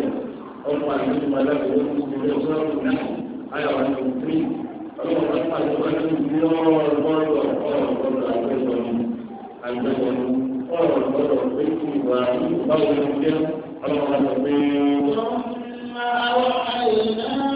ọlọ́run ayé ìlú wáyé ìlú ti rẹ̀ ọlọ́run náà ayé àwọn ìlú tí ọlọ́run ayọ́pọ̀ àti wáyé ìlú lọ́rọ̀ lọ́rọ̀ ọ̀rọ̀ lọ́rọ̀ àgbẹ̀sọ̀rọ̀ àgbẹ̀sọ̀rọ̀ ọ̀rọ̀ lọ́rọ̀ pé kí ìwà báwo ni ó jẹ́ ọlọ́run ayọ́pọ̀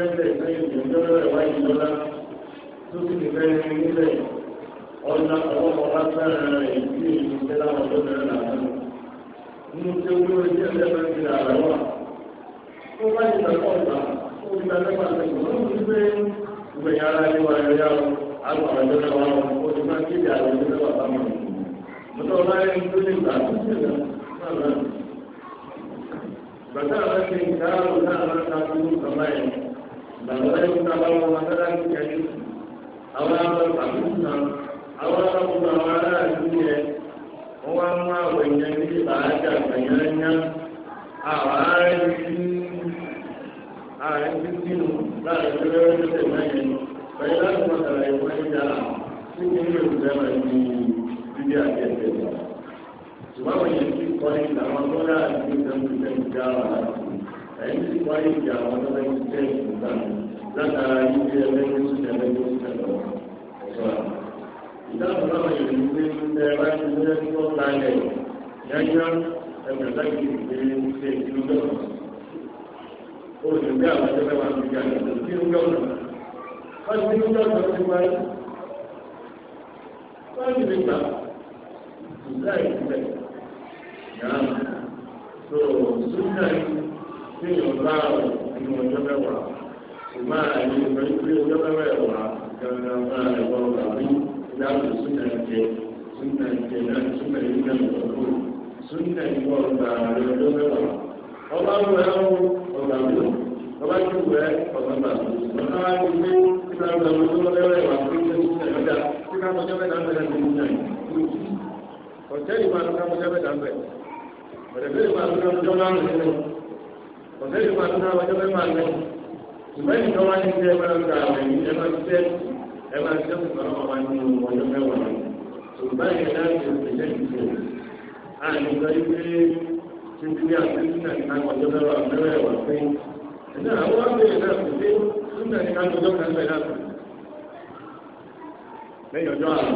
bẹ́ẹ̀ lẹ́yìn ìjọba ìwádìí lọ́la tó sì ti fẹ́ ní ọ̀nà ọlọ́mọ bá rẹ̀ sí ìlú tẹ́lá ọ̀dọ́ bẹ̀rẹ̀ làwọn. Nínú tí ó lórí tí ẹ̀jẹ̀ bá ti rà rà wà. Tó bá ti rà pọ̀ gbà, ó ti rà lẹ́gbà lẹ́gbà. Ó ti gbé ìgbẹ̀yà ara ní wa ẹ̀yà o, àgbà ọ̀dọ́ rẹ̀ wà ó ti máa kéde àwọn ìlú lẹ́wà bá Mọ̀tọ́ ọ̀la Bàtà àwọn ẹni ìdáhùn náà máa ń ta fún bàbá yẹn. Bagaimana kita mau mengatakan jadi awal-awal kasusnya, awal-awal pengawalan dunia, orang mau menjadi baca banyaknya awal awal itu lalu terus terjadi. Baiklah masalah yang berjalan, ini sudah menjadi tidak biasa. Sebab yang dikori sama orang itu tentu saja ẹ̀yìn sì wáyé ìjà àwọn tó bá ń jẹ́ ìgbà látara yíyí ẹlẹ́yìn sí ẹlẹ́yìn sí ẹ̀rọ ọ̀sọ́. ìdáhùn náà yìí ní pé ẹ bá ti ní ẹni tó ta ilẹ̀ yáyá ẹgbẹ̀ láti ìgbé ṣe ìlú lọ́wọ́. olùdókè àwọn ẹgbẹ́ wa ti jà ìlú lọ́wọ́. wọ́n ti ní lọ́wọ́ ti wáyé. wọ́n ti lè gbà ìgbà ìgbà. yàrá tó sójà yìí tí bá ọ̀rọ̀ ọjọ́ mẹ́wàá ṣùgbọ́n àyè ìgbà ìgbé ọjọ́ mẹ́wàá gẹ́gẹ́ bá ẹ̀rọ ràbí yàtọ̀ súnà ìjẹ súnà ìjẹ náà súnà ìjẹ ìjọba súnà ìwọ ọgbà rẹ ọjọ́ mẹ́wàá ọba ń wẹ ọ ọgbà ló ọba ti wẹ ọgbà gbà ọba wa ti gbé kíkà ọgbà ló lọ́wọ́ lẹ́wọ̀ ẹ̀wà fún ilé súnà ìjọba kíkà ọjọ́ mẹ́ta ń bẹ̀rẹ̀ ní ọjọ́ ìwà ló ká ọjọ́ mẹ́ta ń bẹ̀rẹ̀ ọ̀sẹ̀ yìí máa tún àwọn ọjọ́ máa lọ ṣùgbọ́n yìí kan wá ní ṣe máa ń gba àwọn ẹ̀yìn ẹ máa ń ṣe ẹ máa ń ṣe fún ọmọ wa ní ọjọ́ mẹ́wàá lọ ṣùgbọ́n yìí náà ṣe ìpínlẹ̀ ìṣe àìní sọ yìí pé títí àti sílẹ̀ ní àwọn ọjọ́ mẹ́wàá mẹ́wàá pé ẹ̀dá àwọn abẹ́rẹ́ náà kò dé sílẹ̀ ní àwọn ọjọ́ kan mẹ́wàá lẹ́yìn ọjọ́ àlọ́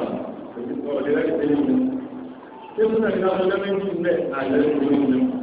òṣìṣẹ́ ọ̀lẹ́lẹ́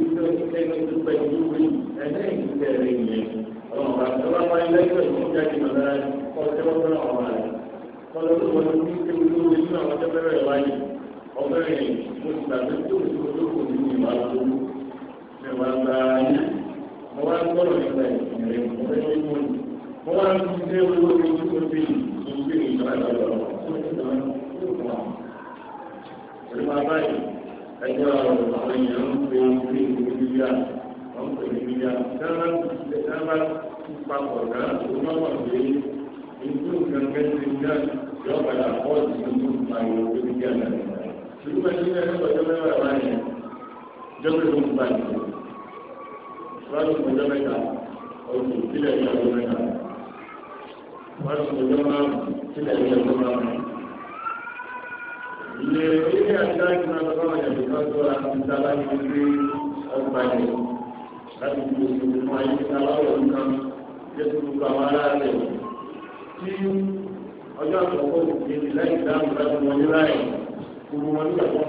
ìdílé ẹni tó pẹ̀lú ìwé ẹ̀dẹ́ ìdílé rẹ̀ yẹn. Ọ̀rọ̀ àti ọba máa ń lẹ́gbẹ̀ẹ́ ìwé jáde lọ́dá ọjọ́ ọ̀gbọ́n ọ̀rọ̀ rẹ̀. Kọ́lọ́ tó wọlé ní ìdílé olóore nínú àwọn ọjọ́ bẹ̀rẹ̀ wáyé. Ọbẹ̀rẹ̀ mo ti gbàgbé tó o tó tó kò ní ìwà tó ṣe wá gba ayé. Mo wá gbọ́dọ̀ nípa ìrìn mo fẹ́ ṣe ẹgbẹ́ àwọn èèyàn ń pe orí ìlú bíyà wọ́n pè ní bíyà dáná papọ̀ náà tó má wà pé ìlú kankan ti dá yọ padà pọ̀ sí ìlú àwọn òbí bíyà náà. ṣùgbọ́n ẹni ní ẹgbẹ́ ọjọ́ mẹ́wàá wá yẹn jọ́pẹ́ ló ń pa ìlú. wọ́n ti mẹ́ta oṣù sílẹ̀ ní mẹ́ta wọ́n ti ọjọ́ márùn-ún sílẹ̀ ilé ilé àjọ ìgbìmọ̀ ọlọ́wọ́ yẹn ló bá tó àti ìdára yìí pé ọgbà yẹn láti fi òṣèlú fún ayé aláwọ̀ nǹkan yẹ kó gbogbo àwọn ará rẹ̀ tí ọjọ́ àkọ́kọ́ òkè ní láì dáhùn láti wọn ní láì gbogbo wọn nígbà tó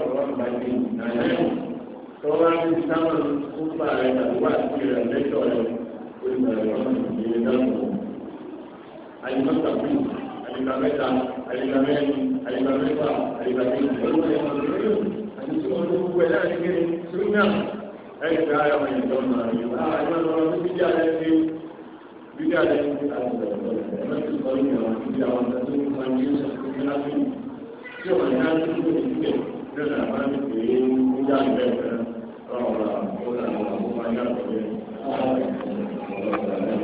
àyíká mẹ́ta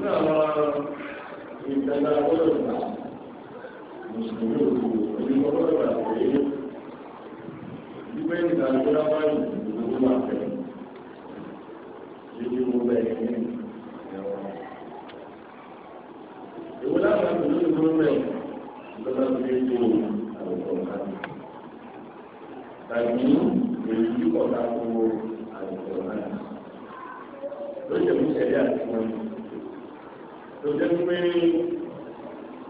nínú àwọn tó jẹ́ pé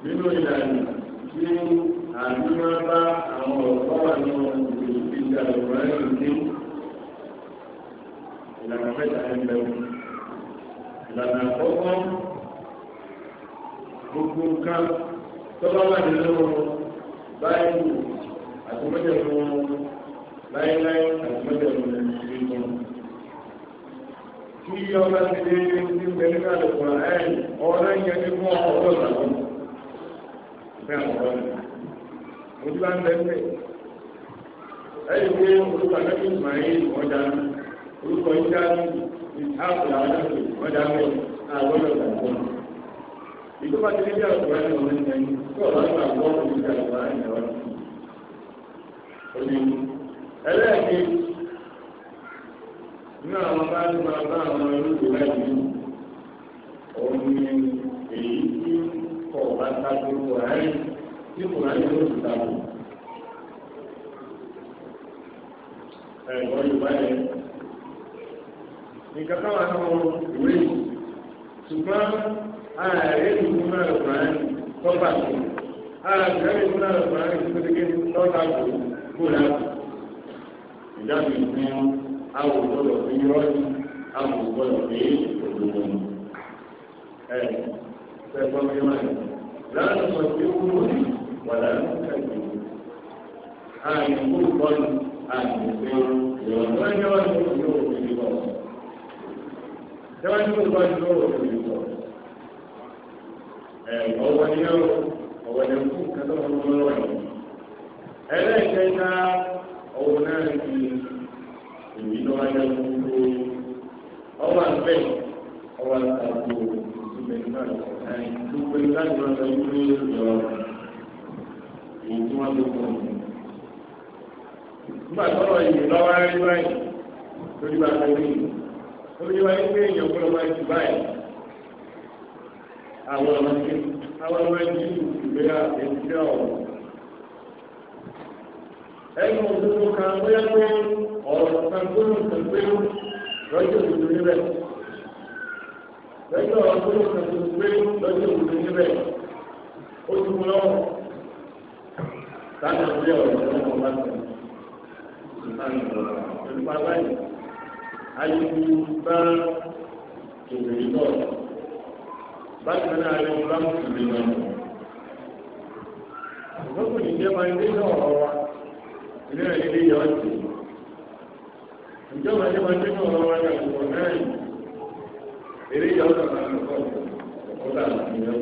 nínú ìlànà tí àdúrà bá àwọn ọ̀pá àwọn olùdíje ìjàlùmọ́ ẹ̀rọ ní ìlànà mẹ́ta ẹgbẹ̀rún. ìlànà àkọ́kọ́ gbogbo nǹkan tó bá wà nínú báyìí àti mọ́jọ̀ fún báyìí láì àti mọ́jọ̀ fún ẹ̀rọ yíyá ọlá ti lé ní pẹ̀lú káàdì kùrà ẹ̀ ọ̀rọ̀ ẹ̀yẹ ní fún ọ̀rọ̀ ìgbàgbọ́. bẹ́ẹ̀ ọ̀rọ̀ ni ojú bá ń bẹ pé ẹ̀yẹ pé olùkọ́ akẹ́kọ̀ọ́ ìsmáyé ọjà olùkọ́ ìjà ìtàkùn àwọn ọjà mẹ́ àgọ́dọ̀ ìgbàgbọ́. ìjọba ti lé bí àkùrá ní ọ̀rọ̀ ìgbàgbọ́ kí ọ̀rọ̀ ìgbàgbọ́ ọ̀rọ̀ ìgbàgbọ́ ní àwọn bá ní máa bá àwọn olóògbé láti mú òun ni èyí tí kò bá tako kòránì tí kòránì ló ti tako. ẹ̀gbọ́n yorùbá yẹn nǹkan táwọn àwọn ìwé ṣùgbọ́n ààrẹ ìlú náà kòránì tọ́ba tó ààrẹ ìlú náà kòránì tó ti ké tọ́ba tó kó láti ìdáhùn ìpín wọn àwọn ògbọ́dọ̀ fi rọ́ọ̀dì àwọn ògbọ́dọ̀ fi òdòdó. ẹ sẹ́kọ̀ mi máa ń láti sọ pé ó wúlò ní wàlá ní kàkiri. àyè kó bọ́ọ̀lù àyè pé ìrọ̀lẹ́ ẹjọ́ wà ní òkè òkè bọ̀. ẹjọ́ ní òkè òkè òkè bọ̀. ẹ ọwọ́ ni ó ọwọ́ ni ó kú kátó ọmọ ọlọ́wọ́ yìí. ẹlẹ́ẹ̀kẹta ọ̀wọ́ náà ti na ló wá yẹ kúrò ọwọ́ àgbẹ̀ ọwọ́ àtàkùn ìtumẹ̀ náà gbogbo ìlànà ìlànà ìlú yọ èyí nígbà tó lọ yìí lọ́wọ́ báyìí bá a wáyé pé èèyàn kúrò máa ti báyìí àwọn ọmọdé àwọn ọmọdé tí wọ̀. ẹnu òdodo kan bóyá pé ọ̀rọ̀ kan gbóhùn kan pé lọ́jọ́ òdodo níbẹ̀. lọ́jọ́ gbóhùn kan tó pé lọ́jọ́ òdodo níbẹ̀. ó ti mú lọ́wọ́ sáà ní ọ̀rọ̀ ìjọba bá tẹ̀. ìfà báyìí ayélu bá ìbèrè bọ̀ bákan náà ayélu bá mùsùlùmí lọ. lọ́kùnrin jẹ́ máa ń gbé náà ọ̀rọ̀ wa ilé rẹ̀ yọ ọ́tì. ìjọba ní wọn nínú ọ̀rọ̀ wọn yàtọ̀ wọn náà yìí. eré yọ ọ́tọ̀ náà ló kọ́ ọ̀dà ìyẹn.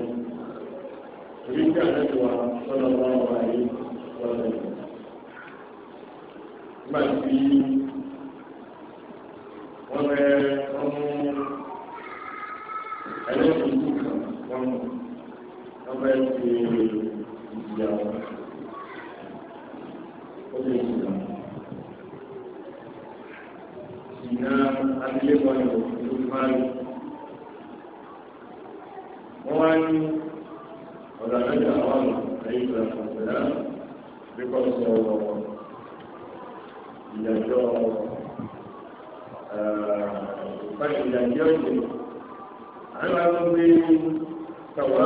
torí kí àná ti wà sọ́dọ̀ wọn wà yìí lọ́dọ̀ yìí. nígbà tí wọ́n fẹ́ wọ́n mú ẹlẹ́sìn kan wọ́n mú wọ́n fẹ́ ṣe ìyàwó lè jìnnà. Ìná abilékọ ni òkú máa lò. Wọ́n wá ní ọ̀rọ̀ àdájọ́ àwọn ọ̀nà ayé ìgbà kọ̀ọ̀dá bí kò sọ ìdájọ́ ìpàdé ìdájọ́ ìdè. Àwọn àwọn gbé kàwá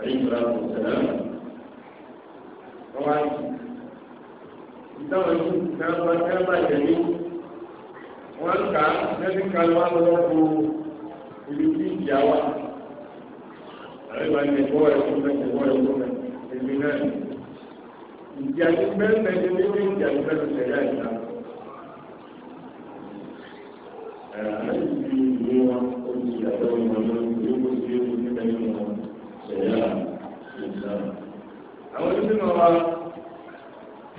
ayé ìgbà kọ̀ọ̀dá. Wọ́n wá ní ìtàwọn yìí nàbà nàbà jẹ̀mí wọn kà lẹ́sìn kan wọn lọ fún ibi tí ìjà wa àríwá ní ẹ̀kọ́ ẹ̀kọ́ ẹ̀kọ́ ẹ̀kọ́ ẹ̀mí náà ìjà ní mẹ́rin ní méjì ìjà ní mẹ́rin tẹ̀lé ìjà ẹ̀rọ ìdí ìwé wọn ó ti yàtọ̀ ìmọ̀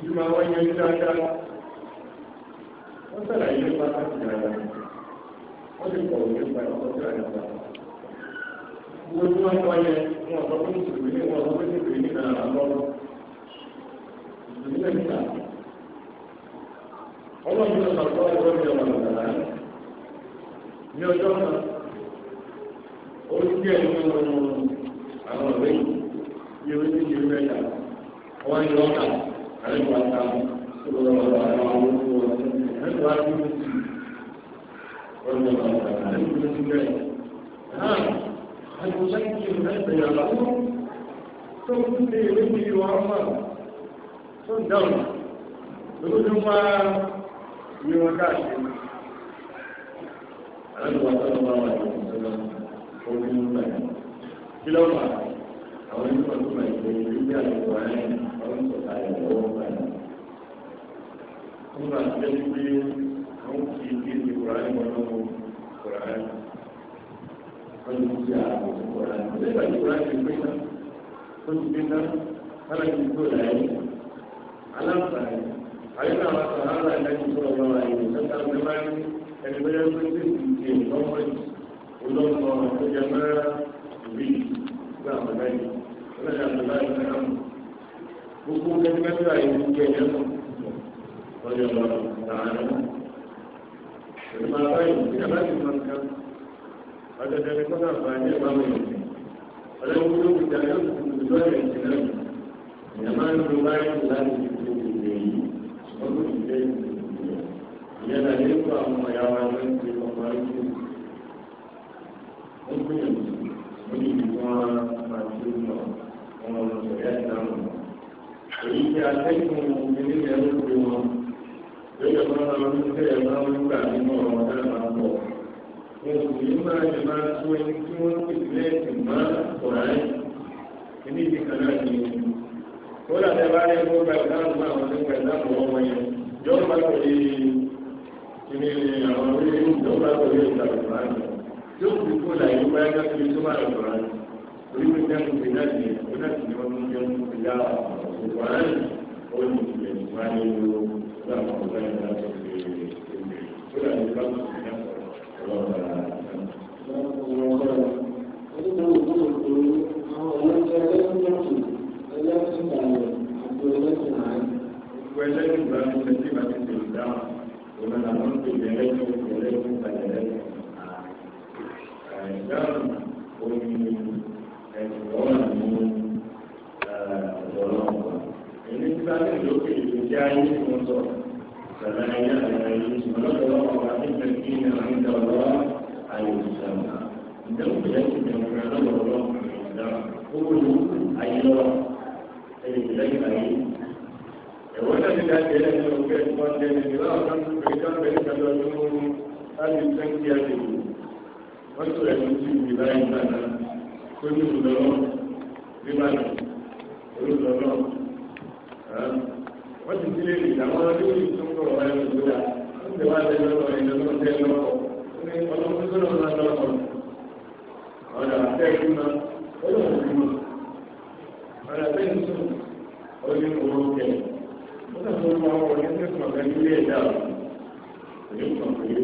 tí máa wáyé ní dáadáa wọ́n sàlàyé nípa láti dáadáa wọ́n sì kọ̀ òun nípa ẹ̀kọ́ tí a nípa. Gbogbo tí wọ́n kọ́ yẹ wọn sọ fún ìṣòro ní wọn sọ fún ìṣòro ní ìlànà lọ́wọ́. Ìṣòro ní ìta. Ọlọ́run ló sọ fún ọjọ́ mi ọ̀nà ìlànà ní ọjọ́ náà. Ó ti díẹ̀ nínú àwọn ọ̀rẹ́ yìí ní orí ti di rẹ̀ dà. Wọ́n yọ ọ́ dà. هل يزكي الناس يعلمون ثم تنتهي مني وعمر ثم دون ثم يوكاشي أنا صلى الله عليه وسلم قول الله كلاهما àwọn ẹni tó ń tún ẹgbẹ́ ìgbé àgbẹ̀wò ayé ọdún sọ̀tà ìwọ̀ ọ̀gbà yìí. wọ́n máa ń tẹ́lẹ̀ pé àwọn kì í kí ní kura ẹni wọn lọ́wọ́ kura ẹni. wọ́n ti di àbò fún kura ẹni. lẹ́gbàá ní kura ẹni pé náà wọ́n ti gbé náà wọ́n ti gbó láyé. aláǹfààní ayé náà wà sọ̀rọ̀ àwọn ẹni tó ń lọ́wọ́ ayé sọ́tà ọ̀gbẹ́ ẹni bẹ́ẹ̀ ló ti ti ìlọ́wọ́ ìlọ́wọ́ ọ̀gbẹ́jẹ̀ mẹ́rẹ́ ìbí gbàgbọ́ lẹ́yìn ọlọ́dà àgbàlá ìgbà náà mọ̀ gbogbo kẹ́kẹ́kẹ́ àyè gbogbo ẹ̀yẹ mọ̀ ọjọ́ ọlọ́dà tààrà mọ̀ pẹ̀lú máa bá ìlú ìjọba ti mọ̀ nǹkan ọjọ́ tẹ̀lé kọ́ náà bá ẹ̀yẹ bá wọn ọlọ́dà gbogbo ìjà yóò tún ìjọba ẹ̀yẹ ti náà ìjọba ń lo báyìí láti fi ìdè yìí ọdún ìdè ìyẹn náà yẹ kó àwọn ọmọ ìyá wa ló ọmọ ayé ó ń gbìyànjú ó wọn máa ti ń lọ ọmọ ìṣẹ̀lẹ̀ ìdáhùn. Èyí tí a tẹ́kùn ilé ẹ̀rọ ìlú wọn, lóye máa ń ronú pé ẹ máa ń gbà nínú ọ̀rọ̀ náà máa ń bọ̀. Mo sì ní máa ṣe máa tó ẹni tí wọ́n ti lé ìmọ̀ ọ̀rẹ́ ìní yóò fi kó làyè wáyé ká fi tó máa lọ orí ìjà tó fi náà ní ẹ̀kọ́ náà ti wọ́n tó ń jẹun ọ̀pọ̀ àárín ó ní ìpìlẹ̀ ní ìlú tó àwọn ọ̀gá ìlú tó dà ní tó fi náà tó ṣe tí ìgbà tó ṣe ẹ̀sìn tó wà ní ọ̀dọ́lọ́ ọ̀gbà. èmi ti bá lè lókè ìgbésí ayé tí mo sọ sọ̀rọ̀ ayé àgbà yìí ṣùgbọ́n lọ́dọ̀ ọ̀gbà nípa kí ni àwọn ìjà ọ̀rọ̀ ayé òṣìṣẹ́ ìdáhùn ìyá ti dẹ̀ ọ̀rọ̀ lọ́wọ́ ọ̀rọ̀ ìdáhùn ó wúlò kójú ìlọ́wọ́ nígbàdàn olùsọ̀rọ̀ wọ́n ti sílé ìgbà wọn lórí ìtúkọ̀ ọ̀rẹ́ òṣèlú wọ́n ti wá lẹ́yìn lọ́wọ́ ẹ̀yìn tẹ́ lọ́wọ́ ọlọ́run tó lọ́wọ́ máa lọ́wọ́ ọ̀dà àtẹ́kù náà ó lọ́wọ́ sí mọ́ ọ̀dà àtẹ́kù sùn ó ní owó kẹ ó kà tó máa wọ ní ẹgbẹ́ kan nílé ẹ̀dá òní tó sílé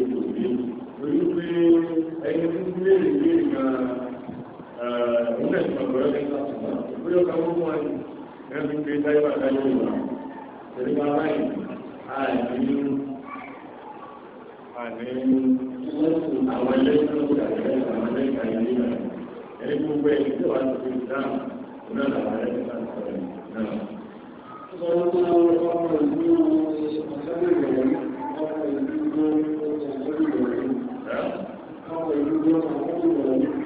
ìgbé nígbà tí wọn gbọ́dọ̀ nípa tìmọ ìpínlẹ̀ ọkọ wọn wọn ni ẹ fi pé táyọ̀ àtàlẹ ìwà tẹlẹ bá báyìí àìní àìní àwọn ẹlẹ́yìn tó kà lẹ àwọn ẹlẹ́yìn àìní ìwà ẹni gbogbo ẹni tó wà lórí ìdáhùn ọ̀nà àwọn ẹlẹ́yìn tó kà lẹ náà. Sọ́dọ̀ tó ń bá ọmọ ìlú ọ̀sán ìrọ̀lẹ́ ọmọ ìlú ọ̀sán ìrọ̀lẹ́ ọmọ ìlú ọ̀sán ìrọ̀lẹ́.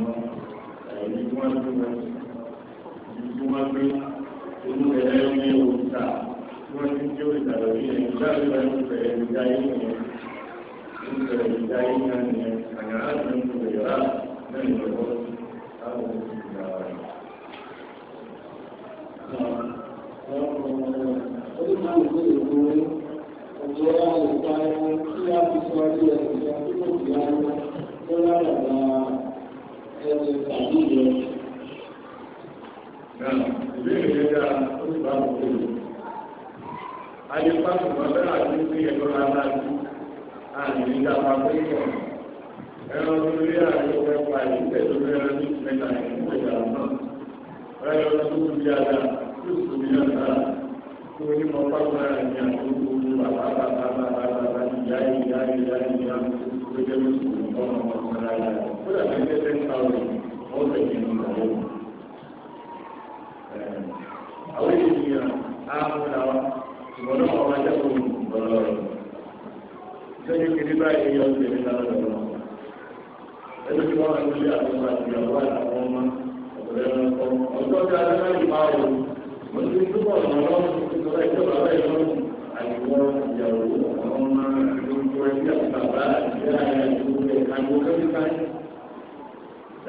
wọn ẹni tí wọn gbé wọn ẹni tí wọn gbé inú ẹ̀rẹ́ ní òkúta tí wọn ti dé òkúta lórí ẹni tí wọn gbé wọn fẹ́ ẹni tí ayé wọn ń fẹ́ ẹni tí ayé wọn ń yẹn àgbàrá ti ń fẹ́ yàrá náà ní ọwọ́ táwọn ò ti gbà wá. Oríṣiríṣi ìgbésẹ̀ ìgbòho ọ̀jọ̀ àwọn ìpanu tí a fi sọ ọdún ẹ̀sìn ìgbà tó kò sí ara lọ́wọ́ àgbà ẹ̀rù ìgbàlódé rẹ̀. Náà ìbéèrè yẹn dáa ó sì bá wọn kéwòn. Ayé pàṣẹ bàbá àti ìwé ẹ̀rọ aláàbí àti ìdá pàṣẹ ìwọ̀n. Ẹ̀rọ orí àti ọ̀pẹ pa ìtẹ̀lú ẹ̀rọ ní mẹ́ta ìlú ìjà náà. Ẹ̀rọ tó kú bí ada tó kú bí ada tó ní mọ pàṣẹ àti àtúntò ní bàbá bàbá bàbá bàbá ìyá ìyá ìyá ìyá tó jẹ́ mùsùlùmí ọmọ ọmọ ọmọ ọmọ kódà ní ilé ten thousand wọ́n lè ní ìlú ìlú. àwọn ènìyàn á múra wa ṣùgbọ́n náà wọ́n máa dẹ́kun lọ́rọ̀ rẹ̀. sẹ́yìn kìíní báyìí yọ ọ́n tẹ̀lé lára lọ́wọ́. ẹni tí wọ́n ń lé àwọn àtìyàwó àtàwọn ọmọ ọ̀rẹ́ ọkọ ọjọ́ tí a lè má yìí mo ti túbọ̀ lọ́wọ́ ìtura ìjọba bẹ́ẹ̀ lọ́wọ́ àyẹ̀wò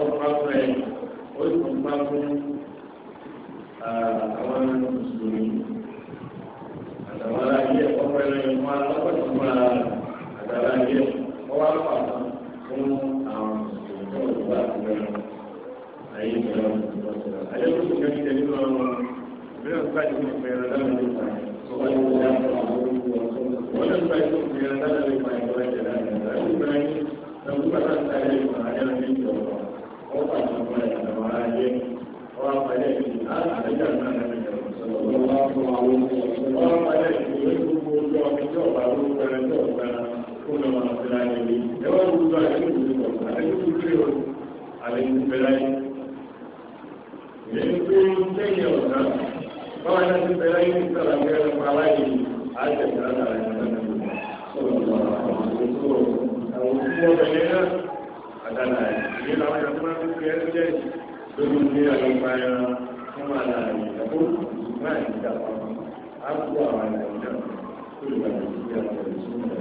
ọgbà fẹ́ ó sì ń bá fún àwọn mùsùlùmí àtàwọn ayé ọgbà ẹ̀rọ wọn lọ́kọ̀tì wọn àtàwọn ayé ọwọ́ àpàtà fún àwọn mùsùlùmí tó wà lọ́wọ́ ayé ìjọba mùsùlùmí. ayé mùsùlùmí ti tẹ̀lé lọ mílíọ̀nù káàdì fún ìpínlẹ̀ lọ́wọ́ nípa ẹ̀ tó wáyé wọlé àwọn àwọn olùkọ́ wọ́n lè gba ìfún ìpínlẹ̀ lọ́wọ́ nípa ìjọba ìjọba ìjọba ìjọba ìjọba ìjọba ìjọba ìjọba wọ́n wà ní ọgbà ìyàwó ara yẹ wọ́n apalẹ̀ yìí àtàlẹ́jà náà lẹ́nu ìyàwó sọ̀rọ̀ wọ́n wá fún àwọn wọ́n apalẹ̀ yìí wọ́n gbogbo ojú ọmọ tí ọ̀gá ló ń gbẹrẹ tí ọ̀gá kó lọ wọn fi láyé mi ẹ wọ́n gbogbo àyẹ̀wò ìlú ọ̀gá àyẹ̀wò ìlú àyẹ̀wò ìlú láyé. èyí tó ń tẹ̀yẹ ọ̀gá báwa náà ti bẹ̀rẹ̀ yìí sọ̀rọ̀ gẹ́gẹ́ pa láyé àjẹsára àyẹ̀wò ìlú sọ̀rọ̀ àwọn òṣìṣẹ́ àlàyé ìyẹn làwọn èèyàn tó máa ń fi ẹnu jẹ́ lórí ilé ọlọ́pàá ẹran fún àlàyé ìyàwó máa ń dà wọn á kú àwọn àlàyé náà tó lè wà lórí ilé ọlọ́pàá ìṣúná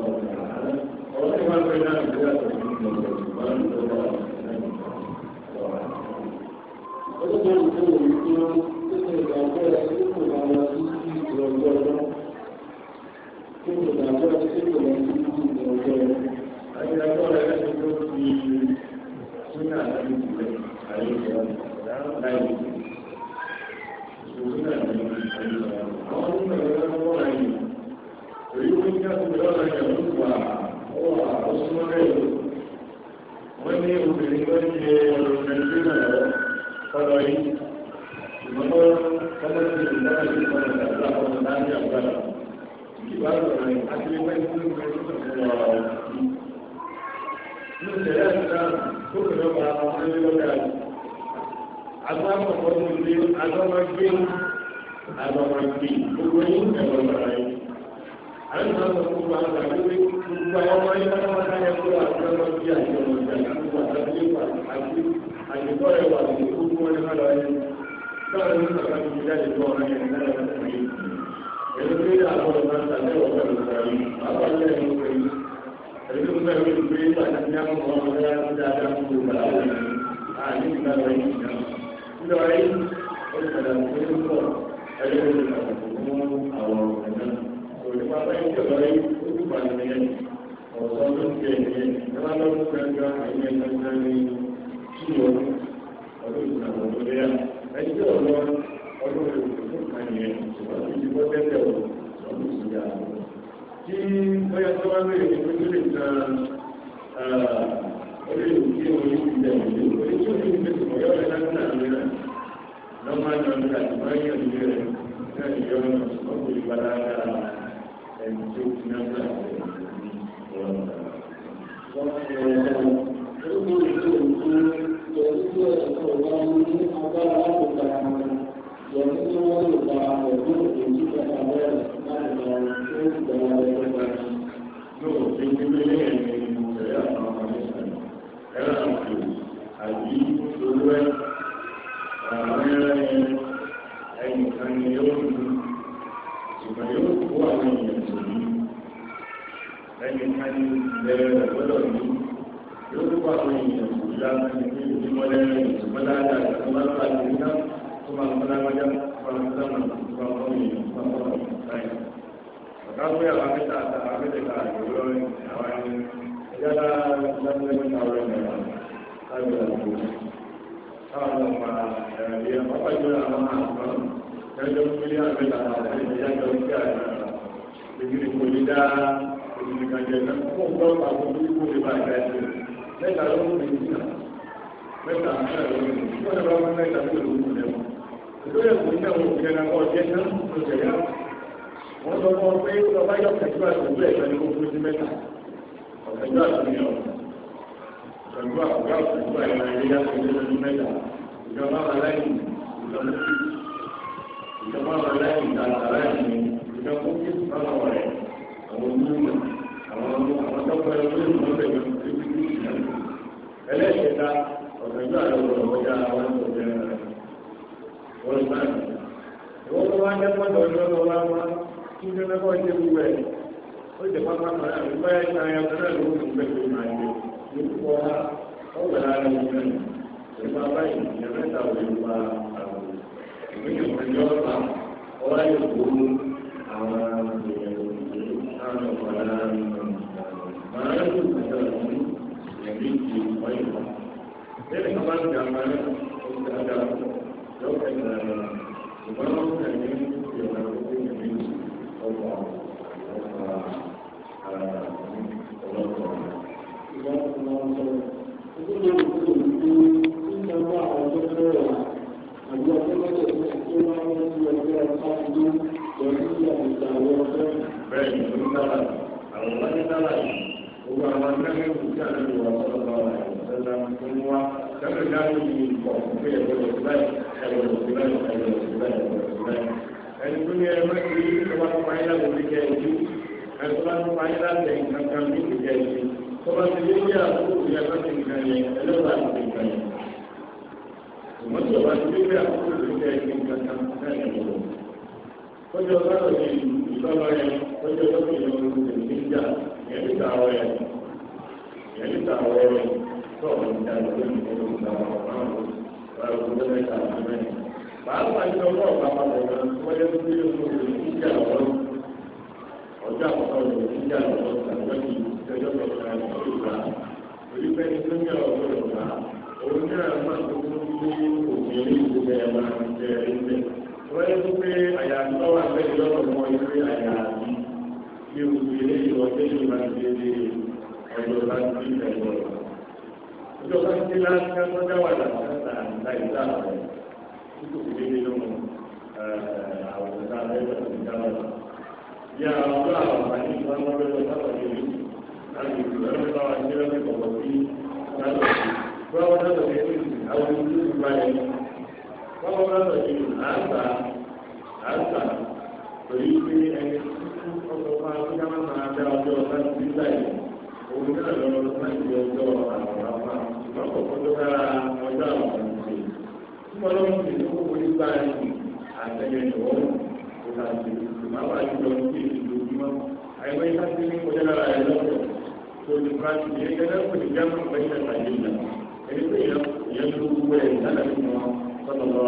ọlọ́pàá àlá ọ̀rọ̀ tí wọ́n fẹ́ náà lórí àtọ̀tún ní ọ̀rọ̀ ìgbàlódé ọlọ́pàá ọlọ́pàá ọlọ́pàá ọlọ́pàá ọlọ́pàá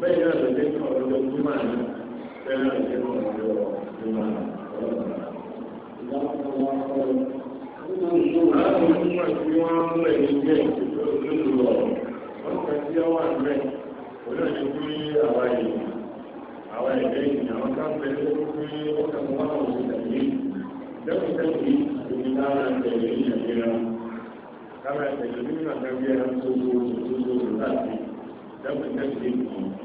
bẹ́ẹ̀ náà ló dé ní ọ̀dọ́ tó máa ní bẹ́ẹ̀ náà ló dé ní ọ̀dọ́ tó máa ní ọlọ́run. ìyá ọmọ ọmọ àwọn wọ́n ń lẹ̀ ní bẹ́ẹ̀ lóṣù ọ̀rọ̀ wọ́n kàn sí ọwọ́ àgbẹ̀ olóòtú fún àwa yìí àwa ẹ̀gbẹ́ yìí àwọn káńpẹ́ tó fún ọkàn wọn àwọn òṣèlú lẹ́kùn tẹ́kùn yìí omi lára ẹ̀gbẹ́ yìí ẹ̀gbẹ́ lára ẹ̀gbẹ́ yìí nínú àgbẹ̀ yẹn tó tó tó tó láti lẹ́kùn tẹ́kùn yìí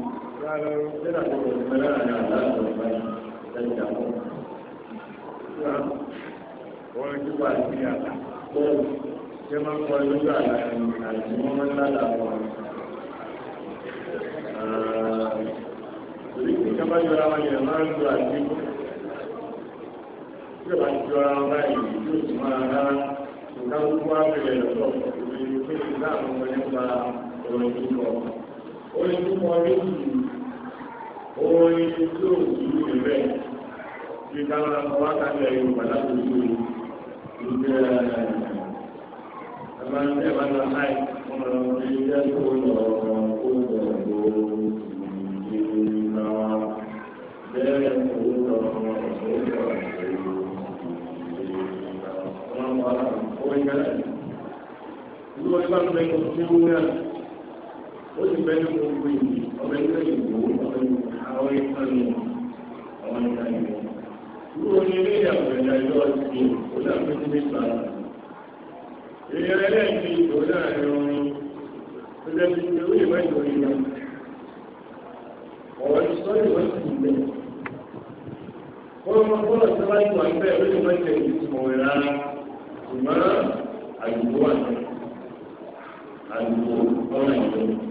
wọ́n ti wà ní àlá ṣé máa ń kọ́ lójú àlá ẹni àti wọ́n máa ń lálà wọn. torí kí ká bá yọra wọn yẹn máa ń lo àdínkù tí ìwà ti yọra wọn báyìí yóò sì máa rárá nǹkan tó wá bẹ̀rẹ̀ lọ́tọ̀ ìròyìn tó ti láàmú wọn nípa ìròyìn tó kọ̀ orin tó mọ lóṣù orin tó òṣù rẹ̀ bí káwọn ọmọ wákàtí ẹ̀yọ padà tó ṣe ìgbẹ́ ẹ̀ẹ́dẹ́gbẹ́ ẹ̀bá lọ láì wọn lọ sí ilé tó lọ kó lọ bó ìdílé náà bẹ́ẹ̀ kó lọ kó lọ bó ìdílé náà wọn lọ wá orin kẹlẹ́ ìlú ọjọ́ ìgbà tó lẹ́nu tí ó wúlẹ̀ ó sì fẹ́ ní gbogbo ìlú ọmọ ẹgbẹ́ ìlú àwọn ẹgbẹ́ ìlú àwọn ẹgbẹ́ ìlú. Dúró ní ilé ìyàwó ẹ̀dá ìlú ọ̀sìn ó dàbí sí nípa. Èèyàn ẹlẹ́ẹ̀kì ìlú náà ni orin tó jẹ́ ti ṣe orí ìwé ìlú ìlú. Ọ̀rọ̀ ìsọ́ ìwé sì ń bẹ̀. Kọ́lọ́mọ kọ́lọ̀ tí wọ́n ti wà ń bẹ̀ lórí ìwé ìlú ìtumọ̀ rẹ̀ rárá. Ṣùgbọ́n àyùbọ̀ wà ní àyùbọ̀ ọ̀rọ̀ ìlú.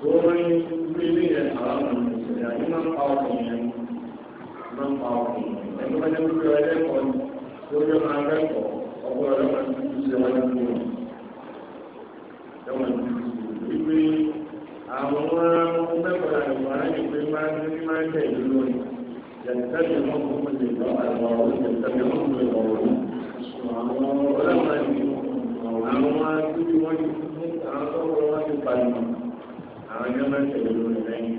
orin ilé yẹn àwọn ìṣẹ̀lẹ̀ àti máa ń pa ọkùnrin yẹn máa ń pa ọkùnrin yẹn ẹni wọ́n ní wíwọ ẹlẹ́kọ̀ọ́ ni lórí ọmọ akẹ́kọ̀ọ́ ọgbọ́n ọlọ́mọ tuntun ṣe wá ní ìlú ẹ̀wọ̀n wípé àwọn mẹ́kọ̀ọ́ àìwá yìí pé máa ń ní máa ń tẹ̀ ìlú lónìí yàtẹ̀tẹ̀ mọ́ fún mi lè lọ́ àwọn ọ̀rọ̀ yàtẹ̀tẹ̀ mọ́ fún mi lọ́ ọ̀rọ̀ àwọn àwọn akíbi ti àwọn tọ́wọ́ àwọn ẹgbẹ́ máa ń tẹ̀lé lórí lẹ́yìn.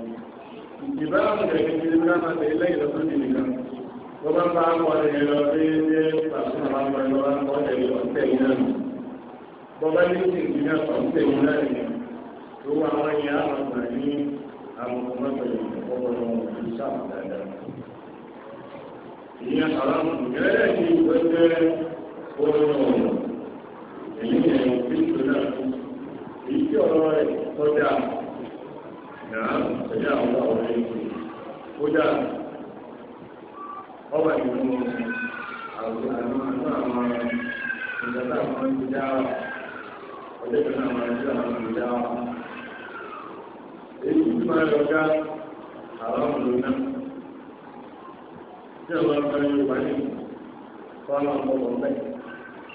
ìdìbò àwọn ìdẹ̀kẹ́ ti dúró máa tẹ̀lé lẹ́yìn lọ́sọ́ ti nìkan. tó bá ń bá akọni yẹn lọ sí ilé pàṣẹ àwọn akọni lọ akọ tẹ̀lé ọ̀tẹ̀ yìí náà nù. bọ́bá ní ti ìdílé ọ̀tẹ̀ yìí náà nìyẹn. tó wà àwọn yẹn àwọn ọ̀gbìn ní àwọn ọmọ tẹ̀lé ọ̀pọ̀lọpọ̀ ìyẹn ọ̀rọ̀ rẹ̀ kọjá náà ṣẹ̀yà àwọn ọ̀rẹ́ ìlú kódà ìjọba àwọn ìjọba ọjọ́ ìjọba àwọn ìjọba ìjọba èyí tí máa lọ dá àwọn ọmọdé náà tí àwọn fọ́nà ọmọ bẹ́ẹ̀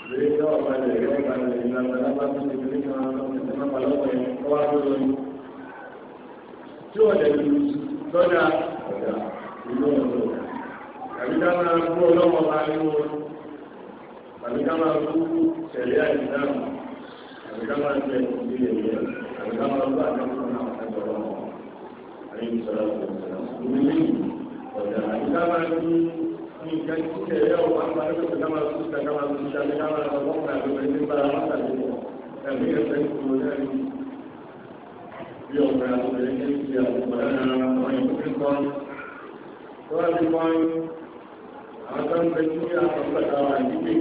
lórí tí ọba lè rí ọba lè tí ó lè lu lọ́dà ọ̀dà ìlú ọ̀dọ̀ tàbí ká máa kú ọlọ́wọ́ bá ní wọn tàbí ká máa kú tẹ̀lé àìsàn tàbí ká máa tẹ̀ ìdílé rẹ̀ tàbí ká máa kú àdéhùn náà ẹgbẹ̀rún ọmọ àyè ìṣọ̀rọ̀ ọ̀dọ̀ ìlú ọ̀dà tàbí ká máa kú bí ọ̀pẹ̀ àtọ̀bẹ̀rẹ̀ ní ti àtọ̀bẹ̀rẹ̀ ara àwọn ìpínlẹ̀ kan tó wá sí wọn àwọn tó ń bẹ ní àtọ̀bẹ̀rẹ̀ àwọn àdídè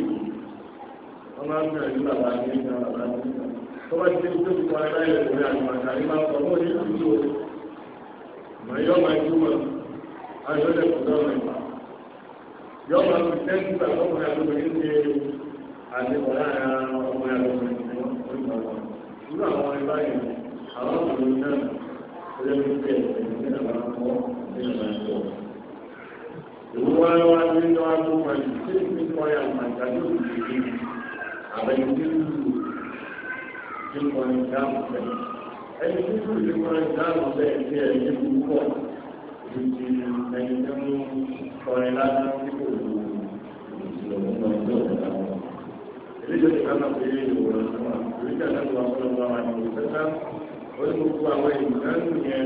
wọn máa ń bẹ̀rẹ̀ ní bàbá ní ìgbà bàbá ní ìgbà tó bá ti tó ti kọ́ ẹ̀rọ ìlẹ̀ ìwé àwọn àtàrí máa sọ mọ́ ní ìlú o mọ̀ yọ́ máa túmọ̀ wọn. Irú àwọn ẹ̀rọ ìgbà àwọn ọkùnrin náà lẹ́nu tẹ̀ ẹ̀sìn náà máa kọ́ nínú ẹ̀kọ́. Ìwọ wá wá nínú agbóhùn àti tí ìpín kọ́ ya màtà ní òkèèrè àbẹ̀yìn tí ó lù tí kò ní dáhùn bẹ́ẹ̀. Ẹni tí kò lè máa dáhùn bẹ́ẹ̀ tí ẹ̀ ní púpọ̀ ju ti ẹni tí ó kọrin lásán tí kò lù ìṣòro orí gbogbo àwọn ènìyàn ń yẹn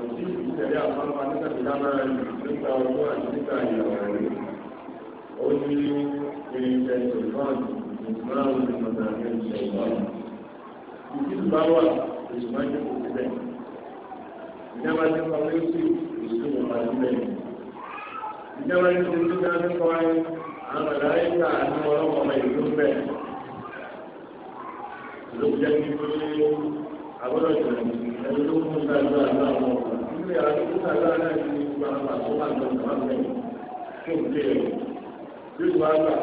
òtí ìtẹ̀lé àpamọ́ nígbàgbọ́dá máa ń nígbà owó àti nígbà ìyàwó rẹ̀ ó ní irinṣẹ́ ìṣòfàn ìsìláàmù ní mọ̀tàkì ìṣòfàn. ìdílù bá wà ìṣòfàn ní kò sílẹ̀ ìjọba ti kọ́ pé sí ìṣòfò wà sílẹ̀ ìjọba ti kọ́ nígbà tí kọ́ àwọn àdáyébà àti ọlọ́wọ́ ọmọ ìlú àgbọ̀dọ̀ ṣẹlẹ̀ ẹni tó kún sáájú àgbà wọn ilé àdúgbò sáájú àgbà ní gbogbo àwọn àti wọn àti wọn àti wọn tó ń tẹ̀ yóò tó àgbà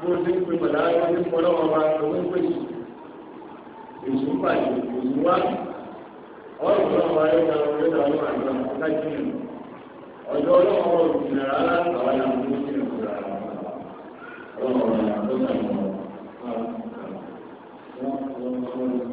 bó ti ń pè pẹ̀lú àwọn ẹni pọ̀ lọ́wọ́ wa lọ́wọ́ ń pè sí èsù ń bàjẹ́ èsù wá ọ̀rọ̀ tó wà ayé ta ọ̀rọ̀ tó wà àgbà láti yẹn ọjọ́ ọlọ́wọ́ ìnira aláàbọ̀ àwọn àwọn tó ti ń pè ọlọ́wọ́ àwọn tó ti ń pè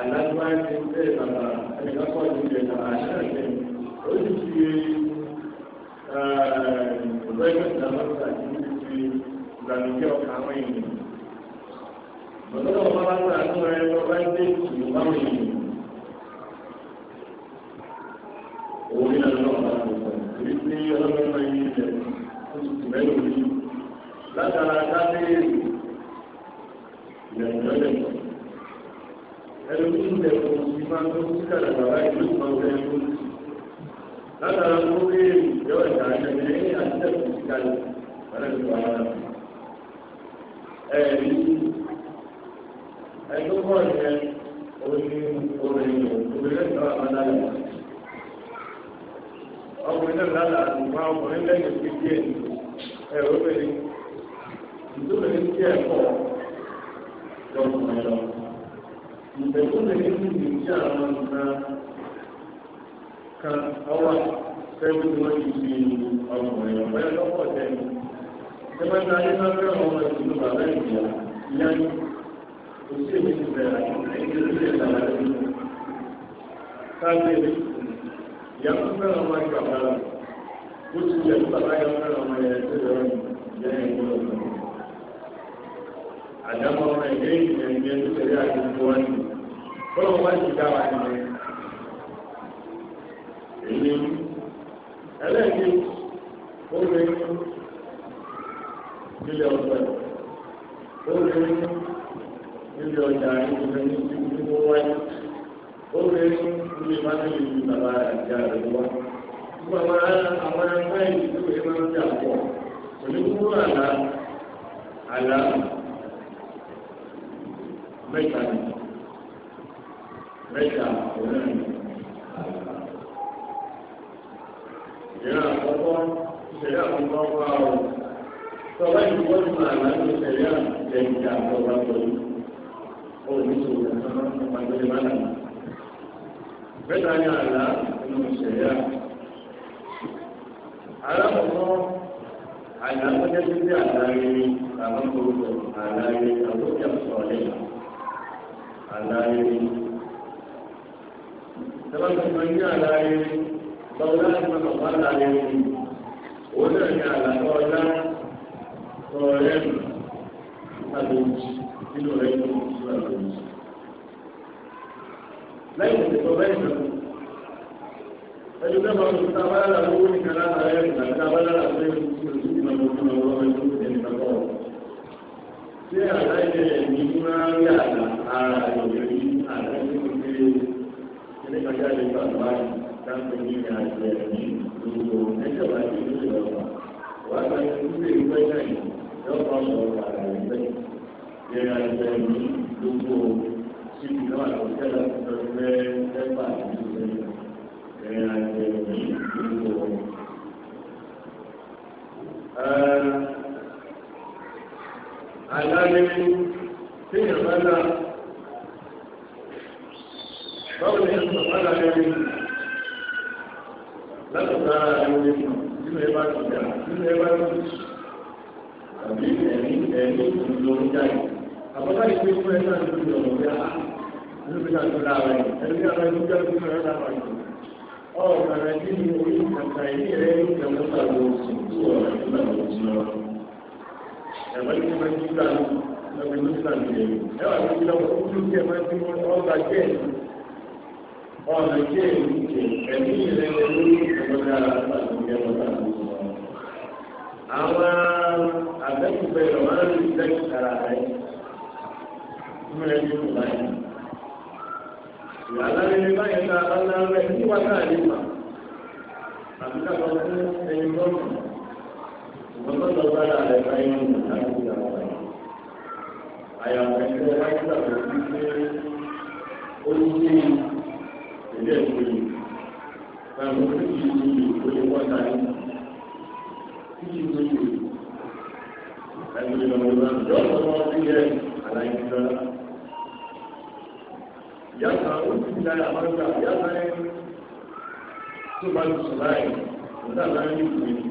àlágbá bẹ́ẹ̀ bàbá ẹ̀dọ́kọ̀ ti bẹ̀ẹ̀ bàbá ṣẹlẹ̀ ó sì fi ọ̀rẹ́gbẹ̀ ìdàgbàsókè àti ní ti ìgbàlódé ọkà àwọn èèyàn. Bọ̀dọ́ ọ̀pá bá gbà tó ẹ lọ bá dé ìlú báwọn èèyàn. Òun ní àná ọ̀pá tó sọ, èyí tí ọlọ́run máa yí ilẹ̀ ó sì tì mẹ́rin òní. Látara dábẹ́rẹ́ ìlẹ̀ ìjọ́lẹ̀ ẹlòmíì tẹ̀ kò sí máa ń tó sí kàlà bàbá ìlú máa ń bẹ́ẹ̀ kó sí. látara tó béèrè ìjọ ìjà ìṣẹ̀lẹ̀ lẹ́yìn àtẹ̀kù sí kàlà bàbá ìlú wa náà. ẹ̀rí ẹ̀dùn pọ̀ yẹn oní orin obìnrin náà máa lálẹ́ ọkùnrin náà lálẹ́ àtùmá ọkùnrin lẹ́yìn sí díẹ̀ ẹ̀rọ bẹ̀rẹ̀ ìdúró ní díẹ̀ pọ̀ lọ́kùnrin lọ́kùnrin ìgbẹ̀kúnlẹ̀ nínú ìdíjí àwọn nǹkan kan ọwà fẹ́ẹ́ tí wọ́n ti fi ọkùnrin ọ̀pẹ́ lọ́pọ̀ tẹ́lẹ̀. Ìjọba ayé máa fẹ́ ọmọ ìlú bàbá ìyá ìyá ní òsì èmi ti bẹ̀rẹ̀ ẹ̀jẹ̀ lórí ìlànà ìlú. Káàbíyèsí, ìyá tó fẹ́ ọmọ ìgbà bàbá, ó ti yẹ kí bàbá yẹn fẹ́ ọmọ ìyá ìṣẹ̀lẹ̀ ọ̀hún ìyá yẹn gbọ́dọ̀ àdámọ́ ọmọ ẹgbẹ́ ìgbìmọ̀ ẹgbẹ́ tó tẹ̀lé ndị wọn ni bọ́lá wọn ti dá wa nìyẹn. èyí ẹlẹ́ẹ̀kejì ó ọzọ nílé ọgbẹ́ ó lè nílé ọjà ìgbìmọ̀ ẹgbẹ́ tó wáyé ó mánìlì bàbá gbogbo àwọn àwọn ẹgbẹ́ mẹ́ta ni mẹ́ta òun ni ìṣẹ̀lẹ̀ àkọ́kọ́ ìṣẹ̀lẹ̀ àkọ́kọ́ wà ó tọ́lá ìwọ́n ti máa láti ìṣẹ̀lẹ̀ àtẹ̀yìn àtọ́gbà pẹ̀lú olùsòwò ìṣẹ̀lẹ̀ àtọ́gbà pẹ̀lú máa nà. mẹ́ta ni àlá nínú ìṣẹ̀lẹ̀ àkọ́kọ́ àlá tó jẹ́ sí àlá rere làwọn kò lò àlá rere àwọn tó jẹ́ sọ̀rọ̀ lẹ́yìn àlàyé ni. Ìjọba ti máa ń ní àlàyé ni. Báwo láti máa bàbá àlàyé ni? Òun náà ní àlàyé ọ̀dá sọ̀rọ̀ lẹ́nu àlòjì nínú rẹ̀ tó ń sọ àlòjì. Lẹ́yìn ìṣèjọba bẹ́ẹ̀ sọ. Ẹni bẹ́ẹ̀ máa ń sọ abáyára lówó nìkan lára ẹ̀ àti abáyára lówó nìkan lọ́wọ́ ẹ̀ tó ń tẹ̀lé ṣé àlàyé ẹ̀mí máa ń rí àlà ara ìròyìn ní àlàyé tó pé ẹlẹ́gbàjá lè gbà báyìí láti ní àjẹ ẹ̀mí gbogbo ẹjọ́ bá ti ní ìrọ̀lá wà á gbàgbé ìdílé ìgbẹ́ náà lọ́pọ̀ ọ̀rọ̀ àlàyé bẹ́ẹ̀ yẹ àjẹ ẹ̀mí gbogbo síbi náà lọ́sẹ̀ láti lọ fẹ́ ẹgbà ìdílé yẹ ẹ̀mí gbogbo àlálẹ́kú tí èèyàn bá dá báwo ni èèyàn bá dá lẹ́kú látọ̀tà ẹ̀rọ nínú ẹ̀bá tó dá nínú ẹ̀bá tó dá àbí ẹ̀mí ẹ̀mí ìlú orí jáde àbọ̀dá ìgbé fún ẹ̀ náà lórí ọ̀rọ̀ bí a ló fi láti ra rẹ̀ ẹ̀rí àwọn ẹ̀mí jáde fún ẹ̀rọ náà wáyé ọ̀rọ̀ kàrà kí ni orí kàkà ìdí rẹ̀ ló kẹ́ mọ́ta lọ sí ìtú ọ̀rọ̀ ìgbà lọ́wọ́ ẹ̀wọ̀n ní ẹgbẹ́ nígbà lọ́gbẹ́ nígbà nìyẹn ẹwà ní ìlọ ojú tí ẹgbẹ́ tí wọ́n ọgbà jẹ́ ọ̀nà jẹ́ ẹ̀mí ìrẹ́ lórí ìgbọ́dá àwọn àgbẹ̀kùnbẹ̀ lọ máa ń rí lẹ́yìn ara rẹ̀ múlẹ̀ ní ìlú báyìí ìyàlá ní báyìí ká bá ń lárẹ̀ níwájú àlè kan fún ẹni lọ́rùn Ìgbọ́n Yàtọ̀ òbí ti dára máa ń yàtọ̀ ẹ̀ tó bá lù sùn láì. Ìgbà náà ní ìlú ìlú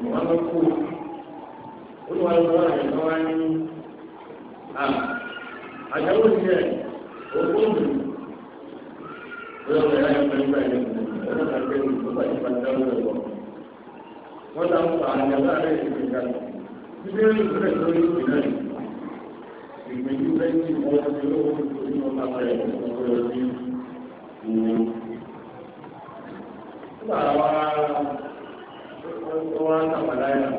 olùwà lọ́wọ́ rẹ̀ lọ́wọ́ á ní àjọwò tiẹ̀ ogójì olùwà yẹn fẹ́ nípa ẹ̀yẹ olùwà yẹn fẹ́ nípa ẹ̀yẹ nípa ẹ̀yẹ lọ́wọ́ wọ́n ta ń fa àjọwò rẹ̀ ti fi ká títí ẹ̀yẹ ìgbẹ́ tó yẹ kí náà ìgbìyànjú bẹ́ẹ̀ ní ìwọ́n ti lówó nínú ọ̀pá rẹ̀ ọ̀pọ̀lọpọ̀ sí ìwọ́n. Nígbà wa wọ́n á tàbàlá yàrá.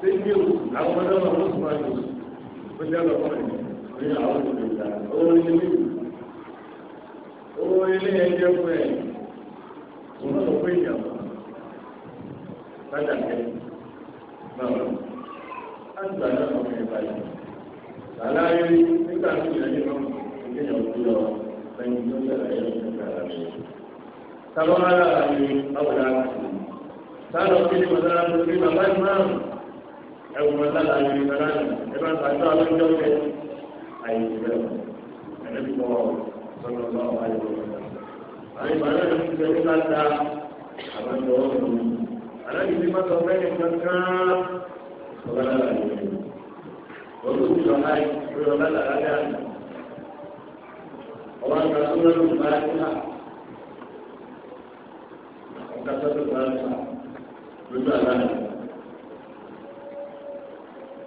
ṣé bí o àwọn ọmọdé wọn ló sùn àjò ó jẹ́ lọ́kùnrin ní àwọn òṣèlú ìgbà owó ilé owó ilé ẹjẹ fún ẹ òun ló pé ìyàwó sájà kẹ náà láti gbà náà wọn kẹ báyìí làlá rí nígbà tó yẹ kí wọn kí ẹyàn tó lọ lẹ́yìn tó yẹ láyé lọ nígbà ẹ̀wù wọn lálẹ́ àyè ìgbàlá ni ẹ bá gbàdúrà lọ́jọ́ bẹ́ẹ̀ àyè ìgbàlá ẹ̀rẹ́ pọ̀ sọ́nà bá wà yọ̀ àyè ìgbàlá ni ti ẹni bá da àwọn ìjọ ọ̀hún aláàbí ti má sọ fẹ́ẹ́ kankan ọ̀gá lálẹ́ àyè wọ́n tó ti lọ́la ìgbé ọ̀la lálẹ́ àyè ọ̀wá ń gbà sọ́nà ló ń bá yà kúrà ọ̀gá sọ́nà ló ń bá yà kúrà lójú àlá yà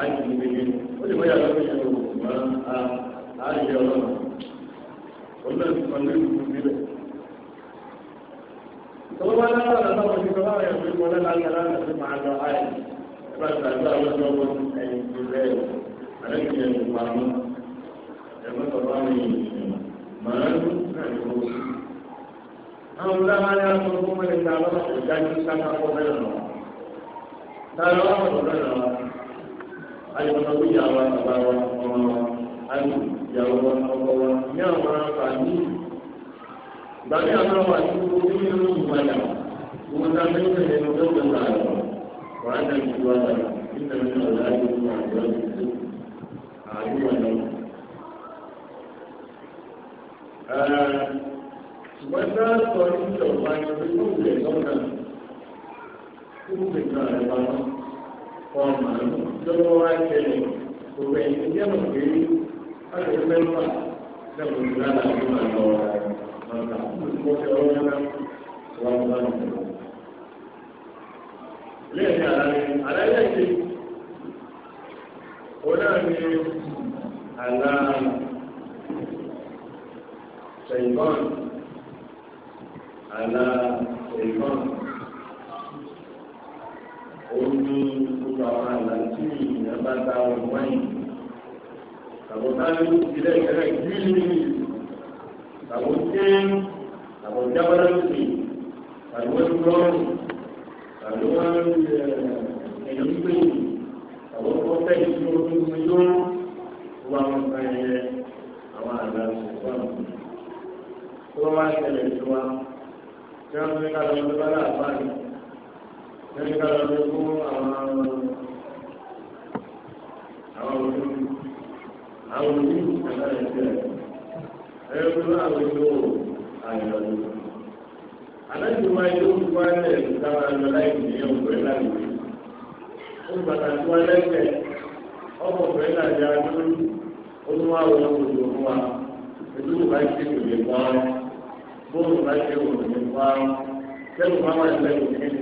àìsí ní bíbí ó lè bóyá lọ́wọ́ yẹn lọ́wọ́ ṣùgbọ́n a yẹ ọlọ́run òun náà ti kan lórí ìlú nílẹ̀. Ìtọ́wọ́ bá dáná náà náà wọ́n ti kọ́ láwọn ẹ̀kọ́ ìwọlé láti aláǹdà sí máa lọ àyè. Ẹgbẹ́ àti àgbà lọ́jọ́ wọn ẹ̀yìn ti rẹ̀ àlẹ́kì ẹ̀ ń pa mọ́. Ẹ̀mọ́ sọ̀rọ̀ àwọn èèyàn màá ń náà ní owó. Àwọn ọ̀dáwálé àwọn ọmọ ẹ̀ka lọ́wọ́ ìdájú sáká fọ́ bẹ́ẹ̀ lọ. Táyọ̀ wà wọ̀ bẹ́ẹ̀ lọ ayọ̀nà tó yà wá bàbá wa ọmọ wa ayọ̀ ìyàwó wa ọkọ wa ní àwọn àǹfààní. ìgbà ní àwọn àwọn àti gbogbo tí wọ́n ń gbàdà wọ́n dá mẹ́tẹ̀ ẹni tó ń gbà lọ wàá dá ìlú wa dà nígbà tí wọ́n dá ìlú wa dà lọ́dún àdúgbò ṣùgbọ́n tí wọ́n sọ ní ìjọba ìjọba ìjọba ìjọba ìjọba ìjọba ìjọba wọn mọ̀ ní lọ́wọ́ wá tẹ̀lé kò rẹ̀ ní yẹ́nu pé ọ̀rẹ́ mẹ́fà lẹ́kọ̀ọ́ ní lánàá ní màá lọ ọ̀gá ìgbọ́fẹ́ ọ̀rẹ́ náà wọ́n bá ń bọ̀. lẹ́yìn àlàyé àlàyé ti ọ̀nà ni àlà ṣèǹkọ́n àlà ṣèǹkọ́n. òun ní gbogbo àwọn àlàntì ìyàbàtà wáìn àbọ̀tálù ìdílé ìrẹ́ gbìlì àbọ̀tẹ́ àbọ̀jábáràtì àbọ̀túrọ̀rù àbọ̀wọ́n eh, ẹ̀yìn pé àbọ̀tọ́fẹ́ ìṣòro tó yóò wà wọn kan yẹ àwọn àlàntì wọn. tó wá ṣẹlẹ̀ sí tí wọ́n fi ká lọ sí wọn láàbáyé. lẹ́yìn ká lọ fún àwọn àwọn òbí àwọn òbí ìkàlà ẹ̀jẹ̀ ẹ̀yọ́ fún àwọn ìlú àyọ̀lù. Àlejò máa yọ ojú wa lẹ̀ dára lọ láì ní ọ̀pẹ̀ láì wí. Ó pàtàkì wa lẹ́sẹ̀ ọkọ̀ ọ̀pẹ̀ láì yára lórí olúwa wọ òjò fún wa. Ètò ìgbà ṣe kò lè pa ọ́. Bóòlù bá ṣe kò lè pa ọ́. Sẹ́nu máa wà lẹ́yìn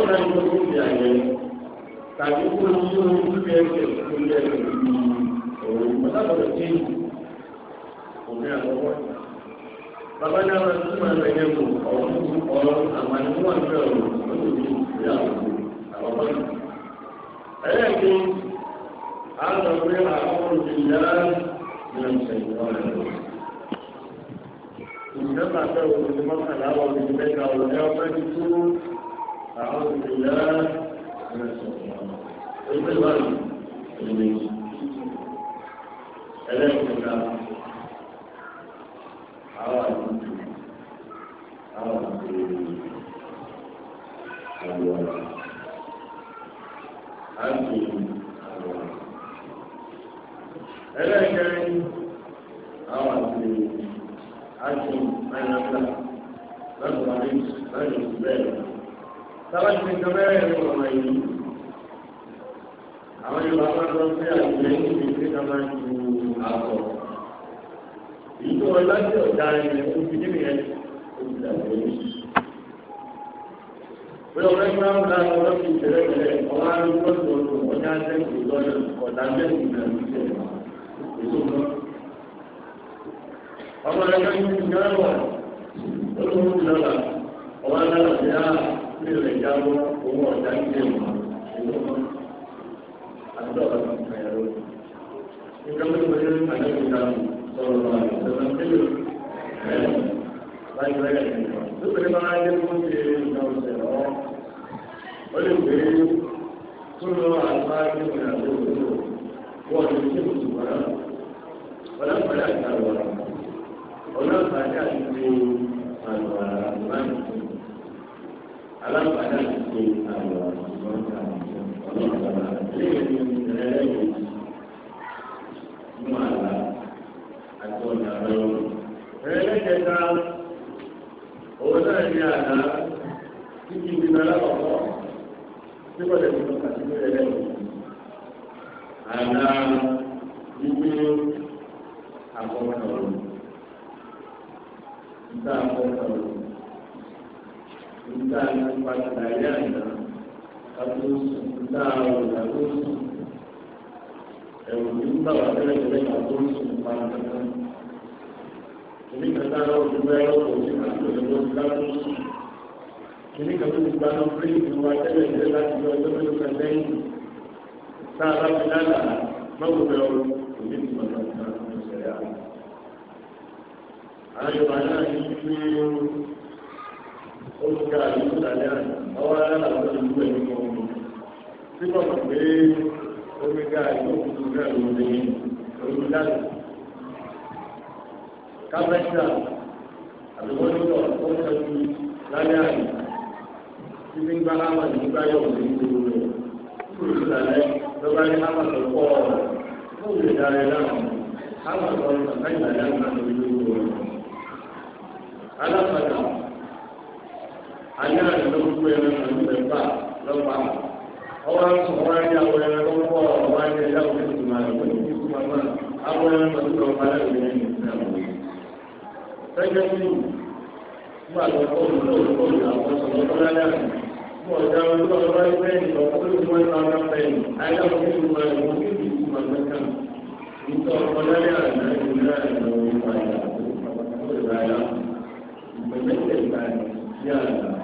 ọ̀rọ̀ ẹni tó ti àyẹ̀ tàbí kó ní tó ní tó yẹ kí ẹ̀kọ́ yẹ kí òun ọ̀sàkọ̀tọ̀ tí òun yà lọ́wọ́. Bàbá náà máa tún máa bẹ̀ yẹ kó ọ̀rọ̀ ọ̀rọ̀ àwọn àdúgbò àgbẹ̀ ọ̀rọ̀ lọ́dọ̀ tó yà àwọn ọ̀rọ̀. Ẹlẹ́ẹ̀kí a lọ pé àwọn olùdíyà ní ọ̀sẹ̀ ìwọ̀n ìjọba àti ọ̀rọ̀ ìdìbò kan láwọn olùdíbẹ̀ta ọ̀rọ̀ ẹ̀ ọ̀fẹ́ ti أعوذ بالله من الشيطان الرجيم الميت أليس الله حرام حرام الورع عبد الورع أليس حرام عبد من الله من الرئيس من الزبالة sábà ti sọ ní ọ̀nà yìí àwọn yorùbá máa lọ sí àgbẹ̀ ní ìgbésẹ̀ náà máa ju àgọ̀ èyí tó wọn láti ọ̀dà ilẹ̀ tó fi níbi yẹn tó fi dàgbé yìí. pé ọ̀rẹ́ máa ń da ọ̀rọ̀ fi ìṣẹ̀lẹ̀ ìṣẹ̀lẹ̀ ọ̀rọ̀ arúgbó tó tó ọjà sẹ́kù ọ̀dà sẹ́kù náà ń ṣe èso náà. ọmọ ẹgbẹ́ yìí ti gbẹ́rọ̀ wà ó ló ń lọ́la ọ̀rọ̀ bí o lè jáwọ́ owó ọ̀dá ilé ìwọ̀n owó àdúrà kan nígbà tó kọjá ní àlẹ́ ìgbà sọ̀rọ̀ lọ àlẹ́ ìṣẹ̀lẹ̀ tẹ́lẹ̀ ẹ̀ láì rẹ̀ tó pẹ̀lú bá yẹ kó ṣe ìgbà ọ̀sẹ̀ lọ. ó lè pè tó lọ àlùfáà ní ìrìn àjò wọ́n ti ṣe ìṣùgbọ́n náà. ọlọ́pàá yà alágbàdá ti ṣe àyọ̀ ọlọ́gbàdá lẹ́yìn ìrẹ́lẹ́yìn mú àlá àti ọ̀nà àlọ́. ẹ̀rẹ́lẹ́kẹta òun náà ní àlá títí ìgbìmọ̀ alákọ̀ọ́kọ́ tí wọ́n lè fi lọ́ka sí ìrẹ́lẹ́yìn. àlá wípé àkọ́kọ́ ìta àkọ́kọ́ nígbà yẹn padà dàrí àná àtúnṣe nígbà àwọn àtúnṣe ẹ̀wù nígbà wà tẹ́lẹ̀ tẹ́lẹ̀ àtúnṣe padà dàrí. Kìnní kata náà ó ti bá ẹ̀rọ kò sí àti òyìnbó ti látúnṣe. Kìnní kata ti gba náà pé ìlú wa tẹ́lẹ̀ tẹ́lẹ̀ láti lọ ẹgbẹ́ mẹ́lú kan lẹ́yìn. Tá a bá fi dáná, báwo bẹ ọ kò ní ìtumọ̀ náà ti máa ń ṣẹlẹ̀ àwọn. Àwọn Yorùbá náà ti fi olùkọ́ àyíkú ìtàlẹ́ àná ọwọ́ alára àwọn olùkọ́ ẹ̀mí kan mú sí bọ̀dọ̀ pé omi ká àyíkú tuntun náà ló dé olùdarí kápẹ́tà àbíkọ́ nígbà ó ń tẹ́jú lálẹ́ àná títí ń gbá hámà ní gbá yọ̀ ní gbogbo rẹ̀ kúrò ìtàlẹ́ lọ́ba ní hámà tó pọ̀ ó lè dára ẹ̀ náà hámà tó ń tàkà ìtàlẹ́ àná lórí gbogbo rẹ̀ alápàdà ayé àti lórúkọ ẹran àti mẹ́fà lọ́pàá ọwọ́ ń sọ wọ́n ní àwọn ẹran tó ń bọ̀ ọ̀wá ní ẹ̀yà òkè tùmọ̀ àlùkò ní kíkú màmá àwọn ẹran tó ń lọ bá lẹ́yìn ní ìsìlámù. sẹ́jẹ́ sí nígbà tó kọ́ ní lóòótọ́ ìlú àwọn sọ̀rọ̀ tó lálẹ́ àná mo ọ̀dà wọn tó ọ̀rọ̀ báyìí bẹ́ẹ̀ni ọ̀pọ̀ tó ti wọ́n ta ọ̀dà bẹ́ẹ̀ni ayé àwọn tó ti wọ́n ẹ̀wọ̀n kí ni ìkú màmá kan nítorí ọ̀pọ̀ lálẹ́ àná ìlú náà ìlú náà ìlú náà ìlú náà ìlú náà ìlú náà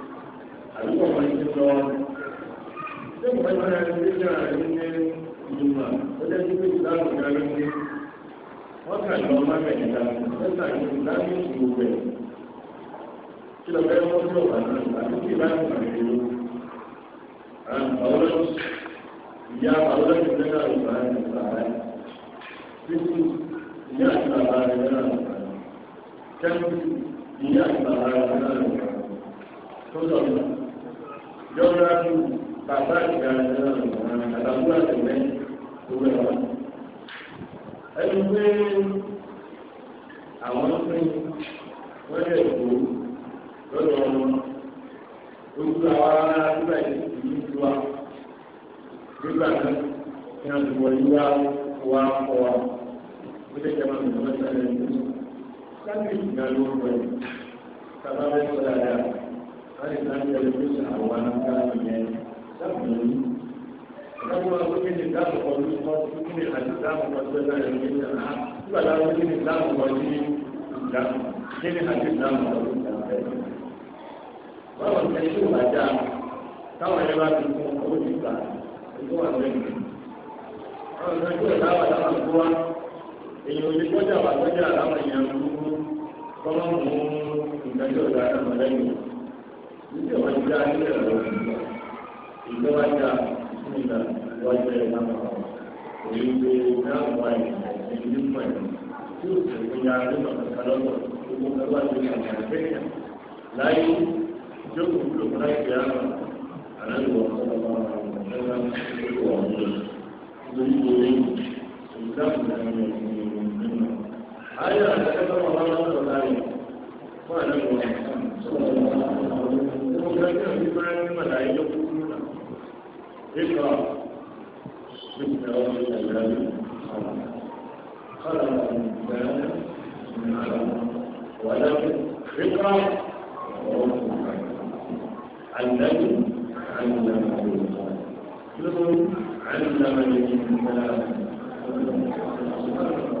àdúgbò wọn ti sọ ṣé mo fẹ́ máa ṣe ṣe àárín ní ìgbìmọ̀ ó jẹ́ sí pé ìdáàbò dárí ní wọ́n kà ní ọmọ mẹ́rin dá wọ́n kà ní ìdáàbò ìṣòro rẹ̀ kí lọ fẹ́ wọ́n tó wà náà àti kí láti máa ṣe ló. àwọn ìyá àwọn ọlọ́dún fẹ́ náà lọ́wọ́ àti bàbá rẹ̀ títí ìyá àti bàbá rẹ̀ náà lọ́wọ́ kẹ́kọ̀ọ́ ìyá àti bàbá rẹ̀ náà lọ́wọ́ tó lọ́wọ́ yọ̀ọ́ra ju bàbá ìdáradára ọ̀ràn àtàkùn àtẹ̀lẹ́ tó rẹ̀ wá. ẹni pé àwọn pín wọ́n lè kó lọ́dọ̀ wọn ojú àwọn ará nígbà yìí kì í ju wa nígbà báyìí láti tẹlifíṣàn àwọn anáfíàmù yẹn sábùn ní. ìdájọ́ àwọn kí ni dáàbò kan ní kọ́sí kí ni àti dáàbò kan tó ẹ̀ka ẹ̀mí ìjà náà nígbà táwọn kí ni dáàbò kan ní ìjà kí ni àti dáàbò kan ní ìjà bẹ́ẹ̀. báwo ni ẹni tó wà dáa táwọn ẹni bá ti fún owó ti gbà ètò wà lẹ́yìn. báwo ni ẹni tó wà dáa táwọn ẹni èyí ò lè gbọ́dọ̀ wà gbọ́dọ̀ àwọn èèyàn gbogbo kọ́mọ́ mú ìdájọ́ ìdájọ́ mọ́lẹ́yìn níbi ọ̀rọ̀ ìjà ilé ẹ̀rọ fún ìlà ọ̀sán tó mú ẹgbẹ́ ọ̀sán ọ̀sán وكذا بما الملائكة يقولون اقرأ باسم ربك الذي خلق الإنسان من علم ولكن اقرأ وربك الذي علم بالقلم علم الإنسان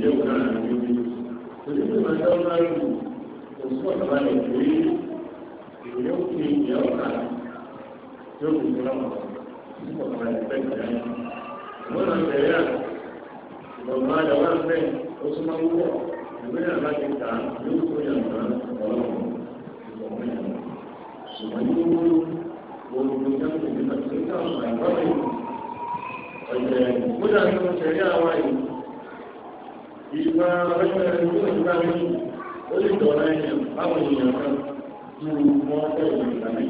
ìyẹ̀wò náà ló ń bí. Òṣèlú ìgbà tó ń bá lù òṣù ọ̀dọ́ba lè pé ìròyìn ó fi ìyẹ̀ ọ̀ka yóò fi ìyẹ̀ ọ̀ka sí ọ̀dọ́ba lè pẹ́ ìyá. Wọ́n lọ bẹ̀rẹ̀ à ìgbọ̀nmọ́ àdàwọ̀ àfẹ́ oṣù máa ń wọ̀ ìwé náà bá ti kà á yóò tó yàgbá ọlọ́run ìgbọ̀nmọ́ yàgbá. Ṣùgbọ́n ní gbogbo gbogbo ìjọba ìjọba ìjọba ìjọba ìjọba ìjọba ìgbà ọ̀rẹ́gbẹ̀rẹ̀ ìlú ìgbà mi ó lè dọ̀rọ̀ ẹ̀yàn báwọn èèyàn kan ju wọn fẹ́ẹ̀ ìgbà mi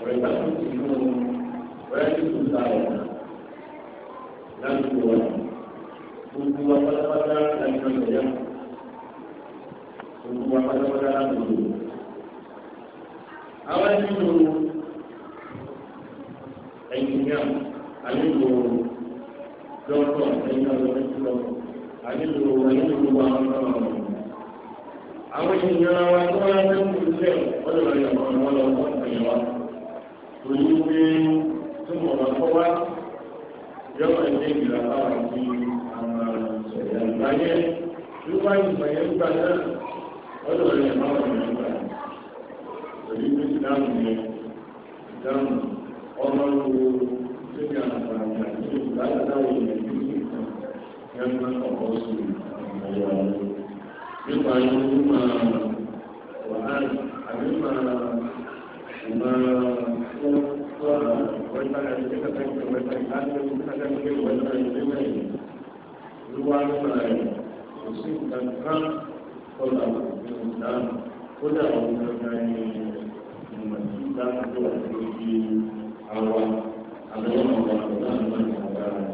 ọ̀rẹ́ bá tó ti mú ọ̀rẹ́ tó tó ta ọ̀nà ládùúgbò wa gbogbo wa pátápátá láti ọ̀sẹ̀ yá gbogbo wa àyẹ̀wò àwọn ènìyàn wa tó wá ní ìpínlẹ̀ ọ̀dọ̀ rẹ̀ ọ̀rọ̀ wọn lọ wọ́n pè wá torí pé tó mọ̀ wá kọ́ wá yọ̀ọ́ ẹ̀jẹ̀ ìgbà táwọn ti àwọn ìṣẹ̀lẹ̀ àgbáyé wíwá ìgbà gbà náà ọ̀dọ̀ rẹ̀ máa wọ̀ ní ìgbà torí pé ìdáhùn yẹn ìdáhùn ọmọ wo tó ní àwọn àgbà tó ní ìgbà táwọn ènìyàn yẹn máa kọ̀kọ́ sí ìgbàlẹ̀ àwọn nípa yóò máa wàhálà àbí máa máa tó tó àwọn wẹ́tà ẹgbẹ́ kẹta wẹ́tà ìlànà ìlànà ìlànà wẹ́tà ìlànà ìlúwa nípa ẹ̀ kò sí nǹkan kọlà ìlànà kódà àwọn ọmọ ẹni ìmọ̀ ìlànà tó wà lórí àwa àbẹ̀wọ̀n àwọn àgbà náà lọ́nà àgbà rẹ̀.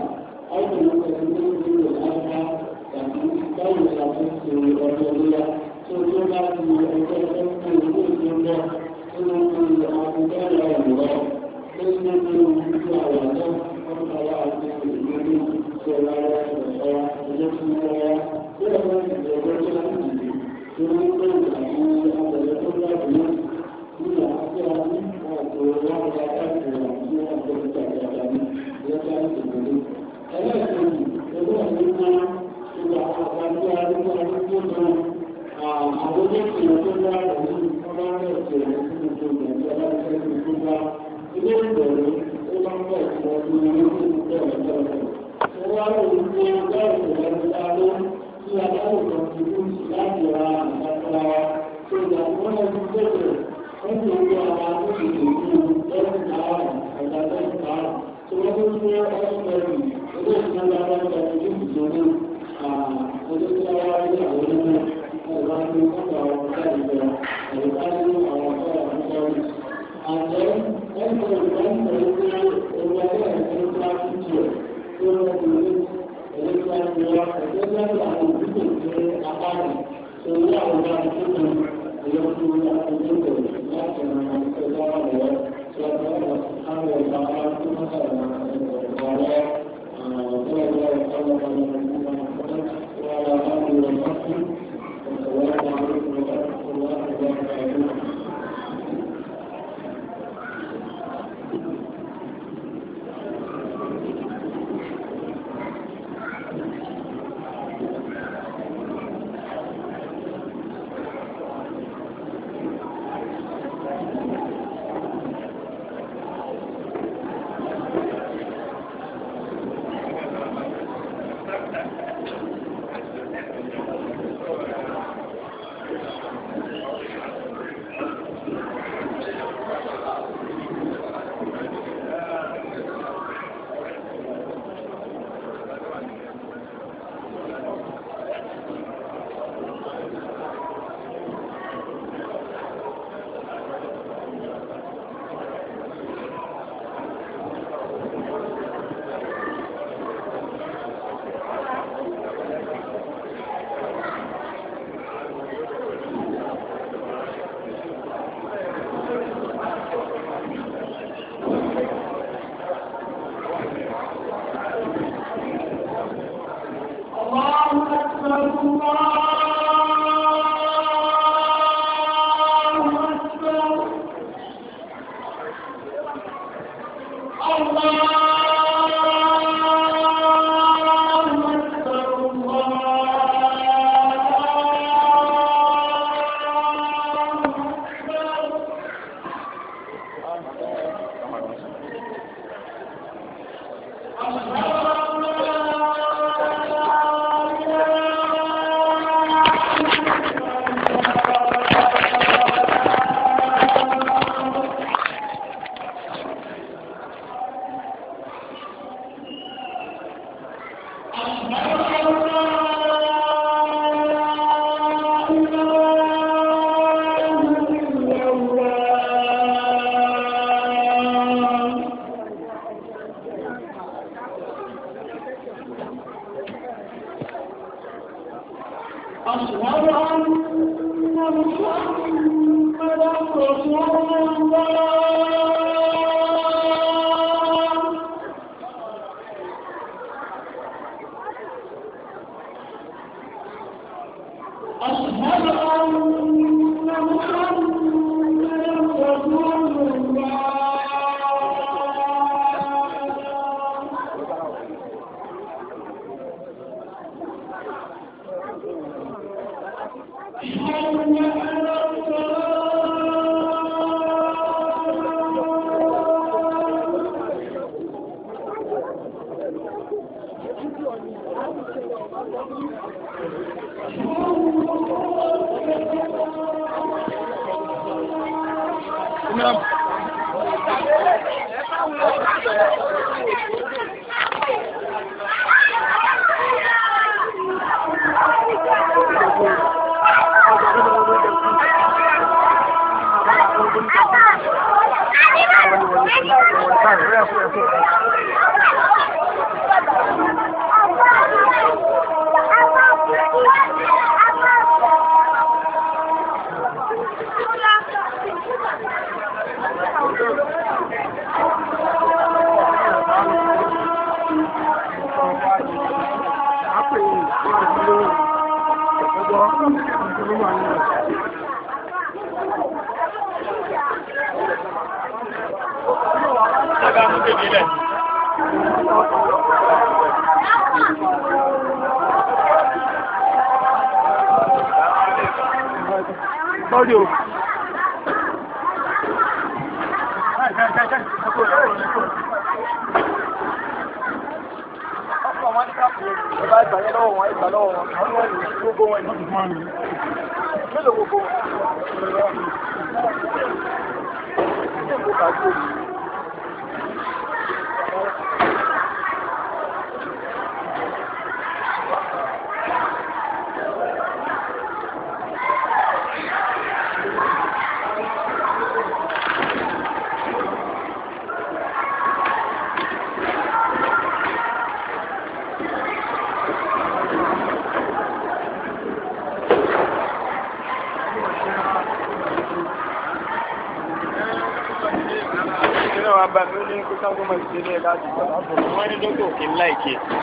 أيضا يمكن تنزيل الأربع يعني دولة تنزل الأولية تنزل الأولية تنزل الأولية تنزل الأولية المرأة تنزل الأولية الأولية فقط لا أعطيك الإيمان سواء سواء وجدت سواء كل ما يجب أن تنزل تنزل الأولية